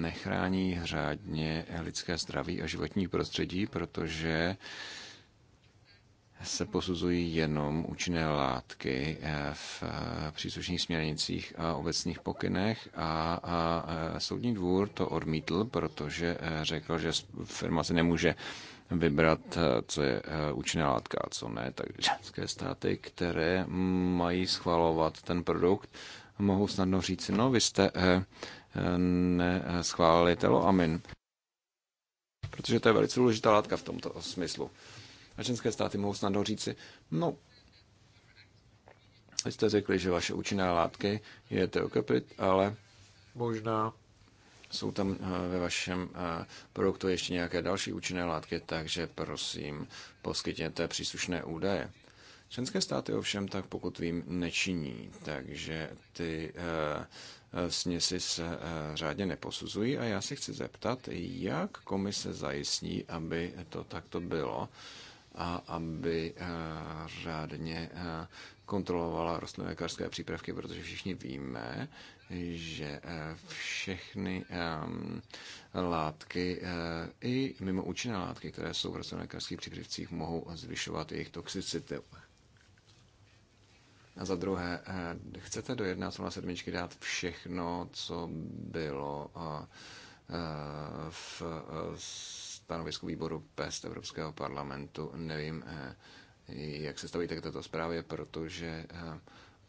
nechrání řádně lidské zdraví a životní prostředí, protože se posuzují jenom účinné látky eh, v příslušných směrnicích a obecných pokynech a, a soudní dvůr to odmítl, protože řekl, že firma se nemůže vybrat, eh, co je eh, účinná látka a co ne. Takže členské státy, které mají schvalovat ten produkt, mohou snadno říct, no vy jste eh, neschválili teloamin. Protože to je velice důležitá látka v tomto smyslu. A členské státy mohou snadno říci, no vy jste řekli, že vaše účinné látky je teokapit, ale možná jsou tam eh, ve vašem eh, produktu ještě nějaké další účinné látky, takže prosím, poskytněte příslušné údaje. Členské státy ovšem tak, pokud vím, nečiní, takže ty eh, směsi se řádně neposuzují a já se chci zeptat, jak komise zajistí, aby to takto bylo a aby řádně kontrolovala lékařské přípravky, protože všichni víme, že eh, všechny ehm, látky, eh, i mimo účinné látky, které jsou v rostlinolékařských přípravcích, mohou zvyšovat jejich toxicitu. A za druhé, eh, chcete do 1,7 dát všechno, co bylo v stanovisku výboru PEST Evropského parlamentu. Nevím, jak se stavíte k této zprávě, protože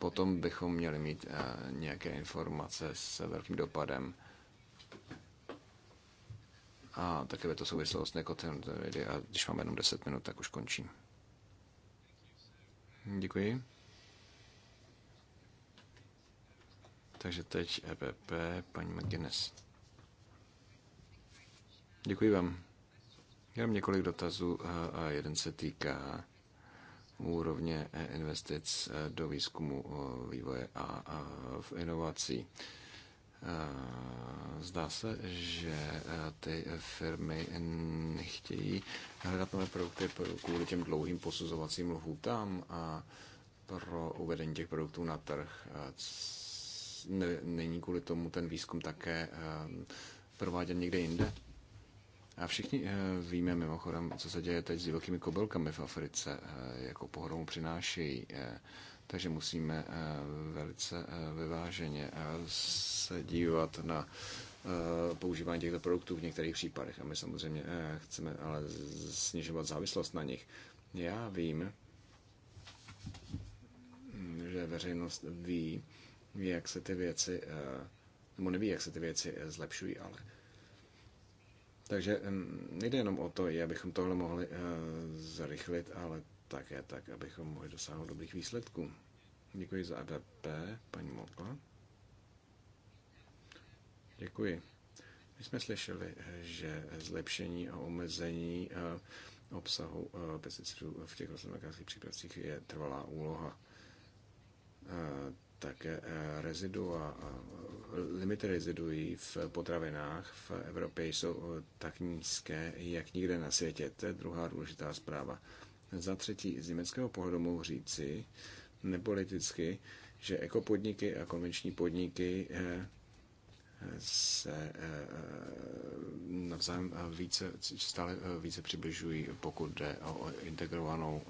potom bychom měli mít eh, nějaké informace s velkým dopadem. A také by to souviselo s nekotinolidy a když máme jenom 10 minut, tak už končím. Děkuji. Takže teď EPP, paní McGuinness. Děkuji vám. Já mám několik dotazů eh, a jeden se týká úrovně investic eh, do výzkumu, eh, vývoje a v inovací. Eh, zdá se, že ty firmy nechtějí hledat nové produkty kvůli těm dlouhým posuzovacím lhůtám a pro uvedení těch produktů na trh. Není kvůli tomu ten výzkum také prováděn někde jinde? A všichni eh, víme mimochodem, co se děje teď s divokými kobylkami v Africe, eh, jako pohromu přinášejí. Eh, takže musíme velice vyváženě se dívat na používání těchto produktů v některých případech. A my samozřejmě chceme ale snižovat závislost na nich. Já vím, že veřejnost ví, jak se ty věci, nebo neví, jak se ty věci zlepšují, ale takže nejde jenom o to, abychom tohle mohli eh, zrychlit, ale také tak, abychom mohli dosáhnout dobrých výsledků. Děkuji za ABP, paní Mokla. Děkuji. My jsme slyšeli, eh, že zlepšení a omezení eh, obsahu pesticidů v těch rostlinolékařských přípravcích je trvalá úloha. Tak eh, rezidua, eh, limity rezidují v potravinách v Evropě jsou eh, tak nízké, jak nikde na světě. To je druhá důležitá zpráva. Za třetí, z německého pohledu mohu říci, nepoliticky, že ekopodniky a konvenční podniky se navzájem více, stále více přibližují, pokud jde o integrovanou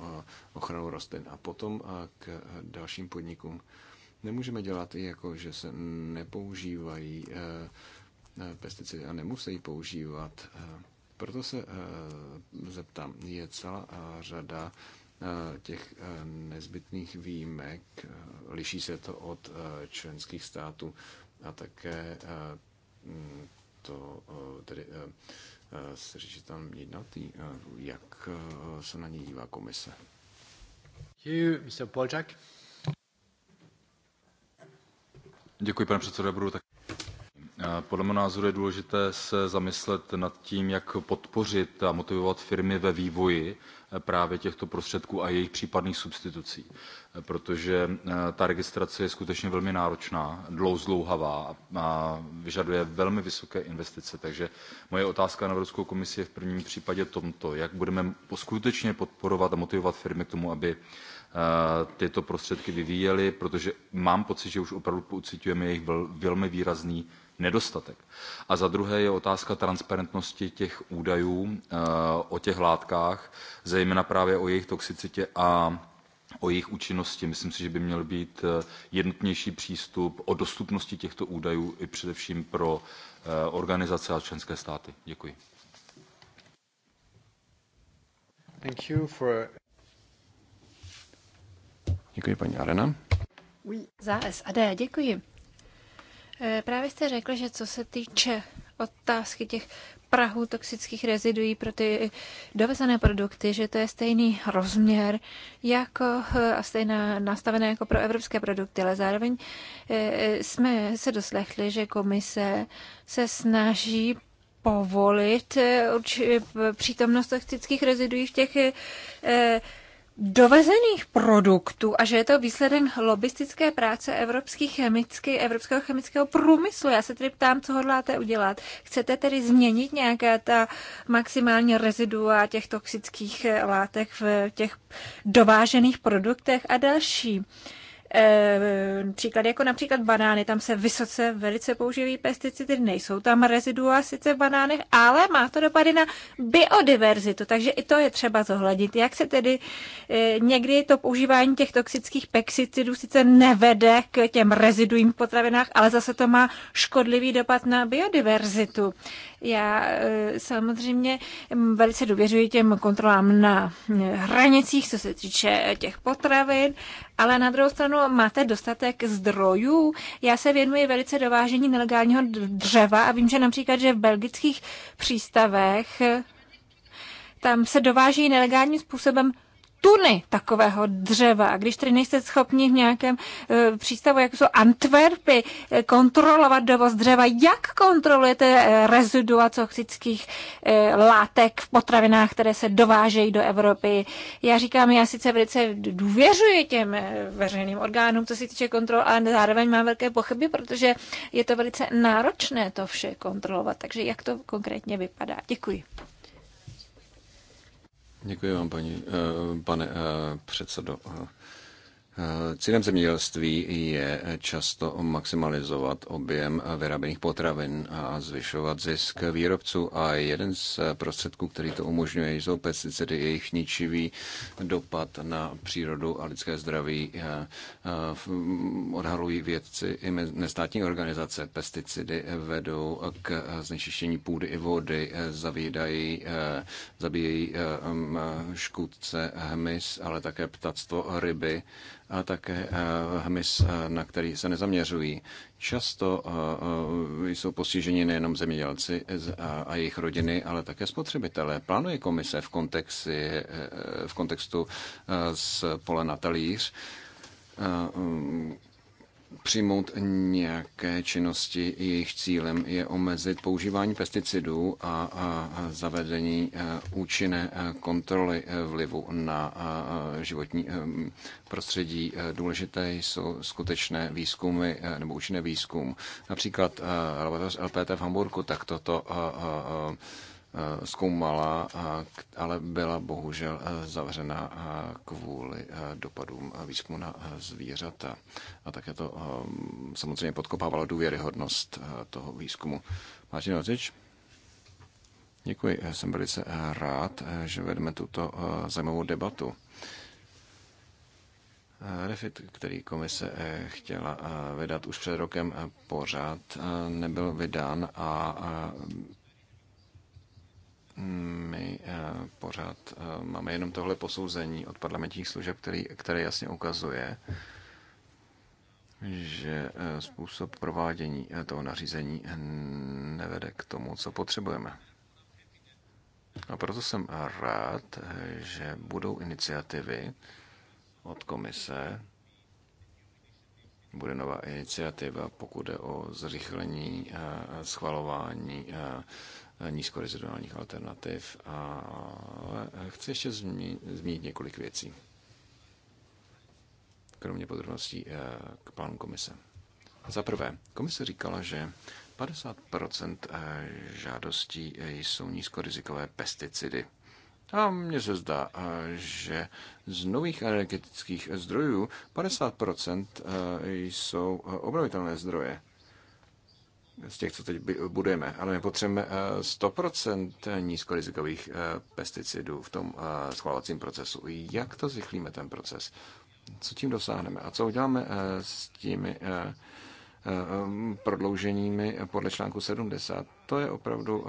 ochranu rostlin. A potom k dalším podnikům Nemůžeme dělat i jako, že se nepoužívají eh, eh, pesticidy a nemusí používat. Eh, proto se zeptám, je celá řada těch nezbytných výjimek, liší se to od členských států a také mm, to tedy se říče tam jednatý, jak se na ně dívá komise. Děkuji, Mr. Polčák pane předsedající Podle mého názoru je důležité se zamyslet nad tím, jak podpořit a motivovat firmy ve vývoji e, právě těchto prostředků a jejich případných substitucí, e, protože e, ta registrace je skutečně velmi náročná, zdlouhavá a vyžaduje velmi vysoké investice. Takže moje otázka na Evropskou komisi je v prvním případě tomto, jak budeme skutečně podporovat a motivovat firmy k tomu, aby Eh, tyto prostředky vyvíjely protože mám pocit že už opravdu pociťujeme jejich velmi výrazný nedostatek. a za druhé je otázka transparentnosti těch údajů eh, o těch látkách zejména právě o jejich toxicitě a o jejich účinnosti. myslím si že by měl být eh, jednotnější přístup o dostupnosti těchto údajů i především pro organizace a členské státy. děkuji. Děkuji, paní Arena. Za SAD, děkuji. Eh, právě jste řekl, že co se týče otázky těch prahu toxických reziduí pro ty dovezené produkty, že to je stejný rozměr jako eh, a stejná nastavené jako pro evropské produkty, ale zároveň eh, jsme se doslechli, že komise se snaží povolit přítomnost toxických reziduí v těch dovezených produktů a že je to výsledek lobistické práce evropských chemický, evropského chemického průmyslu. Já se tedy ptám, co hodláte udělat. Chcete tedy změnit nějaké ta maximální rezidua těch toxických látek v těch dovážených produktech a další? Uh, Ehm, příklady, jako například banány, tam se vysoce velice používají pesticidy, nejsou tam rezidua sice v banánech, ale má to dopady na biodiverzitu, takže i to je třeba zohlednit. Jak se tedy eh, někdy to používání těch toxických pesticidů sice nevede k těm reziduím v potravinách, ale zase to má škodlivý dopad na biodiverzitu. Já e, samozřejmě velice důvěřuji těm kontrolám na hranicích, co se týče e, těch potravin, ale na druhou stranu máte dostatek zdrojů. Já se věnuji velice dovážení nelegálního dřeva a vím, že například, že v belgických přístavech e, tam se dováží nelegálním způsobem tuny takového dřeva. A když tedy nejste schopni v nějakém e, přístavu, jako jsou Antwerpy, e, kontrolovat dovoz dřeva, jak kontrolujete e, rezidua toxických e, látek v potravinách, které se dovážejí do Evropy? Já říkám, já sice velice důvěřuji těm e, veřejným orgánům, co se týče kontrol, ale zároveň mám velké pochyby, protože je to velice náročné to vše kontrolovat. Takže jak to konkrétně vypadá? Děkuji. Děkuji vám, paní, eh, pane eh, předsedo. Cílem zemědělství je často maximalizovat objem vyráběných potravin a zvyšovat zisk výrobců a jeden z prostředků, který to umožňuje, jsou pesticidy, jejich ničivý dopad na přírodu a lidské zdraví. Eh, mm, odhalují vědci i nestátní organizace. Pesticidy vedou k znečištění půdy i vody, eh, zavídají, eh, zabíjejí mm, škůdce hmyz, ale také ptactvo ryby a také eh, hmyz, eh, na který se nezaměřují. Často eh, jsou postiženi nejenom zemědělci a jejich rodiny, ale také spotřebitelé. Plánuje komise v, kontextu, v kontextu s pole na talíř přijmout nějaké činnosti, jejich cílem je omezit používání pesticidů a, zavedení e, účinné e, kontroly e, vlivu na životní prostředí. Důležité jsou skutečné výzkumy nebo účinné výzkum. Například laboratoř LPT v Hamburgu tak toto Eh, zkoumala, eh, ale byla bohužel eh, zavřena kvůli dopadům výzkumu na zvířata. A také to samozřejmě podkopávalo důvěryhodnost toho výzkumu. Martin Otič? Děkuji, jsem velice rád, že vedeme tuto zajímavou debatu. Refit, který komise chtěla vydat už před rokem, pořád nebyl vydán a my eh, pořád eh, máme jenom tohle posouzení od parlamentních služeb, který, které jasně ukazuje, že eh, způsob provádění toho nařízení nevede k tomu, co potřebujeme. A proto jsem rád, že budou iniciativy od komise, bude nová iniciativa, pokud jde o zrychlení schvalování Eh, nízkoreziduálních alternativ, ale eh, chci ještě zmínit několik věcí, kromě podrobností eh, k plánu komise. Za prvé, komise říkala, že 50% žádostí jsou nízkorizikové pesticidy. A mně se zdá, že z nových energetických zdrojů 50% jsou obnovitelné zdroje z těch, co teď budujeme. Ale my potřebujeme 100% eh, nízkorizikových eh, pesticidů v tom eh, schvalovacím procesu. Jak to zrychlíme, ten proces? Co tím dosáhneme? A co uděláme s těmi prodlouženími podle článku 70? To je opravdu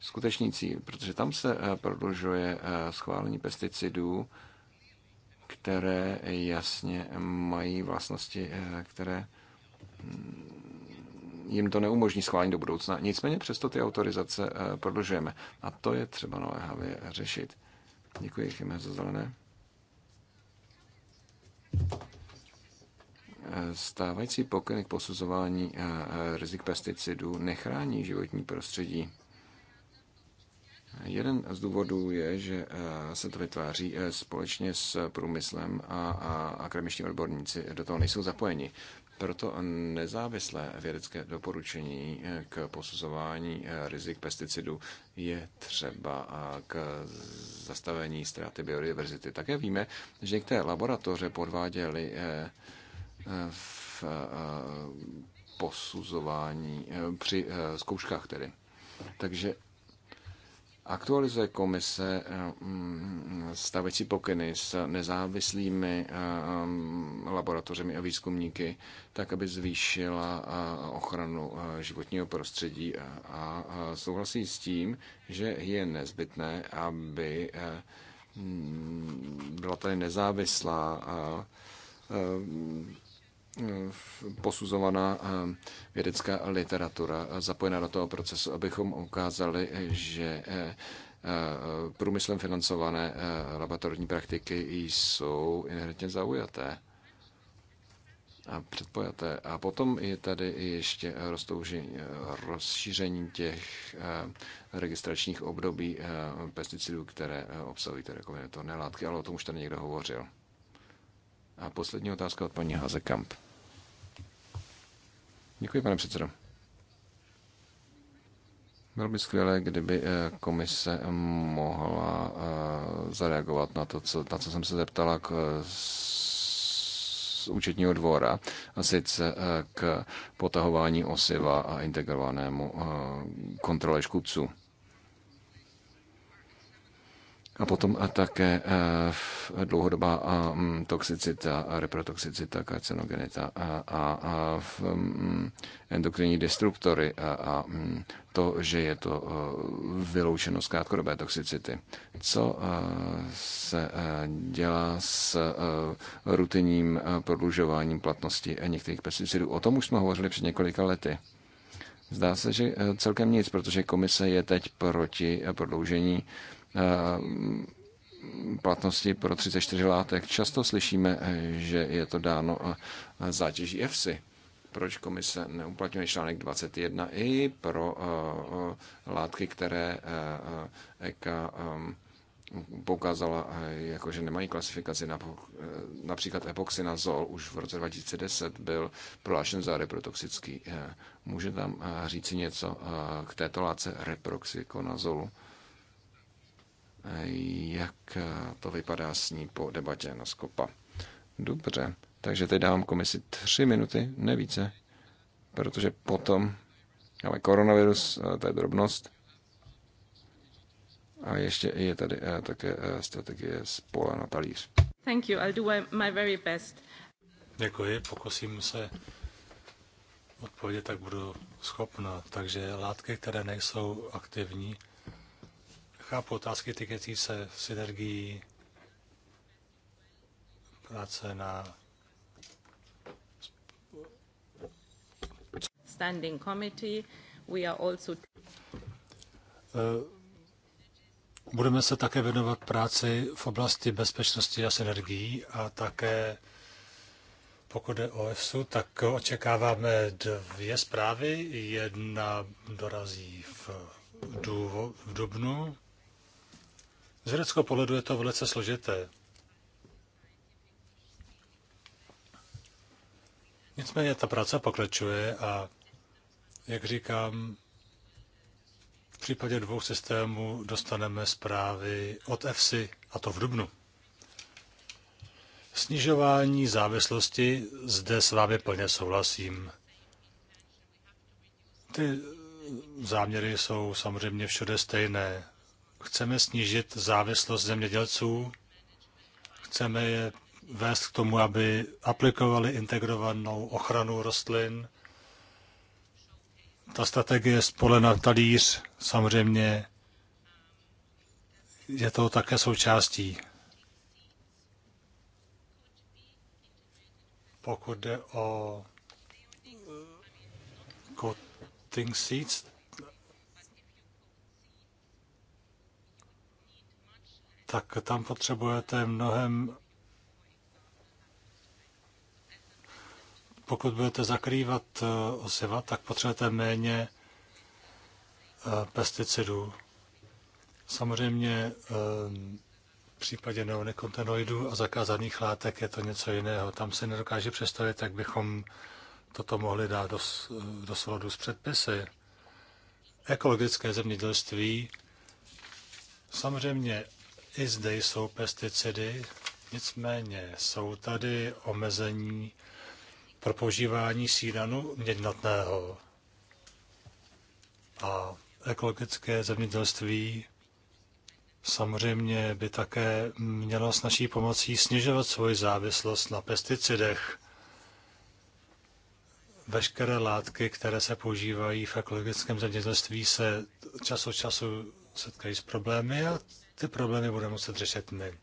skutečný cíl, protože tam se prodlužuje schválení pesticidů, které jasně mají vlastnosti, které mm, jim to neumožní schválení do budoucna. Nicméně přesto ty autorizace eh, prodlužujeme. A to je třeba naléhavě řešit. Děkuji, Chyme, za zelené. Eh, stávající pokyny k posuzování eh, rizik pesticidů nechrání životní prostředí. Jeden z důvodů je, že se to vytváří společně s průmyslem a, a odborníci do toho nejsou zapojeni. Proto nezávislé vědecké doporučení eh, k posuzování eh, rizik pesticidů je třeba k zastavení ztráty biodiverzity. Také víme, že některé laboratoře podváděly eh, v posuzování, při zkouškách tedy. Takže aktualizuje komise mm, stavecí pokyny s nezávislými eh, eh, laboratořemi a výzkumníky, tak aby zvýšila eh, ochranu životního prostředí a souhlasí s tím, že je nezbytné, aby mm, byla tady nezávislá posuzovaná vědecká literatura zapojená do toho procesu, abychom ukázali, že Eh, průmyslem financované eh, laboratorní praktiky jsou inherentně zaujaté a předpojaté. A potom je tady ještě eh, rozšíření těch registračních období pesticidů, které obsahují ty rekombinantné jako látky, ale o tom už tady někdo hovořil. A poslední otázka od paní Hazekamp. Děkuji, pane předsedo. Bylo by skvělé, kdyby eh, komise mohla eh, zareagovat na to, co, na co jsem se zeptala k, eh, z účetního dvora, a sice k potahování osiva a integrovanému kontrole škůdců. A potom také eh, eh, dlouhodobá mm, toxicita, reprotoxicita, karcinogenita a, a, a mm, endokrinní destruktory a, a mm, to, že je to eh, vyloučeno z krátkodobé toxicity. Co se dělá s rutinním prodlužováním platnosti některých pesticidů? O tom už jsme hovořili před několika lety. Zdá se, že celkem nic, protože komise je teď proti prodloužení Eh, platnosti pro 34 látek. Často slyšíme, eh, že je to dáno eh, zátěží EFSI. Proč komise neuplatňuje článek 21 i pro látky, které EKA e poukázala, jakože nemají klasifikaci, na, například epoxinazol už v roce 2010 byl prohlášen za reprotoxický. Může tam říci něco k této látce reproxikonazolu? jak eh, to vypadá s ní po debatě na Skopa. Dobře, takže teď dávám komisi tři minuty, nevíce, protože potom ale koronavirus, eh, to je drobnost, a ještě je tady eh, také strategie z pola na talíř. Thank you. I'll do my very best. Děkuji, pokusím se odpovědět, tak budu schopna. Takže látky, které nejsou aktivní, Chápu otázky týkající se synergií práce na standing committee. We are also eh, Budeme se také věnovat práci v oblasti bezpečnosti a synergií a také pokud je o EFSU, tak očekáváme dvě zprávy. Jedna dorazí v, důvo, v dubnu z řeckého pohledu je to velice složité. Nicméně ta práce pokračuje a, jak říkám, v případě dvou systémů dostaneme zprávy od EFSI, a to v Dubnu. Snižování závislosti zde s vámi plně souhlasím. Ty záměry jsou samozřejmě všude stejné. Chceme snížit závislost zemědělců, chceme je vést k tomu, aby aplikovali integrovanou ochranu rostlin. Ta strategie z pole na talíř samozřejmě je to také součástí. Pokud jde o coating seeds, tak tam potřebujete mnohem pokud budete zakrývat eh, osiva, tak potřebujete méně eh, pesticidů. Samozřejmě eh, v případě neonekontenoidů a zakázaných látek je to něco jiného. Tam se nedokáže představit, jak bychom toto mohli dát do, do souladu s předpisy. Ekologické zemědělství samozřejmě i zde jsou pesticidy, nicméně jsou tady omezení pro používání síranu mědnatného. A ekologické zemědělství samozřejmě by také mělo s naší pomocí snižovat svoji závislost na pesticidech. Veškeré látky, které se používají v ekologickém zemědělství, se čas od času setkají s problémy a ty problémy budeme muset řešit my.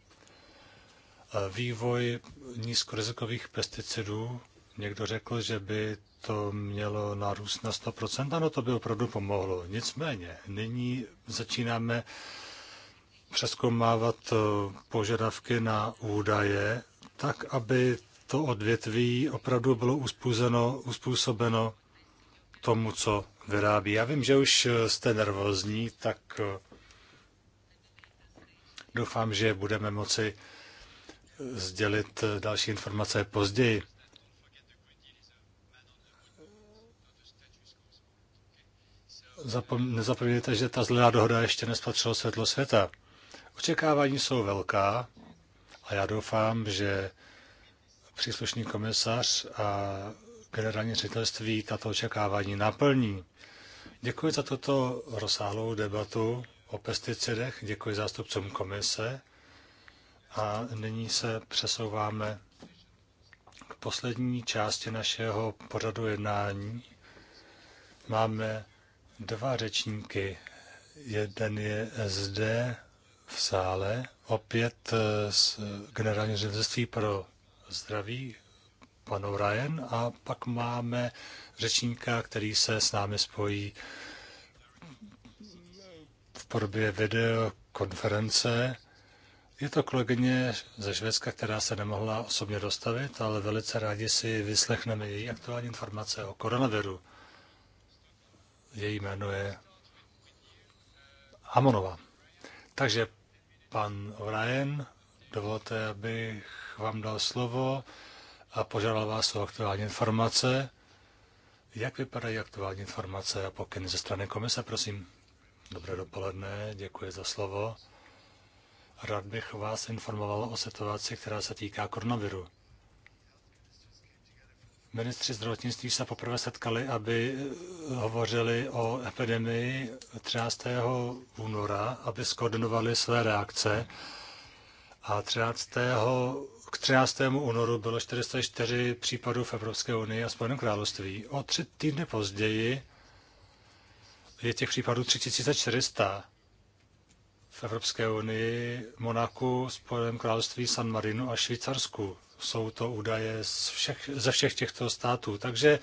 Vývoj nízkorizikových pesticidů, někdo řekl, že by to mělo narůst na 100%, ano, to by opravdu pomohlo. Nicméně, nyní začínáme přeskoumávat eh, požadavky na údaje, tak, aby to odvětví opravdu bylo uspůzeno, uspůsobeno tomu, co vyrábí. Já vím, že už jste nervózní, tak eh, Doufám, že budeme moci sdělit další informace později. Zapom- nezapomeňte, že ta zlá dohoda ještě nespatřila světlo světa. Očekávání jsou velká a já doufám, že příslušný komisař a generální ředitelství tato očekávání naplní. Děkuji za tuto rozsáhlou debatu o pesticidech. Děkuji zástupcům komise. A nyní se přesouváme k poslední části našeho pořadu jednání. Máme dva řečníky. Jeden je zde v sále, opět z Generální ředitelství pro zdraví, pan Ryan, a pak máme řečníka, který se s námi spojí podobě videokonference. Je to kolegyně ze Švédska, která se nemohla osobně dostavit, ale velice rádi si vyslechneme její aktuální informace o koronaviru. Její jméno je Hamonova. Takže pan Ryan, dovolte, abych vám dal slovo a požádal vás o aktuální informace. Jak vypadají aktuální informace a pokyny ze strany komise, prosím? Dobré dopoledne, děkuji za slovo. Rád bych vás informoval o situaci, která se týká koronaviru. Ministři zdravotnictví se poprvé setkali, aby eh, hovořili o epidemii 13. února, aby skoordinovali své reakce. A 13. k 13. únoru bylo 404 případů v Evropské unii a Spojeném království. O tři týdny později je těch případů 3400 v Evropské unii, Monaku, Spojeném království, San Marino a Švýcarsku. Jsou to údaje z všech, ze všech těchto států. Takže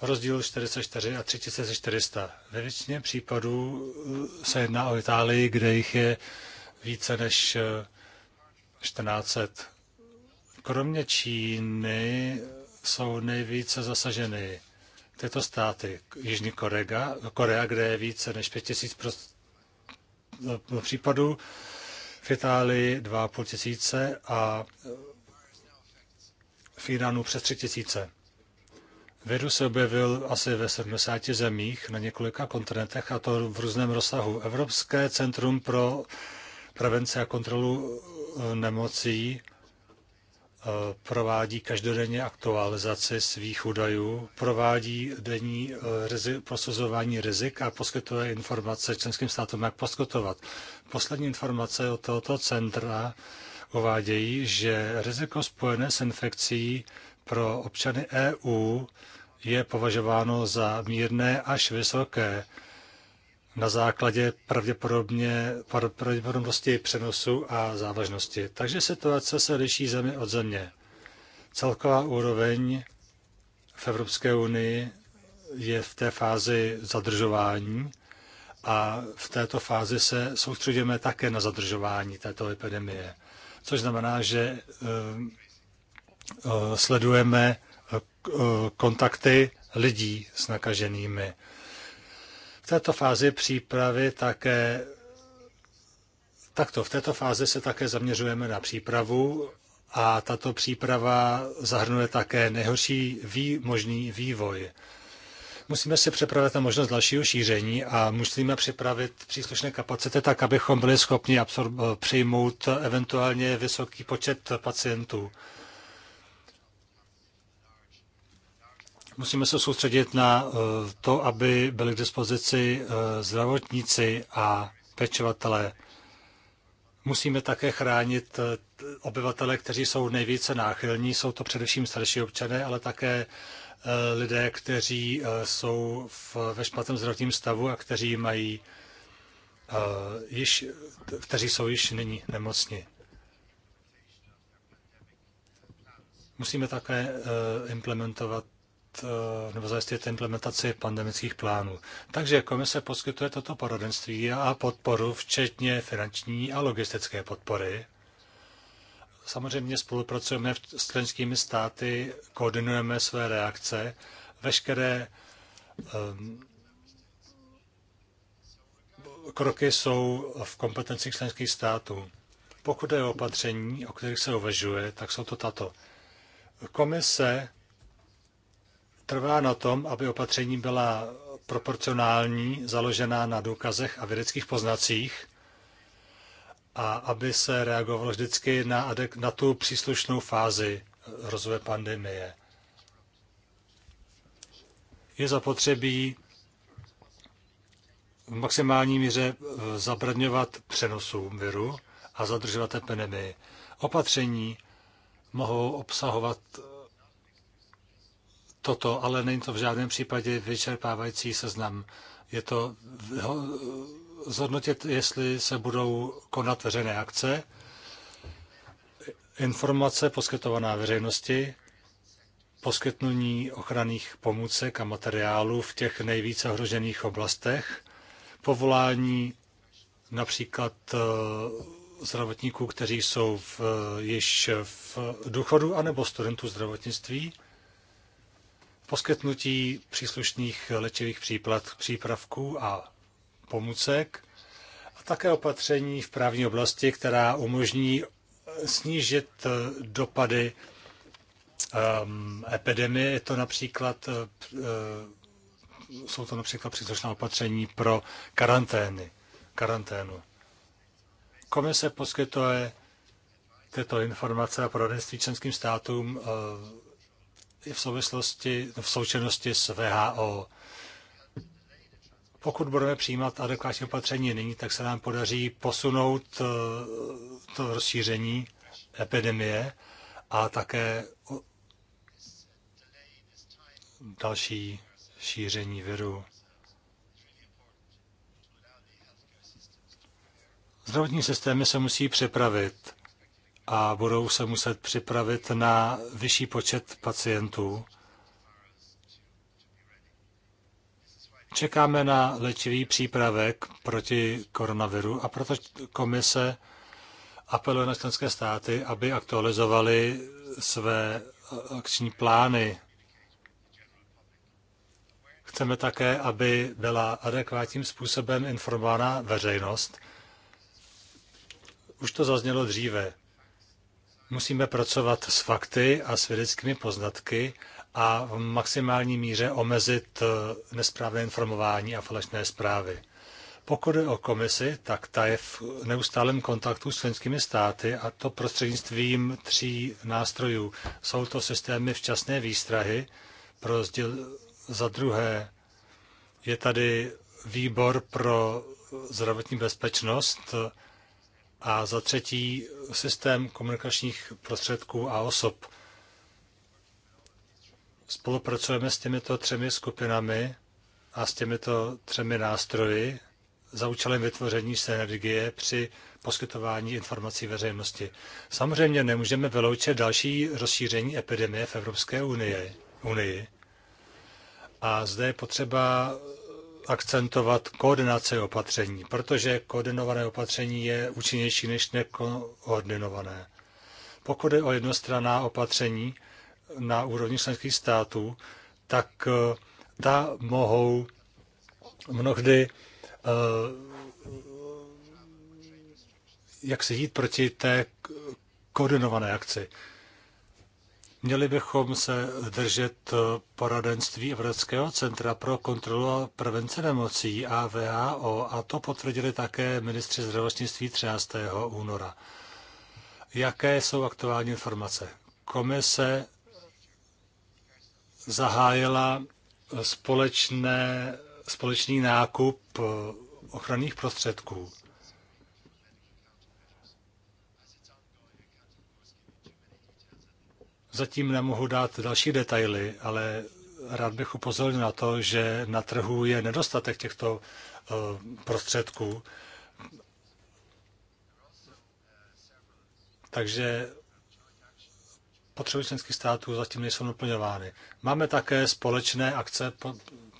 rozdíl 44 a 3400. Ve většině případů eh, se jedná o Itálii, kde jich je více než 1400. Eh, Kromě Číny jsou nejvíce zasaženy tyto státy. Jižní Korea, Korea kde je více než 5000 prost... No, případů, v Itálii 2,5 tisíce a eh, v Iránu přes 3 tisíce. Virus se objevil asi ve 70 zemích na několika kontinentech a to v různém rozsahu. Evropské centrum pro prevenci a kontrolu eh, nemocí Eh, provádí každodenně aktualizaci svých údajů, provádí denní eh, posuzování rizik a poskytuje informace členským státům, jak poskytovat. Poslední informace od tohoto centra uvádějí, že riziko spojené s infekcí pro občany EU je považováno za mírné až vysoké na základě pravděpodobně, pravděpodobnosti přenosu a závažnosti. Takže situace se liší zemi od země. Celková úroveň v Evropské unii je v té fázi zadržování a v této fázi se soustředíme také na zadržování této epidemie, což znamená, že eh, eh, sledujeme eh, kontakty lidí s nakaženými této fázi přípravy také Takto, v této fázi se také zaměřujeme na přípravu a tato příprava zahrnuje také nejhorší vý, možný vývoj. Musíme si připravit na možnost dalšího šíření a musíme připravit příslušné kapacity tak, abychom byli schopni přijmout eventuálně vysoký počet pacientů. Musíme se soustředit na eh, to, aby byli k dispozici eh, zdravotníci a pečovatelé. Musíme také chránit eh, obyvatele, kteří jsou nejvíce náchylní. Jsou to především starší občané, ale také lidé, kteří jsou ve špatném zdravotním stavu a kteří mají již, kteří jsou již nyní nemocní. Musíme také implementovat Eh, nebo zajistit implementaci pandemických plánů. Takže komise poskytuje toto poradenství a podporu, včetně finanční a logistické podpory. Samozřejmě spolupracujeme s členskými státy, koordinujeme své reakce, veškeré um, kroky jsou v kompetencích členských států. Pokud je opatření, o kterých se uvažuje, tak jsou to tato. Komise trvá na tom, aby opatření byla proporcionální, založená na důkazech a vědeckých poznacích a aby se reagovalo vždycky na, adek- na tu příslušnou fázi rozvoje pandemie. Je zapotřebí v maximální míře eh, zabraňovat přenosům viru a zadržovat epidemii. Opatření mohou obsahovat toto, ale není to v žádném případě vyčerpávající seznam. Je to zhodnotit, jestli se budou konat veřejné akce, informace poskytovaná veřejnosti, poskytnutí ochranných pomůcek a materiálů v těch nejvíce ohrožených oblastech, povolání například eh, zdravotníků, kteří jsou v, již v důchodu, anebo studentů zdravotnictví, poskytnutí příslušných léčivých přípravků a pomůcek a také opatření v právní oblasti, která umožní snížit dopady um, epidemie. Je to například, uh, jsou to například příslušná opatření pro karantény, karanténu. Komise poskytuje tyto informace a poradenství členským státům uh, v souvislosti, v součinnosti s VHO. Pokud budeme přijímat adekvátní opatření nyní, tak se nám podaří posunout eh, to rozšíření epidemie a také další šíření viru. Zdravotní systémy se musí připravit a budou se muset připravit na vyšší počet pacientů. Čekáme na léčivý přípravek proti koronaviru a proto komise apeluje na členské státy, aby aktualizovali své akční plány. Chceme také, aby byla adekvátním způsobem informována veřejnost. Už to zaznělo dříve. Musíme pracovat s fakty a vědeckými poznatky a v maximální míře omezit eh, nesprávné informování a falešné zprávy. Pokud je o komisi, tak ta je v neustálém kontaktu s členskými státy a to prostřednictvím tří nástrojů. Jsou to systémy včasné výstrahy, pro zděl... za druhé je tady výbor pro zdravotní bezpečnost, a za třetí systém komunikačních prostředků a osob. Spolupracujeme s těmito třemi skupinami a s těmito třemi nástroji za účelem vytvoření synergie při poskytování informací veřejnosti. Samozřejmě nemůžeme vyloučit další rozšíření epidemie v Evropské unii. unii. A zde je potřeba akcentovat koordinaci opatření, protože koordinované opatření je účinnější než nekoordinované. Pokud je o jednostranná opatření na úrovni členských států, tak eh, ta mohou mnohdy eh, jak se jít proti té koordinované akci. Měli bychom se držet eh, poradenství Evropského centra pro kontrolu a prevence nemocí a a to potvrdili také ministři zdravotnictví 13. února. Jaké jsou aktuální informace? Komise zahájila společné, společný nákup eh, ochranných prostředků. Zatím nemohu dát další detaily, ale rád bych upozornil na to, že na trhu je nedostatek těchto eh, prostředků. Takže potřeby členských států zatím nejsou naplňovány. Máme také společné akce,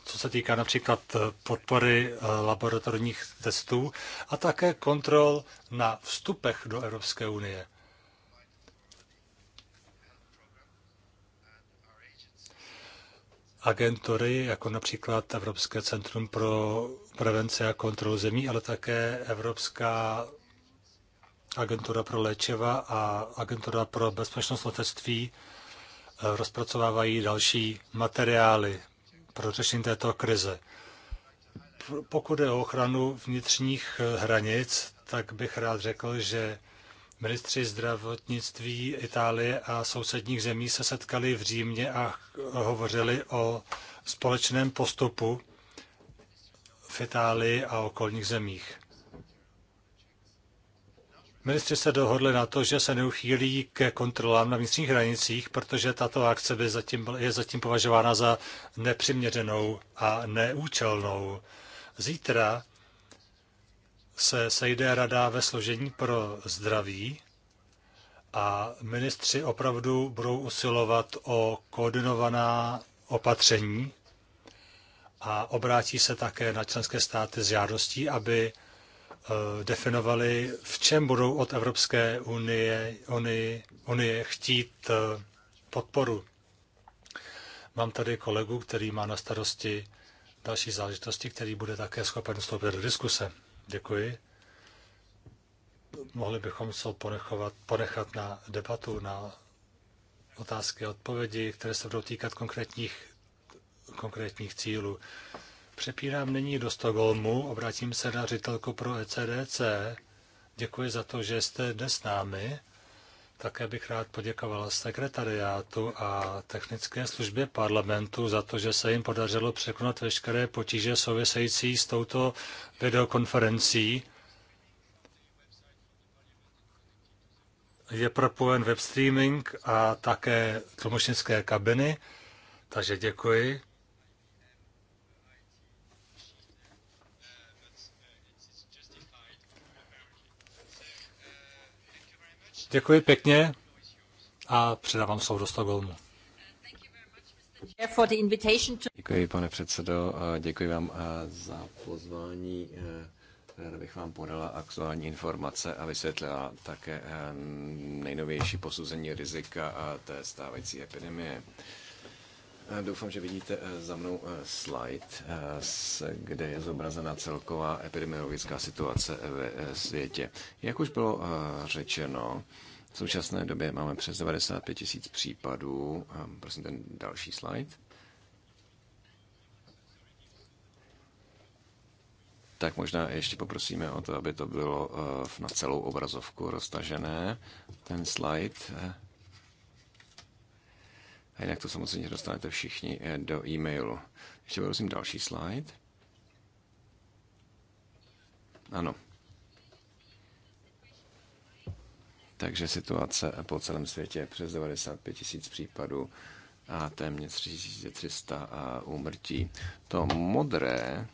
co se týká například eh, podpory eh, laboratorních testů a také kontrol na vstupech do Evropské unie. agentury, jako například Evropské centrum pro prevenci a kontrolu zemí, ale také Evropská agentura pro léčiva a agentura pro bezpečnost letectví eh, rozpracovávají další materiály pro řešení této krize. Pokud je o ochranu vnitřních eh, hranic, tak bych rád řekl, že Ministři zdravotnictví Itálie a sousedních zemí se setkali v Římě a hovořili o společném postupu v Itálii a okolních zemích. Ministři se dohodli na to, že se neuchýlí ke kontrolám na vnitřních hranicích, protože tato akce by zatím, je zatím považována za nepřiměřenou a neúčelnou. Zítra se sejde rada ve složení pro zdraví a ministři opravdu budou usilovat o koordinovaná opatření a obrátí se také na členské státy s žádostí, aby eh, definovali, v čem budou od Evropské unie, unie, unie chtít eh, podporu. Mám tady kolegu, který má na starosti další záležitosti, který bude také schopen vstoupit do diskuse. Děkuji. Mohli bychom se ponechovat, ponechat na debatu, na otázky a odpovědi, které se budou týkat konkrétních, konkrétních cílů. Přepírám nyní do Stockholmu, obrátím se na ředitelku pro ECDC. Děkuji za to, že jste dnes s námi. Také bych rád poděkoval sekretariátu a technické službě parlamentu za to, že se jim podařilo překonat veškeré potíže související s touto videokonferencí. Je propojen web streaming a také tlumočnické kabiny, takže děkuji. Děkuji pěkně a předávám slovo do Stockholmu. Děkuji, pane předsedo, děkuji vám za pozvání. Eh, ráda bych vám podala aktuální informace a vysvětlila také eh, nejnovější posouzení rizika té stávající epidemie. Eh, doufám, že vidíte eh, za mnou eh, slide, kde je zobrazena celková epidemiologická situace ve světě. Jak už bylo řečeno, v současné době máme přes 95 tisíc případů. Prosím ten další slide. Tak možná ještě poprosíme o to, aby to bylo na celou obrazovku roztažené, ten slide. A jinak to samozřejmě dostanete všichni eh, do e-mailu. Ještě prosím další slide. Ano. Takže situace po celém světě přes 95 tisíc případů a téměř 3300 eh, úmrtí. To modré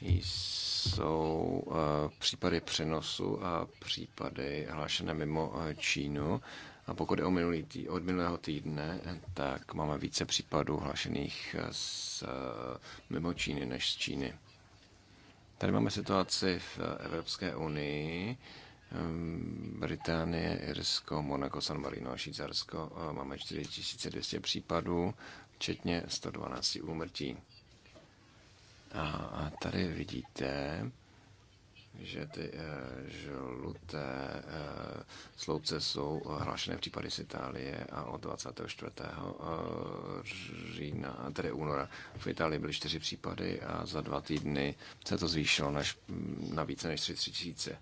jsou eh, případy přenosu a případy hlášené mimo Čínu a pokud je o minulý tý, od minulého týdne, tak máme více případů hlašených z, eh, mimo Číny než z Číny. Tady máme situaci v Evropské unii, ehm, Británie, Irsko, Monaco, San Marino a Švýcarsko. Eh, máme 4200 případů, včetně 112 úmrtí. A tady vidíte, že ty eh, žluté eh, sloupce jsou hlášené v případě z Itálie a od 24. Eh, října, tedy února, v Itálii byly čtyři případy a za dva týdny se to zvýšilo než, na více než 3 tisíce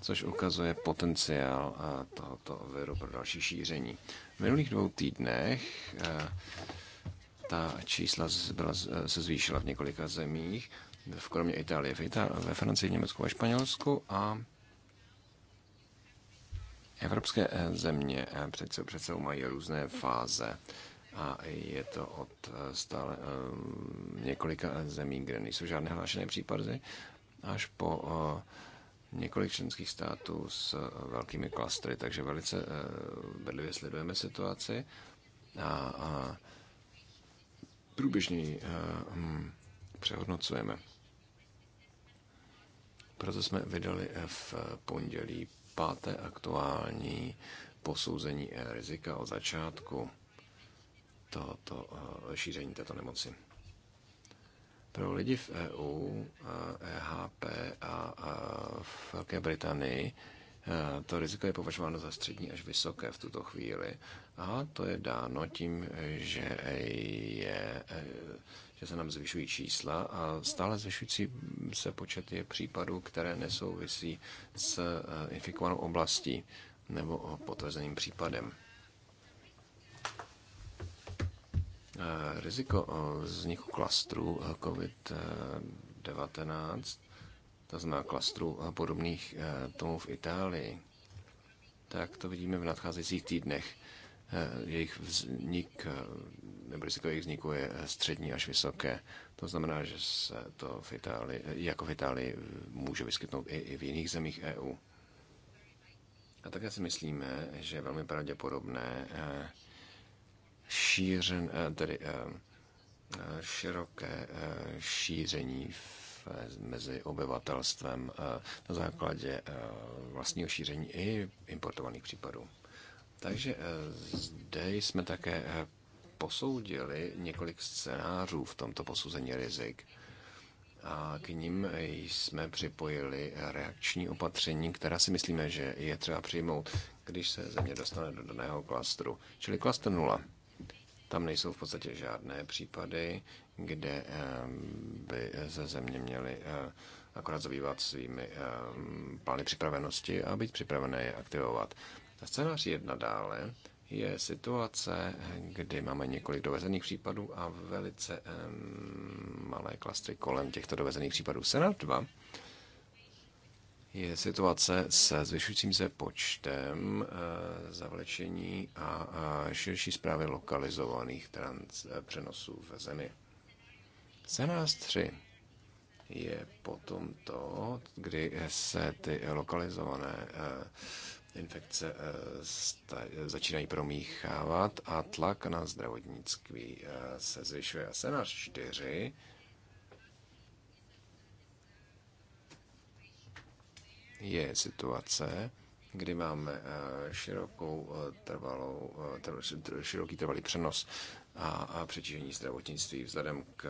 což ukazuje potenciál tohoto viru pro další šíření. V minulých dvou týdnech ta čísla byla, se zvýšila v několika zemích v kromě Itálie, v Itá- ve Francii, Německu, a Španělsku a evropské eh, země eh, přece, přece mají různé fáze a je to od eh, stále několika zemí, kde nejsou žádné hlášené případy, až po několik členských států s velkými klastry, takže velice bedlivě sledujeme situaci a, a průběžně um, hm, přehodnocujeme. Proto jsme vydali v pondělí páté aktuální posouzení eh, rizika od začátku tohoto eh, šíření této nemoci. Pro lidi v EU, EHP e a v Velké Británii eh, to riziko je považováno za střední až vysoké v tuto chvíli. A to je dáno tím, že je že se nám zvyšují čísla a stále zvyšující se počet je případů, které nesouvisí s eh, infikovanou oblastí nebo potvrzeným případem. Eh, riziko eh, vzniku klastru COVID-19, to znamená klastru podobných tomu v Itálii, tak to vidíme v nadcházejících týdnech. Eh, jejich vznik, eh, nebo riziko jejich vzniku je eh, střední až vysoké. To znamená, že se to v Itálii, jako v Itálii může vyskytnout i, i v jiných zemích EU. A také si myslíme, že je velmi pravděpodobné šířen, tedy široké šíření v, mezi obyvatelstvem na základě vlastního šíření i importovaných případů. Takže eh, zde jsme také eh, posoudili několik scénářů v tomto posouzení rizik a k ním jsme připojili reakční opatření, která si myslíme, že je třeba přijmout, když se země dostane do daného klastru, čili klastr 0. Tam nejsou v podstatě žádné případy, kde eh, by se země měly akorát zabývat svými plány připravenosti a být připravené je aktivovat. Scénář jedna dále je situace, kdy máme několik dovezených případů a velice um, malé klastry kolem těchto dovezených případů. Scénář 2 je situace se zvyšujícím se počtem uh, zavlečení a, a širší zprávy lokalizovaných trans, uh, přenosů ve zemi. Scénář 3 je potom to, kdy se ty lokalizované uh, infekce eh, začínají promíchávat a tlak na zdravotnictví eh, se zvyšuje. A scénář 4 je situace, kdy máme eh, širokou trvalou, široký trvalý přenos a přetížení zdravotnictví vzhledem k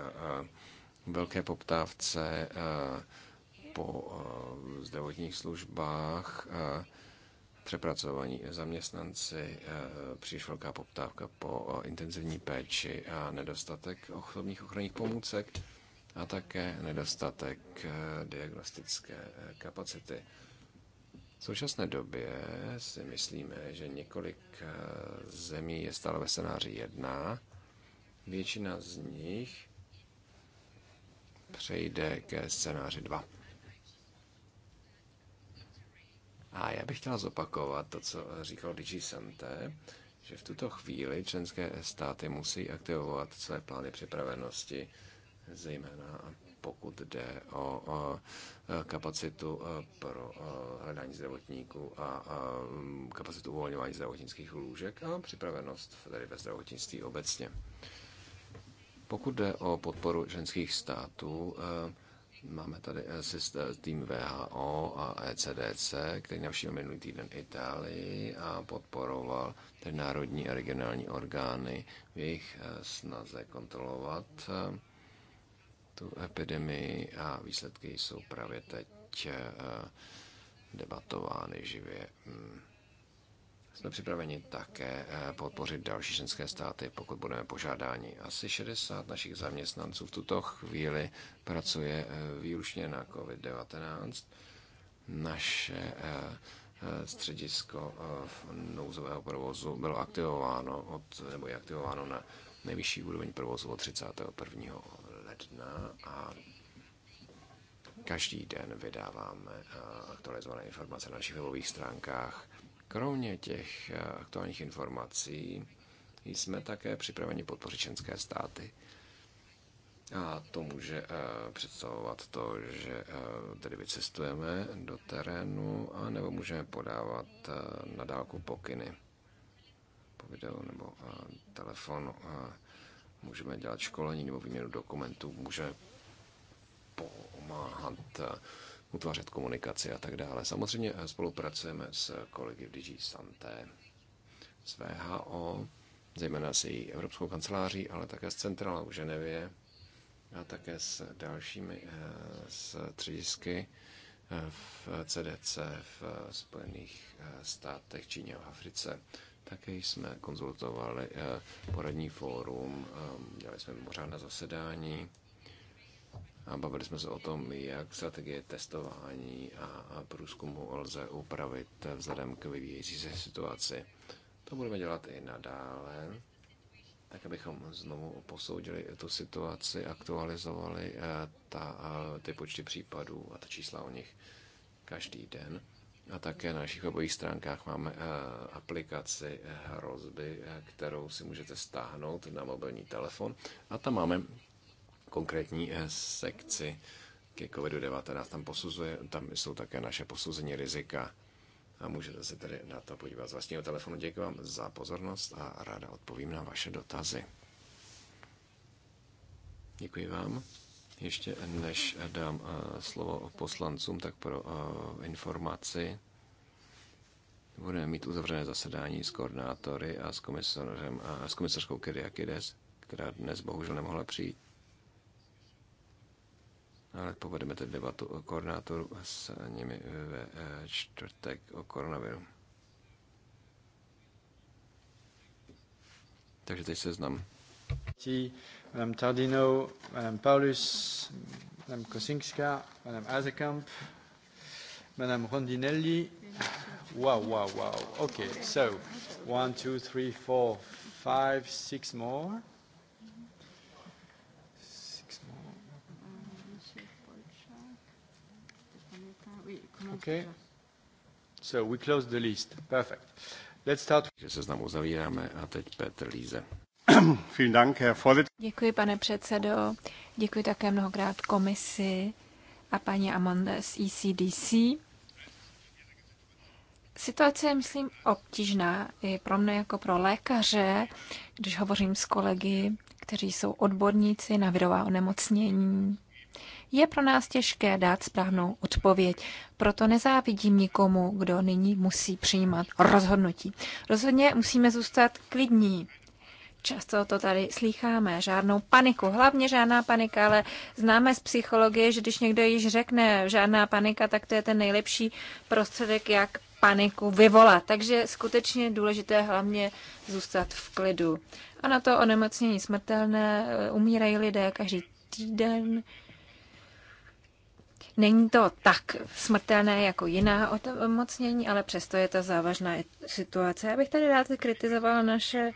velké poptávce po zdravotních službách přepracovaní zaměstnanci, eh, příliš velká poptávka po eh, intenzivní péči a nedostatek osobních ochranných pomůcek a také nedostatek eh, diagnostické kapacity. V současné době si myslíme, že několik zemí je stále ve scénáři jedna, Většina z nich přejde ke scénáři 2. A já bych chtěla zopakovat to, co říkal DG Sante, že v tuto chvíli členské státy musí aktivovat své plány připravenosti, zejména pokud jde o, kapacitu eh, pro eh, hledání zdravotníků a, mm, kapacitu uvolňování zdravotnických lůžek a připravenost tady ve zdravotnictví obecně. Pokud jde o podporu ženských států, eh, Máme tady eh, tým VHO a ECDC, který navštívil minulý týden Itálii a podporoval ty národní a regionální orgány v jejich eh, snaze kontrolovat eh, tu epidemii a výsledky jsou právě teď debatovány živě. Hm, jsme připraveni také eh, podpořit další členské státy, pokud budeme požádáni. Asi 60 našich zaměstnanců v tuto chvíli pracuje eh, výlučně na COVID-19. Naše eh, středisko v nouzového provozu bylo aktivováno od, nebo je aktivováno na nejvyšší úroveň provozu od 31. ledna a každý den vydáváme aktualizované informace na našich webových stránkách Kromě těch eh, aktuálních informací jsme také připraveni podpořit členské státy. A to může eh, představovat to, že eh, tedy vycestujeme do terénu, a nebo můžeme podávat na dálku pokyny po videu nebo telefonu. Můžeme dělat školení nebo výměnu dokumentů, můžeme pomáhat utvářet komunikaci a tak dále. Samozřejmě eh, spolupracujeme s kolegy v DG Santé, s VHO, zejména s její Evropskou kanceláří, ale také s centrálou v Ženevě a také s dalšími eh, s středisky eh, v CDC v Spojených státech, Číně a Africe. Také jsme konzultovali poradní fórum, dělali jsme mimořádné zasedání a bavili jsme se o tom, jak strategie testování a průzkumu lze upravit vzhledem k vyvíjející se situaci. To budeme dělat i nadále, tak abychom znovu posoudili tu situaci, aktualizovali eh, ta, eh, ty počty případů a ta čísla o nich každý den. A také na našich webových stránkách máme eh, aplikaci hrozby, kterou si můžete stáhnout na mobilní telefon. A tam máme konkrétní eh, sekci ke COVID-19. Tam, posuzuje, tam jsou také naše posouzení rizika a můžete se tedy na to podívat z vlastního telefonu. Děkuji vám za pozornost a ráda odpovím na vaše dotazy. Děkuji vám. Ještě než eh, dám eh, slovo poslancům, tak pro informaci budeme mít uzavřené zasedání s koordinátory a s, komisařem, a s komisařkou Kyriakides, která dnes bohužel nemohla přijít ale povedeme teď debatu o koordinátoru s nimi ve e, čtvrtek o koronaviru. Takže teď se znám. Madame Tardino, Madame Paulus, Madame Kosinska, Madame Azekamp, Madame Rondinelli. Wow, wow, wow. Okay, so one, two, three, four, five, six more. Okay. So we close the list. Perfect. Let's start. seznam uzavíráme a teď Petr Líze. Děkuji, pane předsedo. Děkuji také mnohokrát komisi a paní Amanda z ECDC. Situace je, myslím, obtížná i pro mne jako pro lékaře, když hovořím s kolegy, kteří jsou odborníci na virová onemocnění je pro nás těžké dát správnou odpověď. Proto nezávidím nikomu, kdo nyní musí přijímat rozhodnutí. Rozhodně musíme zůstat klidní. Často to tady slýcháme, žádnou paniku, hlavně žádná panika, ale známe z psychologie, že když někdo již řekne žádná panika, tak to je ten nejlepší prostředek, jak paniku vyvolat. Takže skutečně důležité hlavně zůstat v klidu. A na to onemocnění smrtelné eh, umírají lidé každý týden, Není to tak smrtelné jako jiná onemocnění, ale přesto je to závažná situace. Já bych tady rád kritizovala naše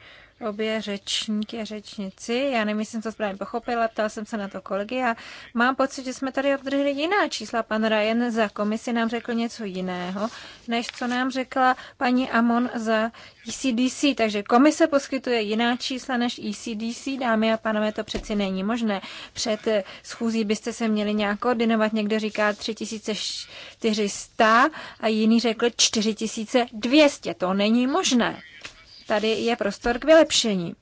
obě řečníky a řečnici. Já nevím, jsem to správně pochopila, ptala jsem se na to kolegy a mám pocit, že jsme tady obdrželi jiná čísla. Pan Ryan za komisi nám řekl něco jiného, než co nám řekla paní Amon za ECDC. Takže komise poskytuje jiná čísla než ECDC. Dámy a pánové, to přeci není možné. Před schůzí byste se měli nějak koordinovat. Někdo říká 3400 a jiný řekl 4200. To není možné tady je prostor k vylepšení.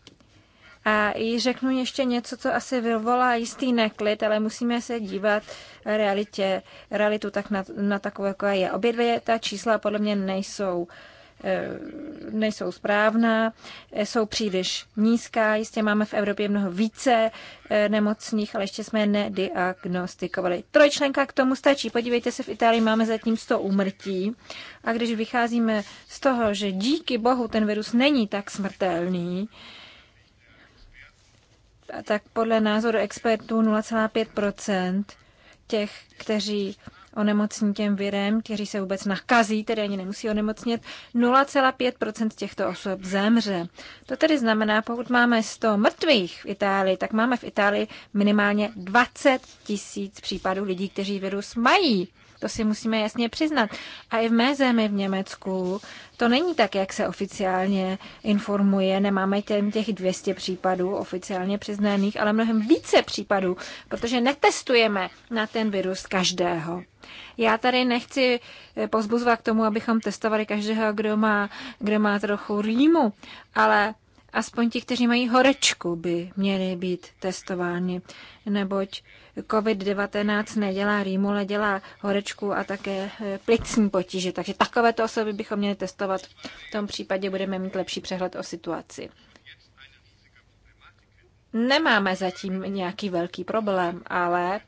A jí řeknu ještě něco, co asi vyvolá jistý neklid, ale musíme se dívat realitě, realitu tak na, na takové, jako je. Obě dvě ta čísla podle mě nejsou uh, Eh, nejsou správná, eh, jsou příliš nízká. Jistě máme v Evropě mnoho více eh, nemocných, ale ještě jsme je nediagnostikovali. Trojčlenka k tomu stačí. Podívejte se, v Itálii máme zatím 100 úmrtí. A když vycházíme z toho, že díky bohu ten virus není tak smrtelný, tak podle názoru expertů 0,5 těch, kteří onemocní těm virem, kteří se vůbec nakazí, tedy ani nemusí onemocnit, 0,5 těchto osob zemře. To tedy znamená, pokud máme 100 mrtvých v Itálii, tak máme v Itálii minimálně 20 tisíc případů lidí, kteří virus mají. To si musíme jasně přiznat. A i v mé zemi v Německu to není tak, jak se oficiálně informuje. Nemáme těm těch 200 případů oficiálně přiznaných, ale mnohem více případů, protože netestujeme na ten virus každého. Já tady nechci eh, pozbuzovat k tomu, abychom testovali každého, kdo má, kdo má trochu rýmu, ale aspoň ti, kteří mají horečku, by měli být testováni, neboť COVID-19 nedělá rýmu, ale dělá horečku a také eh, plicní potíže. Takže takovéto osoby bychom měli testovat. V tom případě budeme mít lepší přehled o situaci. Nemáme zatím nějaký velký problém, ale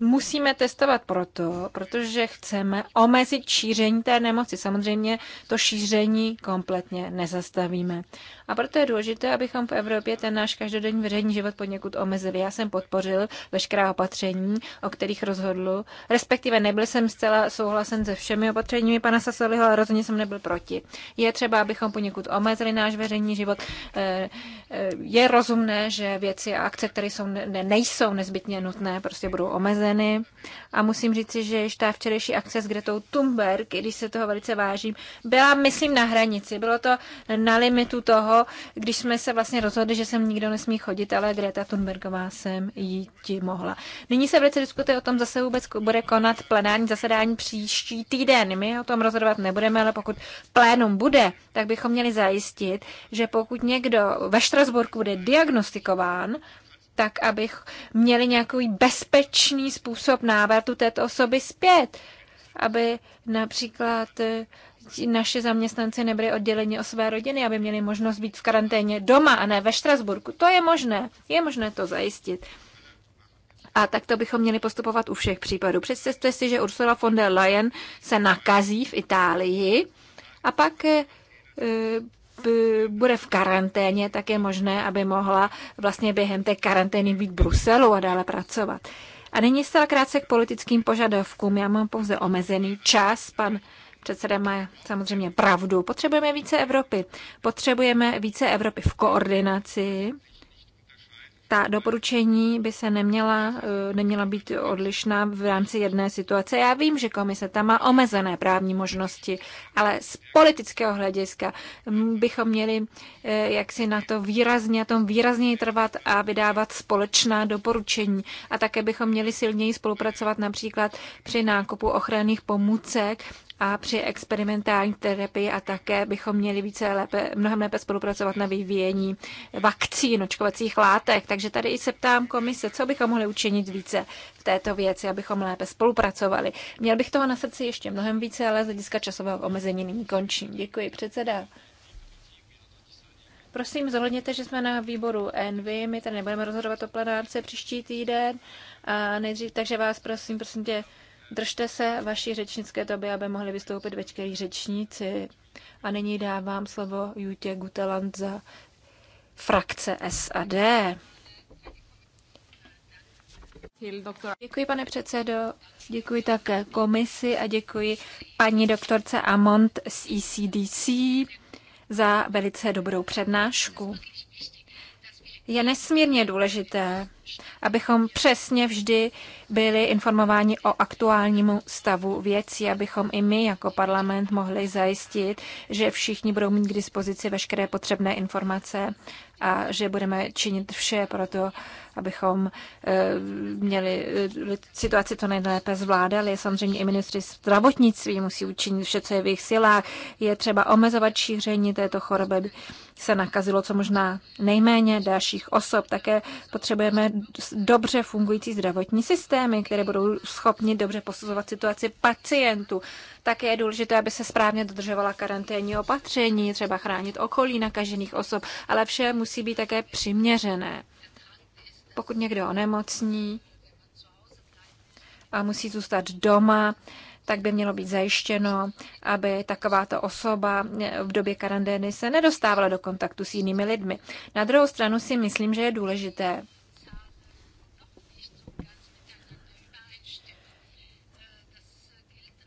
musíme testovat proto, protože chceme omezit šíření té nemoci. Samozřejmě to šíření kompletně nezastavíme. A proto je důležité, abychom v Evropě ten náš každodenní veřejný život poněkud omezili. Já jsem podpořil veškerá opatření, o kterých rozhodl, respektive nebyl jsem zcela souhlasen se všemi opatřeními pana Sasoliho, ale rozhodně jsem nebyl proti. Je třeba, abychom poněkud omezili náš veřejný život. Eh, eh, je rozumné, že věci a akce, které jsou, ne, nejsou nezbytně nutné, prostě budou omezeny. A musím říci, že ještě ta včerejší akce s Gretou Thunberg, když se toho velice vážím, byla, myslím, na hranici. Bylo to na limitu toho, když jsme se vlastně rozhodli, že sem nikdo nesmí chodit, ale Greta Thunbergová sem jít mohla. Nyní se velice diskutuje o tom, zase vůbec bude konat plenární zasedání příští týden. My o tom rozhodovat nebudeme, ale pokud plénum bude, tak bychom měli zajistit, že pokud někdo ve Štrasburku bude diagnostikován, tak abych měli nějaký bezpečný způsob návratu této osoby zpět. Aby například eh, naši zaměstnanci nebyli odděleni o své rodiny, aby měli možnost být v karanténě doma a ne ve Štrasburku. To je možné, je možné to zajistit. A tak to bychom měli postupovat u všech případů. Představte si, že Ursula von der Leyen se nakazí v Itálii a pak eh, eh, bude v karanténě, tak je možné, aby mohla vlastně během té karantény být v Bruselu a dále pracovat. A nyní zcela krátce k politickým požadavkům. Já mám pouze omezený čas. Pan předseda má samozřejmě pravdu. Potřebujeme více Evropy. Potřebujeme více Evropy v koordinaci. Ta doporučení by se neměla, eh, neměla být odlišná v rámci jedné situace. Já vím, že komise tam má omezené právní možnosti, ale z politického hlediska mm, bychom měli eh, jak si na to výrazně, na tom výrazněji trvat a vydávat společná doporučení. A také bychom měli silněji spolupracovat například při nákupu ochranných pomůcek a při experimentální terapii a také bychom měli více lépe, mnohem lépe spolupracovat na vyvíjení vakcín, očkovacích látek. Takže tady i se ptám komise, co bychom mohli učinit více v této věci, abychom lépe spolupracovali. Měl bych toho na srdci ještě mnohem více, ale z hlediska časového omezení nyní končím. Děkuji, předseda. Prosím, zhodněte, že jsme na výboru Envy, my tady nebudeme rozhodovat o plenárce příští týden. A nejdřív, takže vás prosím, prosím tě, Držte se vaší řečnické doby, aby mohli vystoupit večkerí řečníci. A nyní dávám slovo Jutě Guteland za frakce SAD. Děkuji, pane předsedo, děkuji také komisi a děkuji paní doktorce Amont z ECDC za velice dobrou přednášku je nesmírně důležité, abychom přesně vždy byli informováni o aktuálnímu stavu věcí, abychom i my jako parlament mohli zajistit, že všichni budou mít k dispozici veškeré potřebné informace a že budeme činit vše pro to, abychom eh, měli eh, situaci to nejlépe zvládali. Samozřejmě i ministři zdravotnictví musí učinit vše, co je v jejich silách. Je třeba omezovat šíření této choroby, aby se nakazilo co možná nejméně dalších osob. Také potřebujeme dobře fungující zdravotní systémy, které budou schopni dobře posuzovat situaci pacientů. Také je důležité, aby se správně dodržovala karanténní opatření, třeba chránit okolí nakažených osob, ale vše musí být také přiměřené. Pokud někdo onemocní a musí zůstat doma, tak by mělo být zajištěno, aby takováto osoba v době karantény se nedostávala do kontaktu s jinými lidmi. Na druhou stranu si myslím, že je důležité,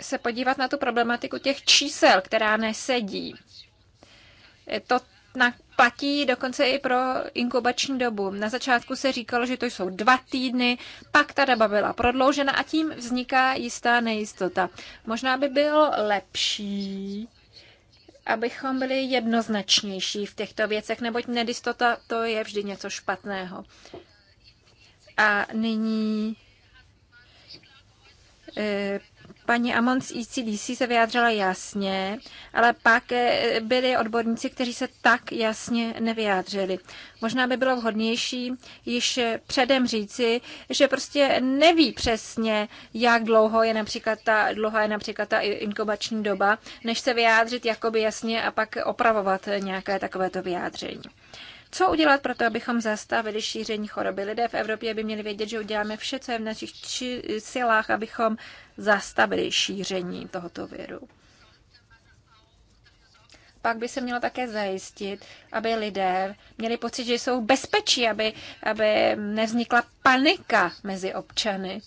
se podívat na tu problematiku těch čísel, která nesedí. To, na platí dokonce i pro inkubační dobu. Na začátku se říkalo, že to jsou dva týdny, pak ta doba byla prodloužena a tím vzniká jistá nejistota. Možná by bylo lepší, abychom byli jednoznačnější v těchto věcech, neboť nedistota to je vždy něco špatného. A nyní eh, paní Amon z ECDC se vyjádřila jasně, ale pak eh, byli odborníci, kteří se tak jasně nevyjádřili. Možná by bylo vhodnější již předem říci, že prostě neví přesně, jak dlouho je například ta, dlouhá je například ta inkubační doba, než se vyjádřit jakoby jasně a pak opravovat nějaké takovéto vyjádření. Co udělat pro to, abychom zastavili šíření choroby? Lidé v Evropě by měli vědět, že uděláme vše, co je v našich či- silách, abychom zastavili šíření tohoto viru. Pak by se mělo také zajistit, aby lidé měli pocit, že jsou bezpečí, aby, aby nevznikla panika mezi občany.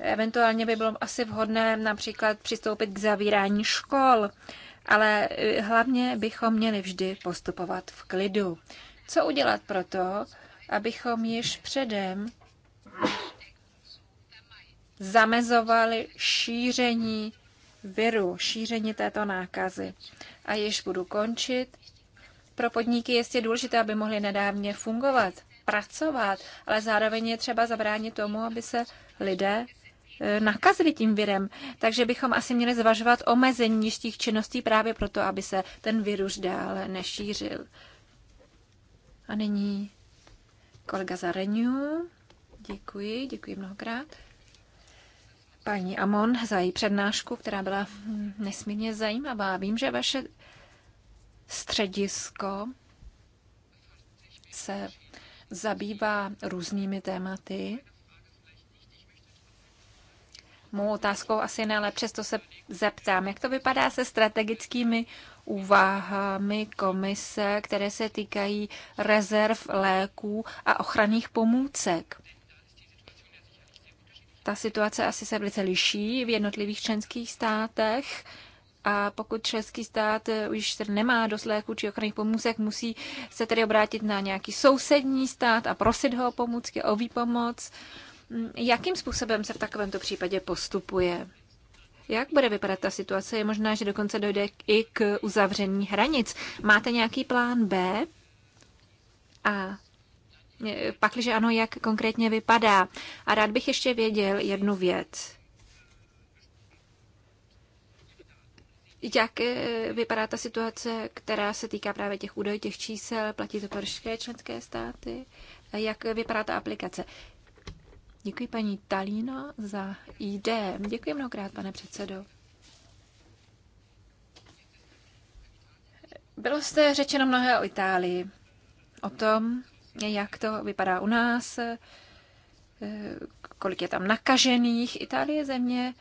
Eventuálně by bylo asi vhodné například přistoupit k zavírání škol, ale eh, hlavně bychom měli vždy postupovat v klidu. Co udělat pro to, abychom již předem zamezovali šíření viru, šíření této nákazy. A již budu končit. Pro podniky je jistě důležité, aby mohly nedávně fungovat, pracovat, ale zároveň je třeba zabránit tomu, aby se lidé E, nakazili tím virem. Takže bychom asi měli zvažovat omezení těch činností právě proto, aby se ten virus dále nešířil. A nyní kolega Zareňu. Děkuji, děkuji mnohokrát. Paní Amon za její přednášku, která byla nesmírně zajímavá. Vím, že vaše středisko se zabývá různými tématy mou otázkou asi ne, ale přesto se zeptám, jak to vypadá se strategickými úvahami komise, které se týkají rezerv léků a ochranných pomůcek. Ta situace asi se velice liší v jednotlivých členských státech. A pokud český stát už nemá dost léků či ochranných pomůcek, musí se tedy obrátit na nějaký sousední stát a prosit ho o pomůcky, o výpomoc. Mm, jakým způsobem se v takovémto případě postupuje? Jak bude vypadat ta situace? Je možná, že dokonce dojde i k uzavření hranic. Máte nějaký plán B? A e, pakliže ano, jak konkrétně vypadá? A rád bych ještě věděl jednu věc. Jak e, vypadá ta situace, která se týká právě těch údajů, těch čísel, platí to pro členské státy? Jak vypadá ta aplikace? Děkuji paní Talíno za ID. Děkuji mnohokrát, pane předsedo. Bylo jste řečeno mnohé o Itálii, o tom, jak to vypadá u nás, eh, kolik je tam nakažených. Itálie je země,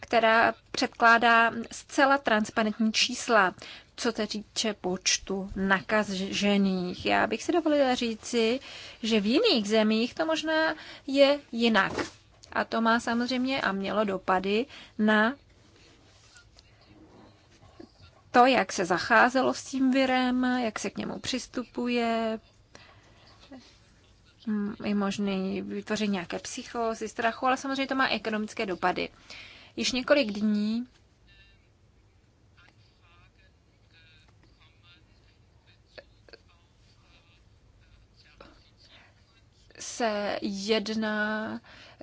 která předkládá zcela transparentní čísla co se týče počtu nakažených. Já bych si dovolila říci, že v jiných zemích to možná je jinak. A to má samozřejmě a mělo dopady na to, jak se zacházelo s tím virem, jak se k němu přistupuje, mm, je možné vytvořit nějaké psychózy, strachu, ale samozřejmě to má ekonomické dopady. Již několik dní se jedná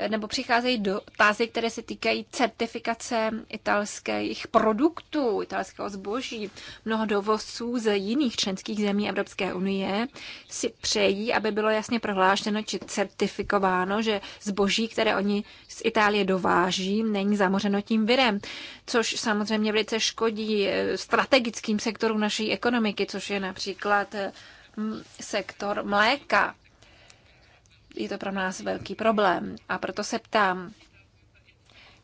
nebo přicházejí do tázy, které se týkají certifikace italských produktů, italského zboží. Mnoho dovozců z jiných členských zemí Evropské unie si přejí, aby bylo jasně prohlášeno či certifikováno, že zboží, které oni z Itálie dováží, není zamořeno tím virem, což samozřejmě velice škodí eh, strategickým sektorům naší ekonomiky, což je například hm, sektor mléka je to pro nás velký problém. A proto se ptám,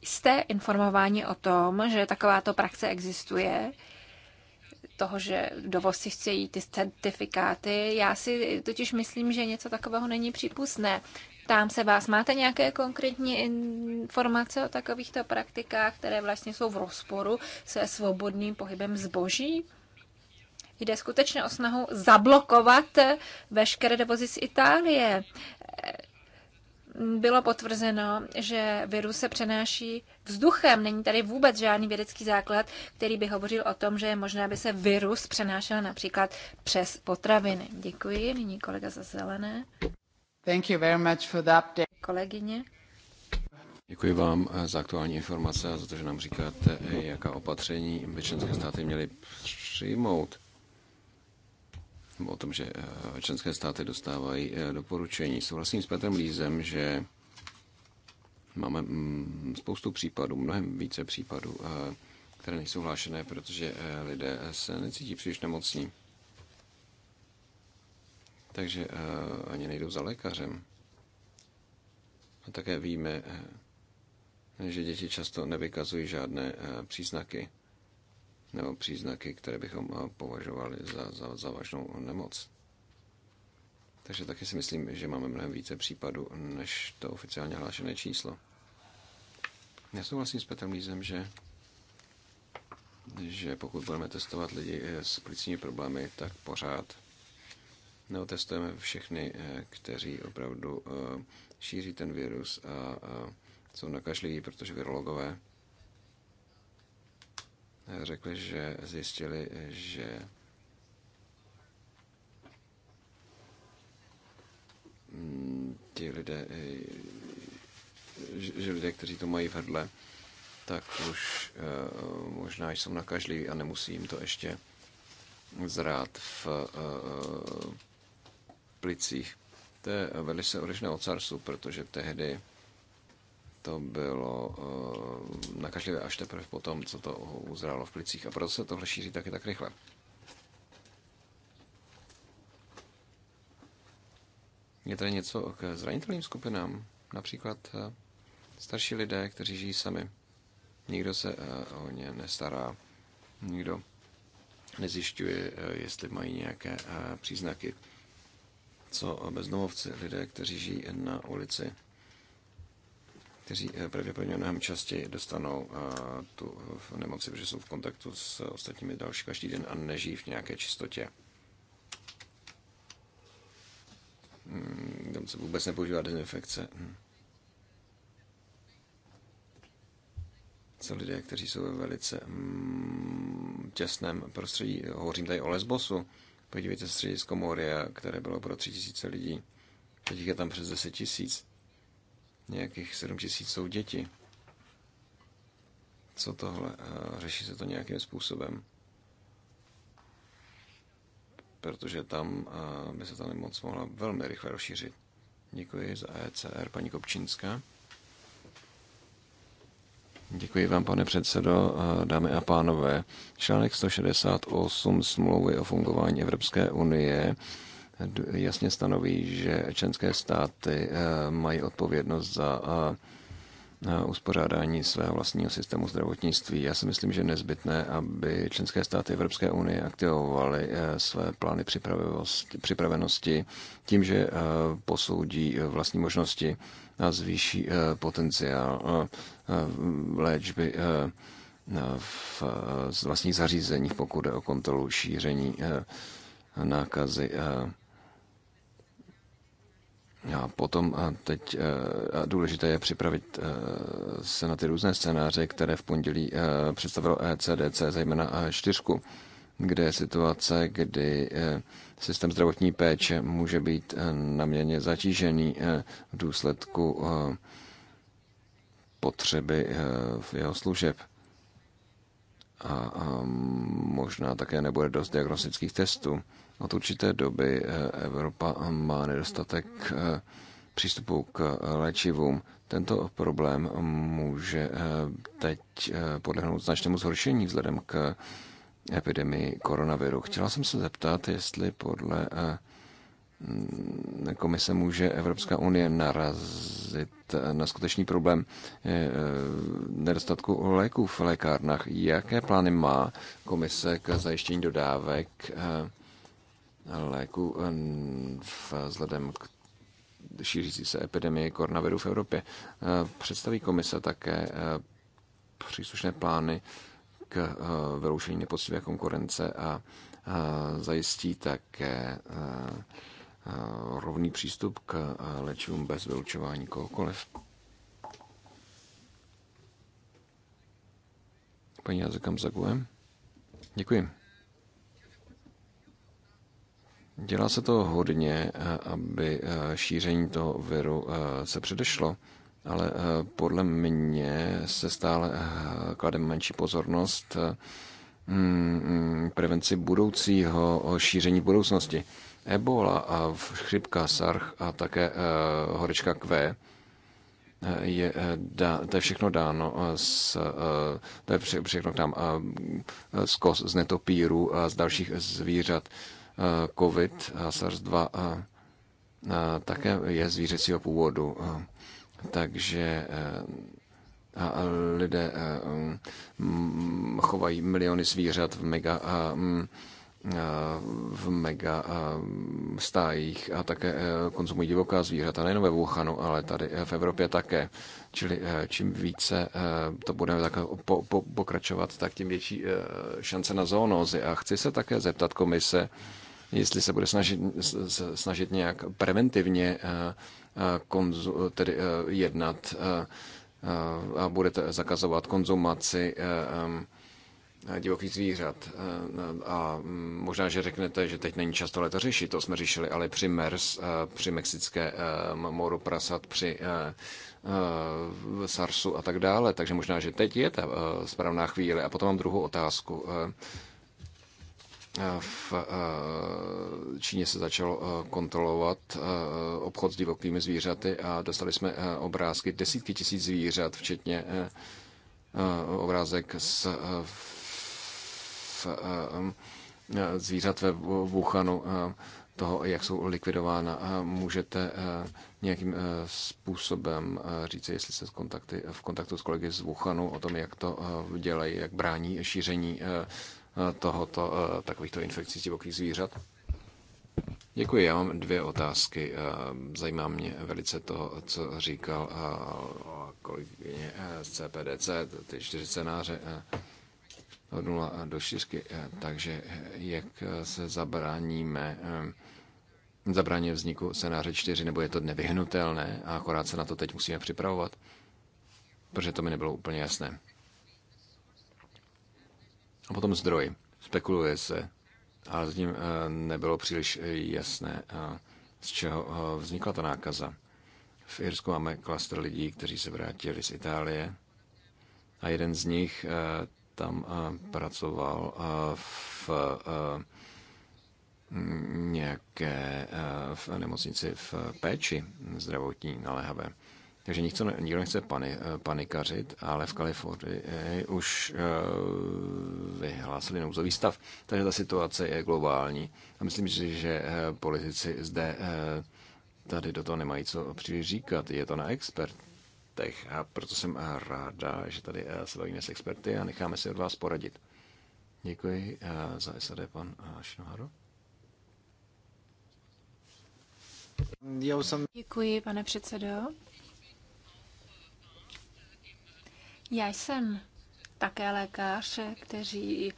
jste informováni o tom, že takováto praxe existuje, toho, že dovozci chtějí ty certifikáty. Já si totiž myslím, že něco takového není přípustné. Tam se vás, máte nějaké konkrétní informace o takovýchto praktikách, které vlastně jsou v rozporu se svobodným pohybem zboží? Jde skutečně o snahu zablokovat veškeré dovozy z Itálie. Bylo potvrzeno, že virus se přenáší vzduchem. Není tady vůbec žádný vědecký základ, který by hovořil o tom, že je možné, aby se virus přenášel například přes potraviny. Děkuji. Nyní kolega za zelené. Thank you very much for the update. Kolegyně. Děkuji vám za aktuální informace a za to, že nám říkáte, jaká opatření by členské státy měly přijmout o tom, že eh, členské státy dostávají eh, doporučení. Souhlasím s Petrem Lízem, že máme mm, spoustu případů, mnohem více případů, eh, které nejsou hlášené, protože lidé se necítí příliš nemocní. Takže ani nejdou za lékařem. A také víme, že děti často nevykazují žádné příznaky nebo příznaky, které bychom eh, považovali za, za vážnou nemoc. Takže taky si myslím, že máme mnohem více případů než to oficiálně hlášené číslo. Já souhlasím s Petrem Lízem, že, že pokud budeme testovat lidi eh, s plicními problémy, tak pořád neotestujeme všechny, eh, kteří opravdu šíří ten virus a jsou nakažliví, protože virologové řekli, že zjistili, že ti lidé, že lidé, kteří to mají v hrdle, tak už eh, možná jsou nakažliví a nemusí jim to ještě zrát v eh, plicích. To je velice odlišné od SARSu, protože tehdy to bylo eh, nakažlivé až teprve potom, co to uzrálo v plicích. A proto se tohle šíří taky tak rychle. Je tady něco k zranitelným skupinám, například eh, starší lidé, kteří žijí sami. Nikdo se eh, o ně nestará, nikdo nezjišťuje, jestli mají nějaké příznaky. Co bezdomovci, lidé, kteří žijí na ulici, kteří eh, pravděpodobně mnohem častěji dostanou eh, tu eh, nemoci, protože jsou v kontaktu s ostatními další každý den a nežijí v nějaké čistotě. Hmm, tam se vůbec nepoužívá dezinfekce. Hmm. Co lidé, kteří jsou ve velice mm, těsném prostředí. Hovořím tady o Lesbosu. Podívejte se středisko Moria, které bylo pro tři tisíce lidí. Teď je tam přes deset tisíc Nějakých 7 tisíc jsou děti. Co tohle? Eh, řeší se to nějakým způsobem? Protože tam eh, by se ta nemoc mohla velmi rychle rozšířit. Děkuji za ECR, paní Kopčínská. Děkuji vám, pane předsedo, eh, dámy a pánové. Článek 168 smlouvy o fungování Evropské unie jasně stanoví, že členské státy eh, mají odpovědnost za eh, eh, uspořádání svého vlastního systému zdravotnictví. Já si myslím, že je nezbytné, aby členské státy Evropské unie aktivovaly své plány připravenosti tím, že posoudí vlastní možnosti a zvýší potenciál léčby v vlastních zařízeních, pokud je o kontrolu šíření nákazy a potom a teď e, a důležité je připravit e, se na ty různé scénáře, které v pondělí e, představilo ECDC, zejména čtyřku, kde je situace, kdy systém zdravotní péče může být naměně zatížený v důsledku potřeby v jeho služeb. A možná také nebude dost diagnostických testů. Od určité doby eh, Evropa má nedostatek eh, přístupu k eh, léčivům. Tento problém může teď podlehnout značnému zhoršení vzhledem k epidemii koronaviru. Chtěla jsem se zeptat, jestli podle komise může Evropská unie narazit na skutečný problém nedostatku léků v lékárnách. Jaké plány má komise k zajištění dodávek léku eh, vzhledem k šířící se epidemii koronaviru v Evropě. Eh, představí komise také eh, příslušné plány k vyloučení nepoctivé konkurence a zajistí také rovný přístup k léčivům bez vyloučování kohokoliv. Paní Jazekam Zaguem. Děkuji. Dělá se to hodně, eh, aby eh, šíření toho viru eh, se předešlo, ale podle mě se stále klade menší pozornost mm, mm, prevenci budoucího šíření budoucnosti. Ebola a chřipka, sarch a také horečka Q je, dá, to je všechno dáno z, to je všechno tam z kos, z netopíru a z dalších zvířat COVID, SARS-2, také je zvířecího původu. Takže a lidé chovají miliony zvířat v mega v mega stájích a také e, konzumují divoká zvířata, nejen ve Wuhanu, ale tady e, v Evropě také. Čili e, čím více to budeme tak po, po, pokračovat, tak tím větší šance na zoonózy. A chci se také zeptat komise, jestli se bude snažit, snažit nějak preventivně eh, eh, konzu, tedy eh, jednat a bude zakazovat konzumaci divokých zvířat. A možná, že řeknete, že teď není čas to řešit, to jsme řešili, ale při MERS, při mexické moru prasat, při SARSu a tak dále. Takže možná, že teď je ta správná chvíle. A potom mám druhou otázku v eh, Číně se začal eh, kontrolovat eh, obchod s divokými zvířaty a dostali jsme obrázky desítky tisíc zvířat, včetně obrázek z zvířat ve Wuhanu, toho, jak jsou likvidována. Můžete nějakým způsobem říct, jestli jste v kontaktu s kolegy z Wuhanu o tom, jak to dělají, jak brání šíření Eh, tohoto, eh, takovýchto infekcí divokých zvířat? Děkuji, já mám dvě otázky. Eh, zajímá mě velice to, co říkal kolegyně z CPDC, ty čtyři scénáře od 0 do 4. Takže jak se zabráníme zabrání vzniku scénáře 4, nebo je to nevyhnutelné a akorát se na to teď musíme připravovat, protože to mi nebylo úplně jasné. A potom zdroj. Spekuluje se, ale s ním nebylo příliš eh, jasné, eh, z čeho eh, vznikla ta nákaza. V Irsku máme klaster lidí, kteří se vrátili z Itálie a jeden z nich tam pracoval v nějaké v nemocnici v péči zdravotní naléhavé. Takže nikdo, nikdo nechce pani, eh, panikařit, ale v Kalifornii eh, už eh, vyhlásili nouzový stav. Takže ta situace je globální a myslím si, že politici zde tady do toho nemají co příliš říkat. Je to na expertech a proto jsem ráda, že tady se bavíme s experty a necháme si od vás poradit. Děkuji za SAD, pan Šinoharo. Děkuji, pane předsedo. Já jsem také lékař, který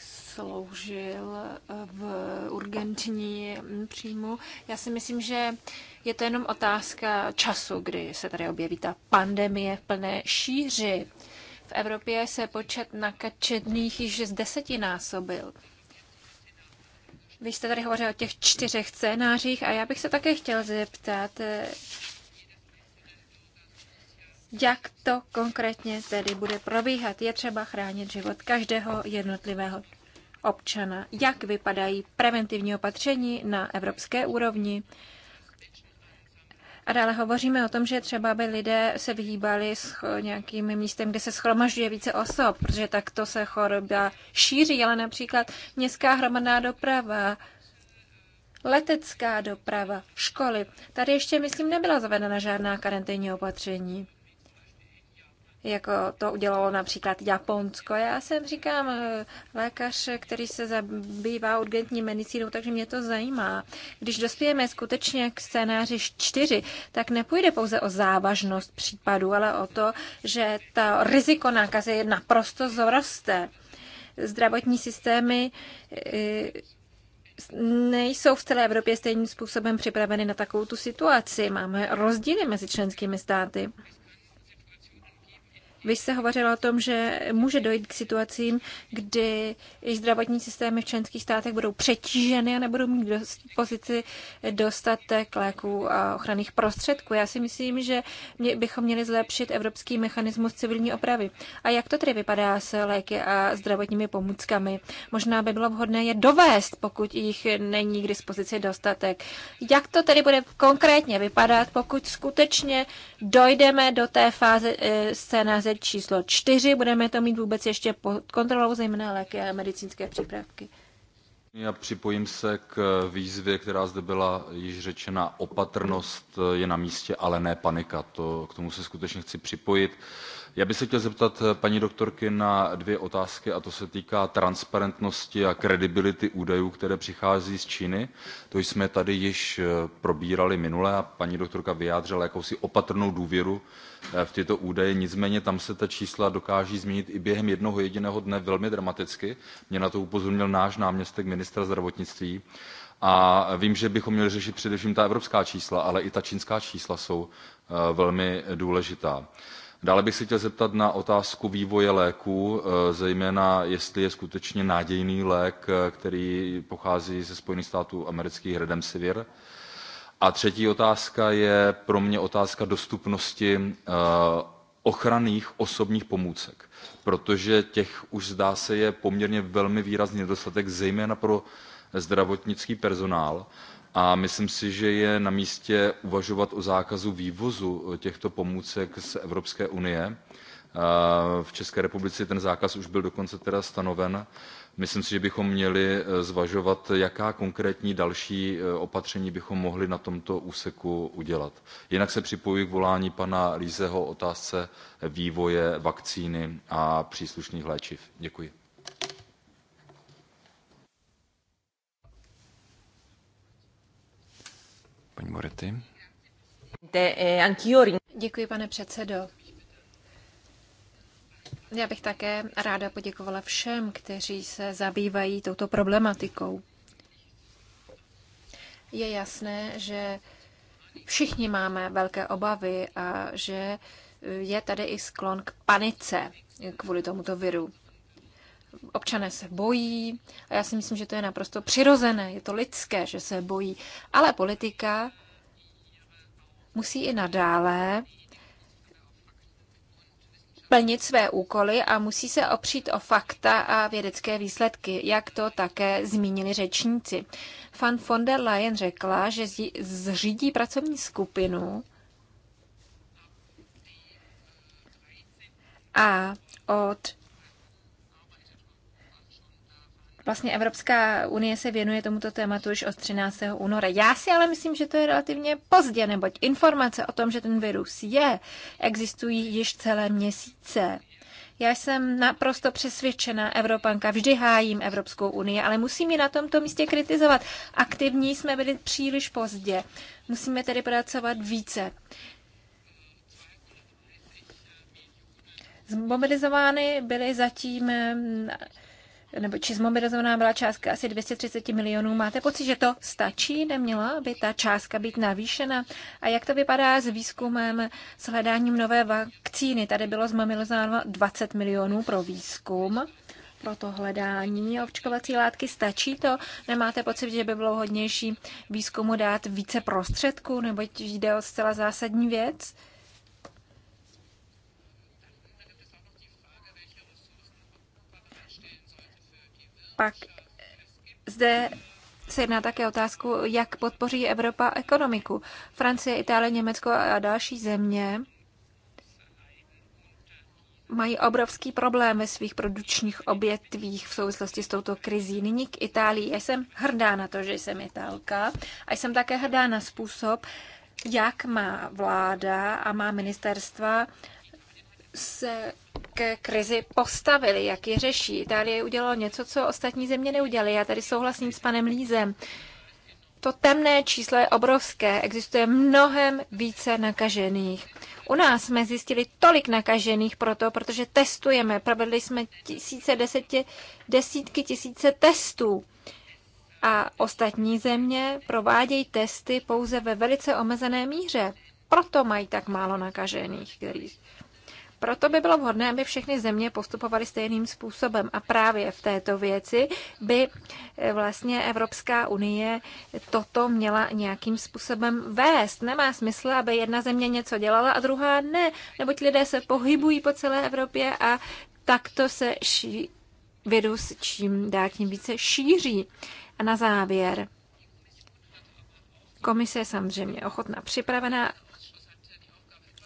sloužil eh, v urgentní příjmu. Já si myslím, že je to jenom otázka času, kdy se tady objeví ta pandemie v plné šíři. V Evropě se počet nakačených již z desetinásobil. Vy jste tady hovořil o těch čtyřech scénářích a já bych se také chtěl zeptat, jak to konkrétně tedy bude probíhat. Je třeba chránit život každého jednotlivého občana. Jak vypadají preventivní opatření na evropské úrovni? A dále hovoříme o tom, že třeba by lidé se vyhýbali s nějakým místem, kde se schromažďuje více osob, protože takto se choroba šíří, ale například městská hromadná doprava, letecká doprava, školy. Tady ještě, myslím, nebyla zavedena žádná karanténní opatření jako to udělalo například Japonsko. Já jsem říkám eh, lékař, který se zabývá urgentní medicínou, takže mě to zajímá. Když dospějeme skutečně k scénáři 4, tak nepůjde pouze o závažnost případu, ale o to, že ta riziko nákazy naprosto zroste. Zdravotní systémy eh, nejsou v celé Evropě stejným způsobem připraveny na takovou tu situaci. Máme rozdíly mezi členskými státy. Vy jste hovořila o tom, že může dojít k situacím, kdy zdravotní systémy v členských státech budou přetíženy a nebudou mít pozici dostatek léků a ochranných prostředků. Já si myslím, že mě, bychom měli zlepšit evropský mechanismus civilní opravy. A jak to tedy vypadá s léky a zdravotními pomůckami? Možná by bylo vhodné je dovést, pokud jich není k dispozici dostatek. Jak to tedy bude konkrétně vypadat, pokud skutečně dojdeme do té fáze eh, scénáře číslo čtyři Budeme to mít vůbec ještě pod kontrolou, zejména léky a medicínské přípravky. Já připojím se k výzvě, která zde byla již řečena. Opatrnost je na místě, ale ne panika. To, k tomu se skutečně chci připojit já bych se chtěl zeptat eh, paní doktorky na dvě otázky a to se týká transparentnosti a kredibility údajů které přichází z číny to jsme tady již eh, probírali minule a paní doktorka vyjádřila jakousi opatrnou důvěru eh, v tyto údaje nicméně tam se ta čísla dokáží změnit i během jednoho jediného dne velmi dramaticky mě na to upozornil náš náměstek ministra zdravotnictví a vím že bychom měli řešit především ta evropská čísla ale i ta čínská čísla jsou velmi důležitá dále bych se chtěl zeptat na otázku vývoje léků eh, zejména jestli je skutečně nádějný lék eh, který pochází ze spojených států amerických redemsivir a třetí otázka je pro mě otázka dostupnosti eh, ochranných osobních pomůcek protože těch už zdá se je poměrně velmi výrazný nedostatek zejména pro zdravotnický personál a myslím si že je na místě uvažovat o zákazu vývozu eh, těchto pomůcek z evropské unie. Eh, v české republice ten zákaz už byl dokonce tedy stanoven. myslím si že bychom měli eh, zvažovat jaká konkrétní další opatření bychom mohli na tomto úseku udělat. jinak se připojuji k volání pana liseho k otázce vývoje vakcíny a příslušných léčiv. děkuji. Paní Moretti. Eh, Děkuji, pane předsedo. Já bych také ráda poděkovala všem, kteří se zabývají touto problematikou. Je jasné, že všichni máme velké obavy a že je tady i sklon k panice kvůli tomuto viru. Občané se bojí a já si myslím, že to je naprosto přirozené, je to lidské, že se bojí. Ale politika musí i nadále plnit své úkoly a musí se opřít o fakta a vědecké výsledky, jak to také zmínili řečníci. Fan von der Leyen řekla, že zřídí pracovní skupinu a od Vlastně Evropská unie se věnuje tomuto tématu už od 13. února. Já si ale myslím, že to je relativně pozdě, neboť informace o tom, že ten virus je, existují již celé měsíce. Já jsem naprosto přesvědčená Evropanka, vždy hájím Evropskou unii, ale musím ji na tomto místě kritizovat. Aktivní jsme byli příliš pozdě. Musíme tedy pracovat více. Zmobilizovány byly zatím nebo či zmobilizovaná byla částka asi 230 milionů. Máte pocit, že to stačí? Neměla by ta částka být navýšena? A jak to vypadá s výzkumem, s hledáním nové vakcíny? Tady bylo zmobilizováno 20 milionů pro výzkum pro to hledání očkovací látky. Stačí to? Nemáte pocit, že by bylo hodnější výzkumu dát více prostředků, nebo jde o zcela zásadní věc? Pak zde se jedná také otázku, jak podpoří Evropa ekonomiku. Francie, Itálie, Německo a další země mají obrovský problém ve svých produčních obětvích v souvislosti s touto krizí. Nyní k Itálii. Já jsem hrdá na to, že jsem Itálka a jsem také hrdá na způsob, jak má vláda a má ministerstva se k krizi postavili, jak ji řeší. Itálie udělala něco, co ostatní země neudělaly. Já tady souhlasím s panem Lízem. To temné číslo je obrovské. Existuje mnohem více nakažených. U nás jsme zjistili tolik nakažených proto, protože testujeme. Provedli jsme tisíce, desetě, desítky tisíce testů. A ostatní země provádějí testy pouze ve velice omezené míře. Proto mají tak málo nakažených, kterých proto by bylo vhodné, aby všechny země postupovaly stejným způsobem a právě v této věci by eh, vlastně Evropská unie toto měla nějakým způsobem vést. Nemá smysl, aby jedna země něco dělala a druhá ne, neboť lidé se pohybují po celé Evropě a takto se ší, virus čím dál tím více šíří. A na závěr. Komise je samozřejmě ochotná, připravená,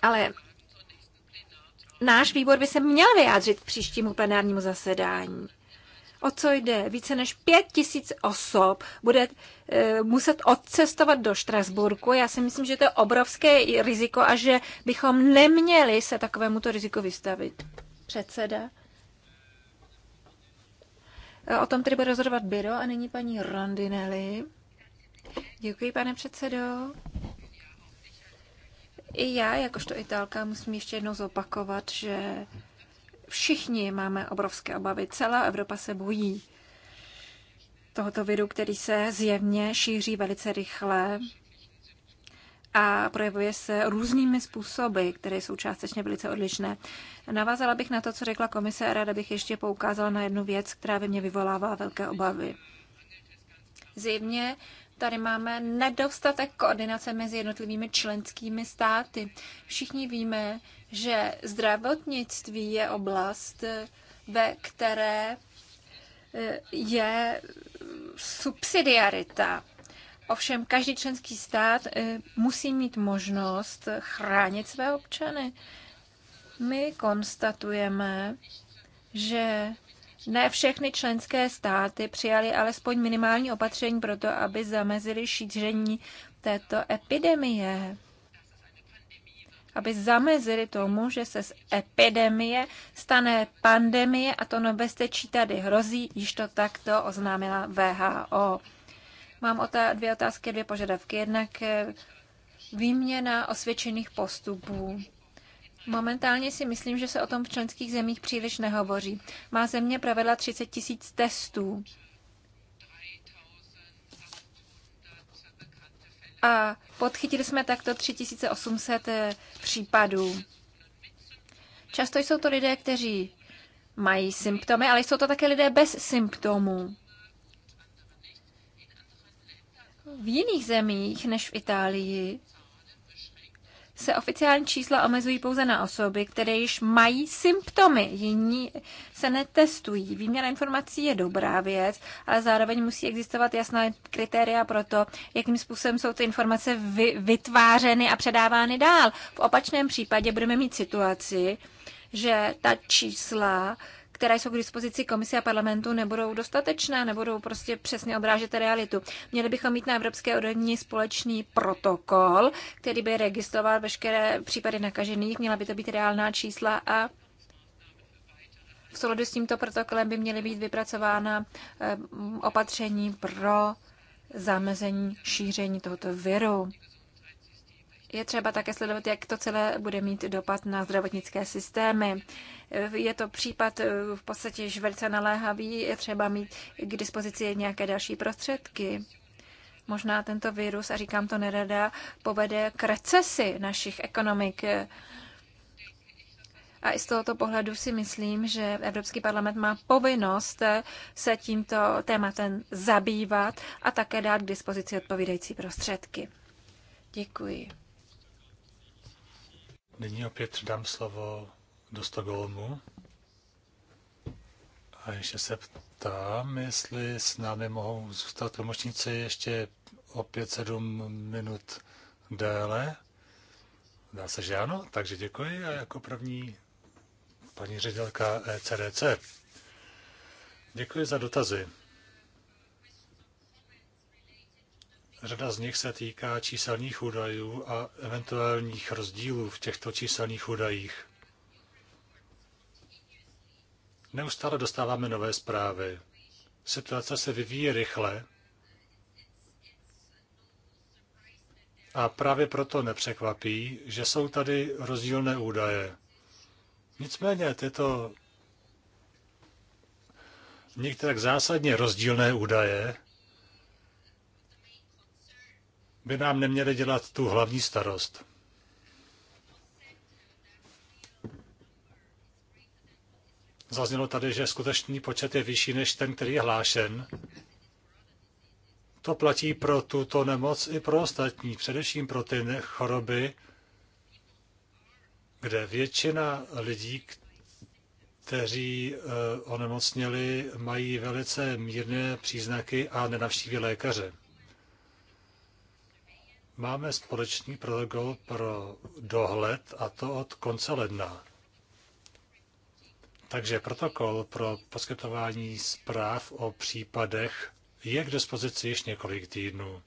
ale náš výbor by se měl vyjádřit k příštímu plenárnímu zasedání. O co jde? Více než pět tisíc osob bude e, muset odcestovat do Štrasburku. Já si myslím, že to je obrovské riziko a že bychom neměli se takovému to riziku vystavit. Předseda. Eh, o tom tedy bude rozhodovat Biro a není paní Rondinelli. Děkuji, pane předsedo. I já, jakožto Italka, musím ještě jednou zopakovat, že všichni máme obrovské obavy. Celá Evropa se bojí tohoto viru, který se zjevně šíří velice rychle a projevuje se různými způsoby, které jsou částečně velice odlišné. Navázala bych na to, co řekla komise a ráda bych ještě poukázala na jednu věc, která ve mě vyvolává velké obavy. Zjevně Tady máme nedostatek koordinace mezi jednotlivými členskými státy. Všichni víme, že zdravotnictví je oblast, ve které eh, je subsidiarita. Ovšem každý členský stát eh, musí mít možnost chránit své občany. My konstatujeme, že ne všechny členské státy přijaly alespoň minimální opatření pro to, aby zamezili šíření této epidemie. Aby zamezili tomu, že se z epidemie stane pandemie a to nebezpečí tady hrozí, již to takto oznámila VHO. Mám otá- dvě otázky, dvě požadavky. Jednak eh, výměna osvědčených postupů Momentálně si myslím, že se o tom v členských zemích příliš nehovoří. Má země provedla 30 tisíc testů. A podchytili jsme takto 3800 eh, případů. Často jsou to lidé, kteří mají symptomy, ale jsou to také lidé bez symptomů. V jiných zemích než v Itálii se oficiální čísla omezují pouze na osoby, které již mají symptomy, jiní se netestují. Výměna informací je dobrá věc, ale zároveň musí existovat jasná kritéria pro to, jakým způsobem jsou ty informace vy, vytvářeny a předávány dál. V opačném případě budeme mít situaci, že ta čísla které jsou k dispozici komise a parlamentu, nebudou dostatečné, nebudou prostě přesně odrážet realitu. Měli bychom mít na evropské úrovni společný protokol, který by registroval veškeré případy nakažených, měla by to být reálná čísla a v souladu s tímto protokolem by měly být vypracována eh, opatření pro zamezení šíření tohoto viru. Je třeba také sledovat, jak to celé bude mít dopad na zdravotnické systémy. Je to případ eh, v podstatě již velice naléhavý, je třeba mít k dispozici nějaké další prostředky. Možná tento virus, a říkám to nerada, povede k recesi našich ekonomik. A i z tohoto pohledu si myslím, že Evropský parlament má povinnost se tímto tématem zabývat a také dát k dispozici odpovídající prostředky. Děkuji. Nyní opět dám slovo do Stockholmu a ještě se ptám, jestli s námi mohou zůstat tlumočníci ještě o 5-7 minut déle. Dá se, že ano, takže děkuji a jako první paní ředitelka ECDC. Děkuji za dotazy. Řada z nich se týká číselných údajů a eventuálních rozdílů v těchto číselných údajích. Neustále dostáváme nové zprávy. Situace se vyvíjí rychle a právě proto nepřekvapí, že jsou tady rozdílné údaje. Nicméně tyto některé zásadně rozdílné údaje by nám neměly dělat tu hlavní starost. Zaznělo tady, že skutečný počet je vyšší než ten, který je hlášen. To platí pro tuto nemoc i pro ostatní, především pro ty choroby, kde většina lidí, kteří eh, onemocněli, mají velice mírné příznaky a nenavštíví lékaře. Máme společný protokol pro dohled a to od konce ledna. Takže protokol pro poskytování zpráv o případech je k dispozici již několik týdnů.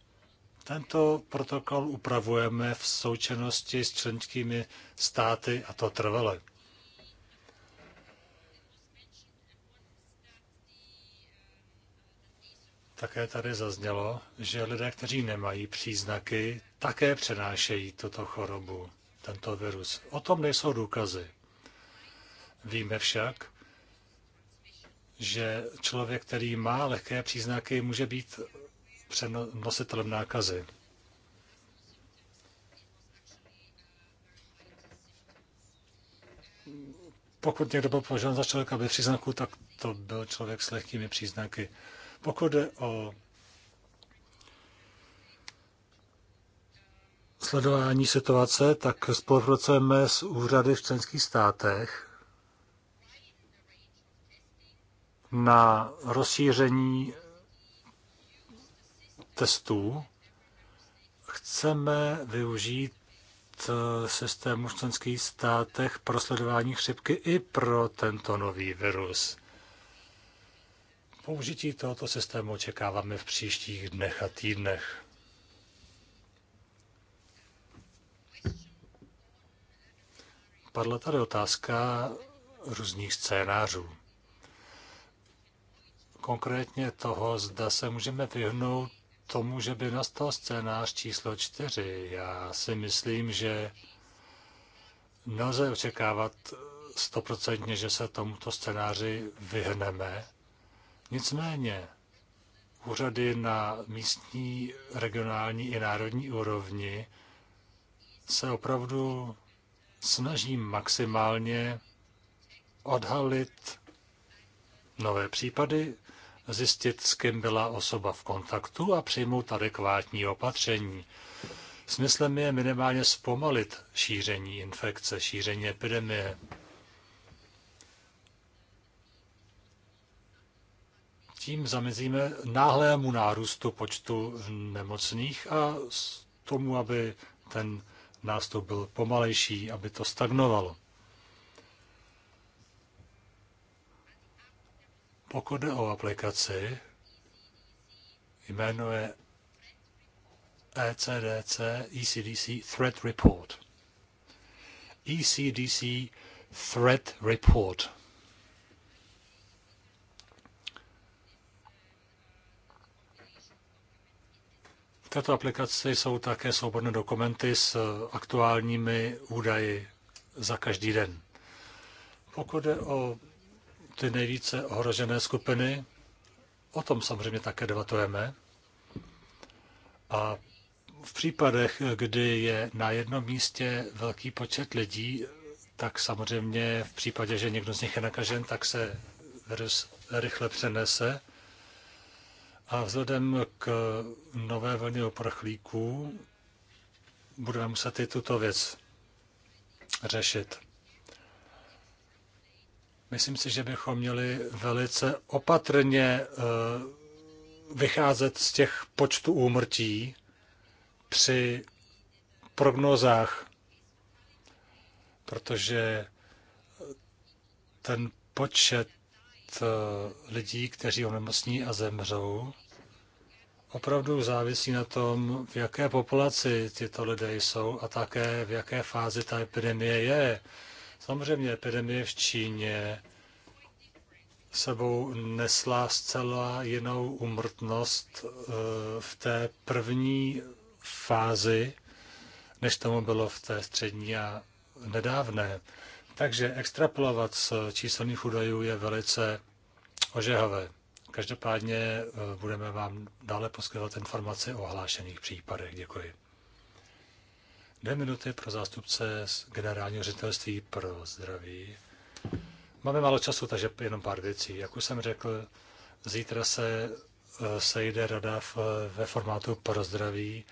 Tento protokol upravujeme v součinnosti s členskými státy a to trvale. Také tady zaznělo, že lidé, kteří nemají příznaky, také přenášejí tuto chorobu, tento virus. O tom nejsou důkazy. Víme však, že člověk, který má lehké příznaky, může být nositelem nákazy. Pokud někdo byl považován za člověka bez příznaků, tak to byl člověk s lehkými příznaky. Pokud jde o sledování situace, tak spolupracujeme s úřady v členských státech na rozšíření testů. Chceme využít eh, systému v členských státech pro sledování chřipky i pro tento nový virus. Použití tohoto systému očekáváme v příštích dnech a týdnech. Padla tady otázka různých scénářů konkrétně toho, zda se můžeme vyhnout tomu, že by nastal scénář číslo čtyři. Já si myslím, že nelze očekávat stoprocentně, že se tomuto scénáři vyhneme. Nicméně, úřady na místní, regionální i národní úrovni se opravdu snaží maximálně odhalit nové případy, zjistit, s kým byla osoba v kontaktu a přijmout adekvátní opatření. Smyslem je minimálně zpomalit šíření infekce, šíření epidemie. Tím zamezíme náhlému nárůstu počtu nemocných a tomu, aby ten nástup byl pomalejší, aby to stagnovalo. Pokud jde o aplikaci, jmenuje ECDC, ECDC Threat Report. ECDC Threat Report. V této aplikaci jsou také souborné dokumenty s aktuálními údaji za každý den. Pokud jde o ty nejvíce ohrožené skupiny. O tom samozřejmě také debatujeme. A v případech, kdy je na jednom místě velký počet lidí, tak samozřejmě v případě, že někdo z nich je nakažen, tak se virus rychle přenese. A vzhledem k nové vlně oprchlíků budeme muset i tuto věc řešit. Myslím si, že bychom měli velice opatrně eh, vycházet z těch počtů úmrtí při prognozách, protože ten počet eh, lidí, kteří onemocní a zemřou, opravdu závisí na tom, v jaké populaci tyto lidé jsou a také v jaké fázi ta epidemie je. Samozřejmě epidemie v Číně sebou nesla zcela jinou umrtnost eh, v té první fázi, než tomu bylo v té střední a nedávné. Takže extrapolovat z číselných údajů je velice ožehavé. Každopádně eh, budeme vám dále poskytovat informace o hlášených případech. Děkuji. Dvě minuty pro zástupce z generálního ředitelství pro zdraví. Máme málo času, takže jenom pár věcí. Jak už jsem řekl, zítra se eh, sejde rada v, ve formátu pro zdraví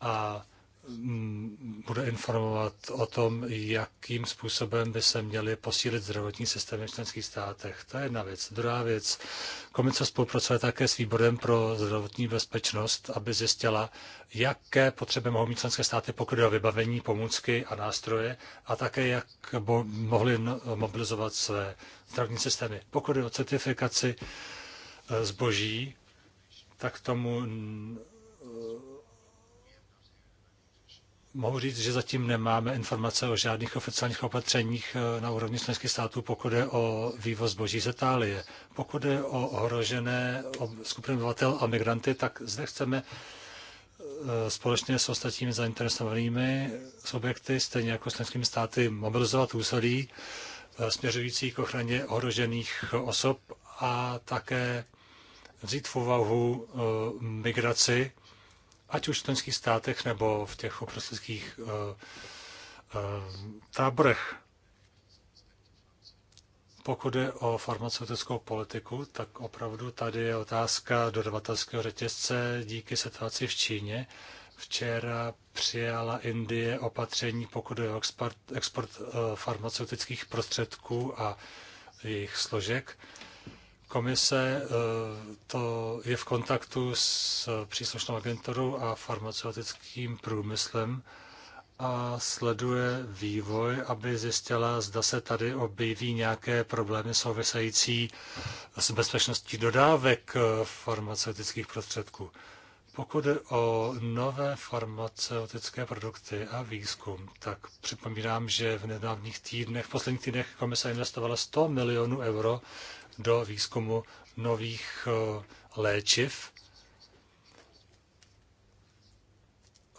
a Mm, bude informovat o tom, jakým způsobem by se měly posílit zdravotní systémy v členských státech. To je jedna věc. Druhá věc, komise spolupracuje také s výborem pro zdravotní bezpečnost, aby zjistila, jaké potřeby mohou mít členské státy, pokud je o vybavení, pomůcky a nástroje, a také jak mohly no, mobilizovat své zdravotní systémy. Pokud je o certifikaci e, zboží, tak tomu mohu říct, že zatím nemáme informace o žádných oficiálních opatřeních eh, na úrovni členských států, pokud je o vývoz zboží z Itálie. Pokud je o ohrožené skupiny obyvatel a migranty, tak zde chceme eh, společně s ostatními zainteresovanými subjekty, stejně jako s členskými státy, mobilizovat úsilí eh, směřující k ochraně ohrožených osob a také vzít v úvahu migraci ať už v členských státech nebo v těch uprostlických uh, eh, uh, eh, táborech. Pokud je o farmaceutickou politiku, tak opravdu tady je otázka dodavatelského řetězce díky situaci v Číně. Včera přijala Indie opatření, pokud je o export, export eh, farmaceutických prostředků a jejich složek. Komise eh, to je v kontaktu s eh, příslušnou agenturou a farmaceutickým průmyslem a sleduje vývoj, aby zjistila, zda se tady objeví nějaké problémy související s bezpečností dodávek eh, farmaceutických prostředků. Pokud je o nové farmaceutické produkty a výzkum, tak připomínám, že v nedávných týdnech, v posledních týdnech komise investovala 100 milionů euro do výzkumu nových eh, léčiv.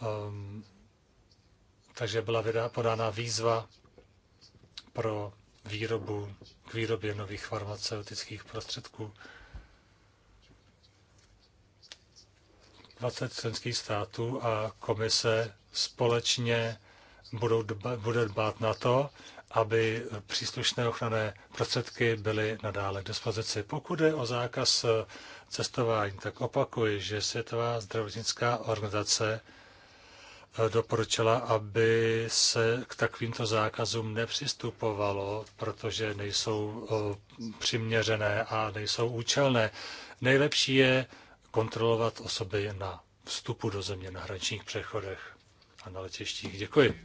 Ehm, takže byla podána výzva pro výrobu, k výrobě nových farmaceutických prostředků. 20 členských států a komise společně budou dba, bude dbát na to, aby příslušné ochranné prostředky byly nadále k dispozici. Pokud je o zákaz cestování, tak opakuji, že Světová zdravotnická organizace eh, doporučila, aby se k takovýmto zákazům nepřistupovalo, protože nejsou eh, přiměřené a nejsou účelné. Nejlepší je kontrolovat osoby na vstupu do země, na hraničních přechodech a na letištích. Děkuji.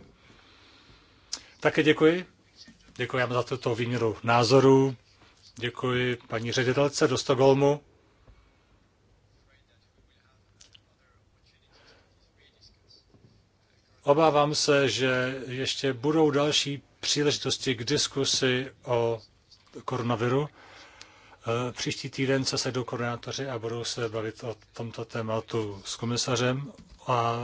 Také děkuji. Děkuji za tuto výměru názorů. Děkuji paní ředitelce do Stockholmu. Obávám se, že ještě budou další příležitosti k diskusi o koronaviru. Eh, příští týden se sedou koordinátoři a budou se bavit o tomto tématu s komisařem a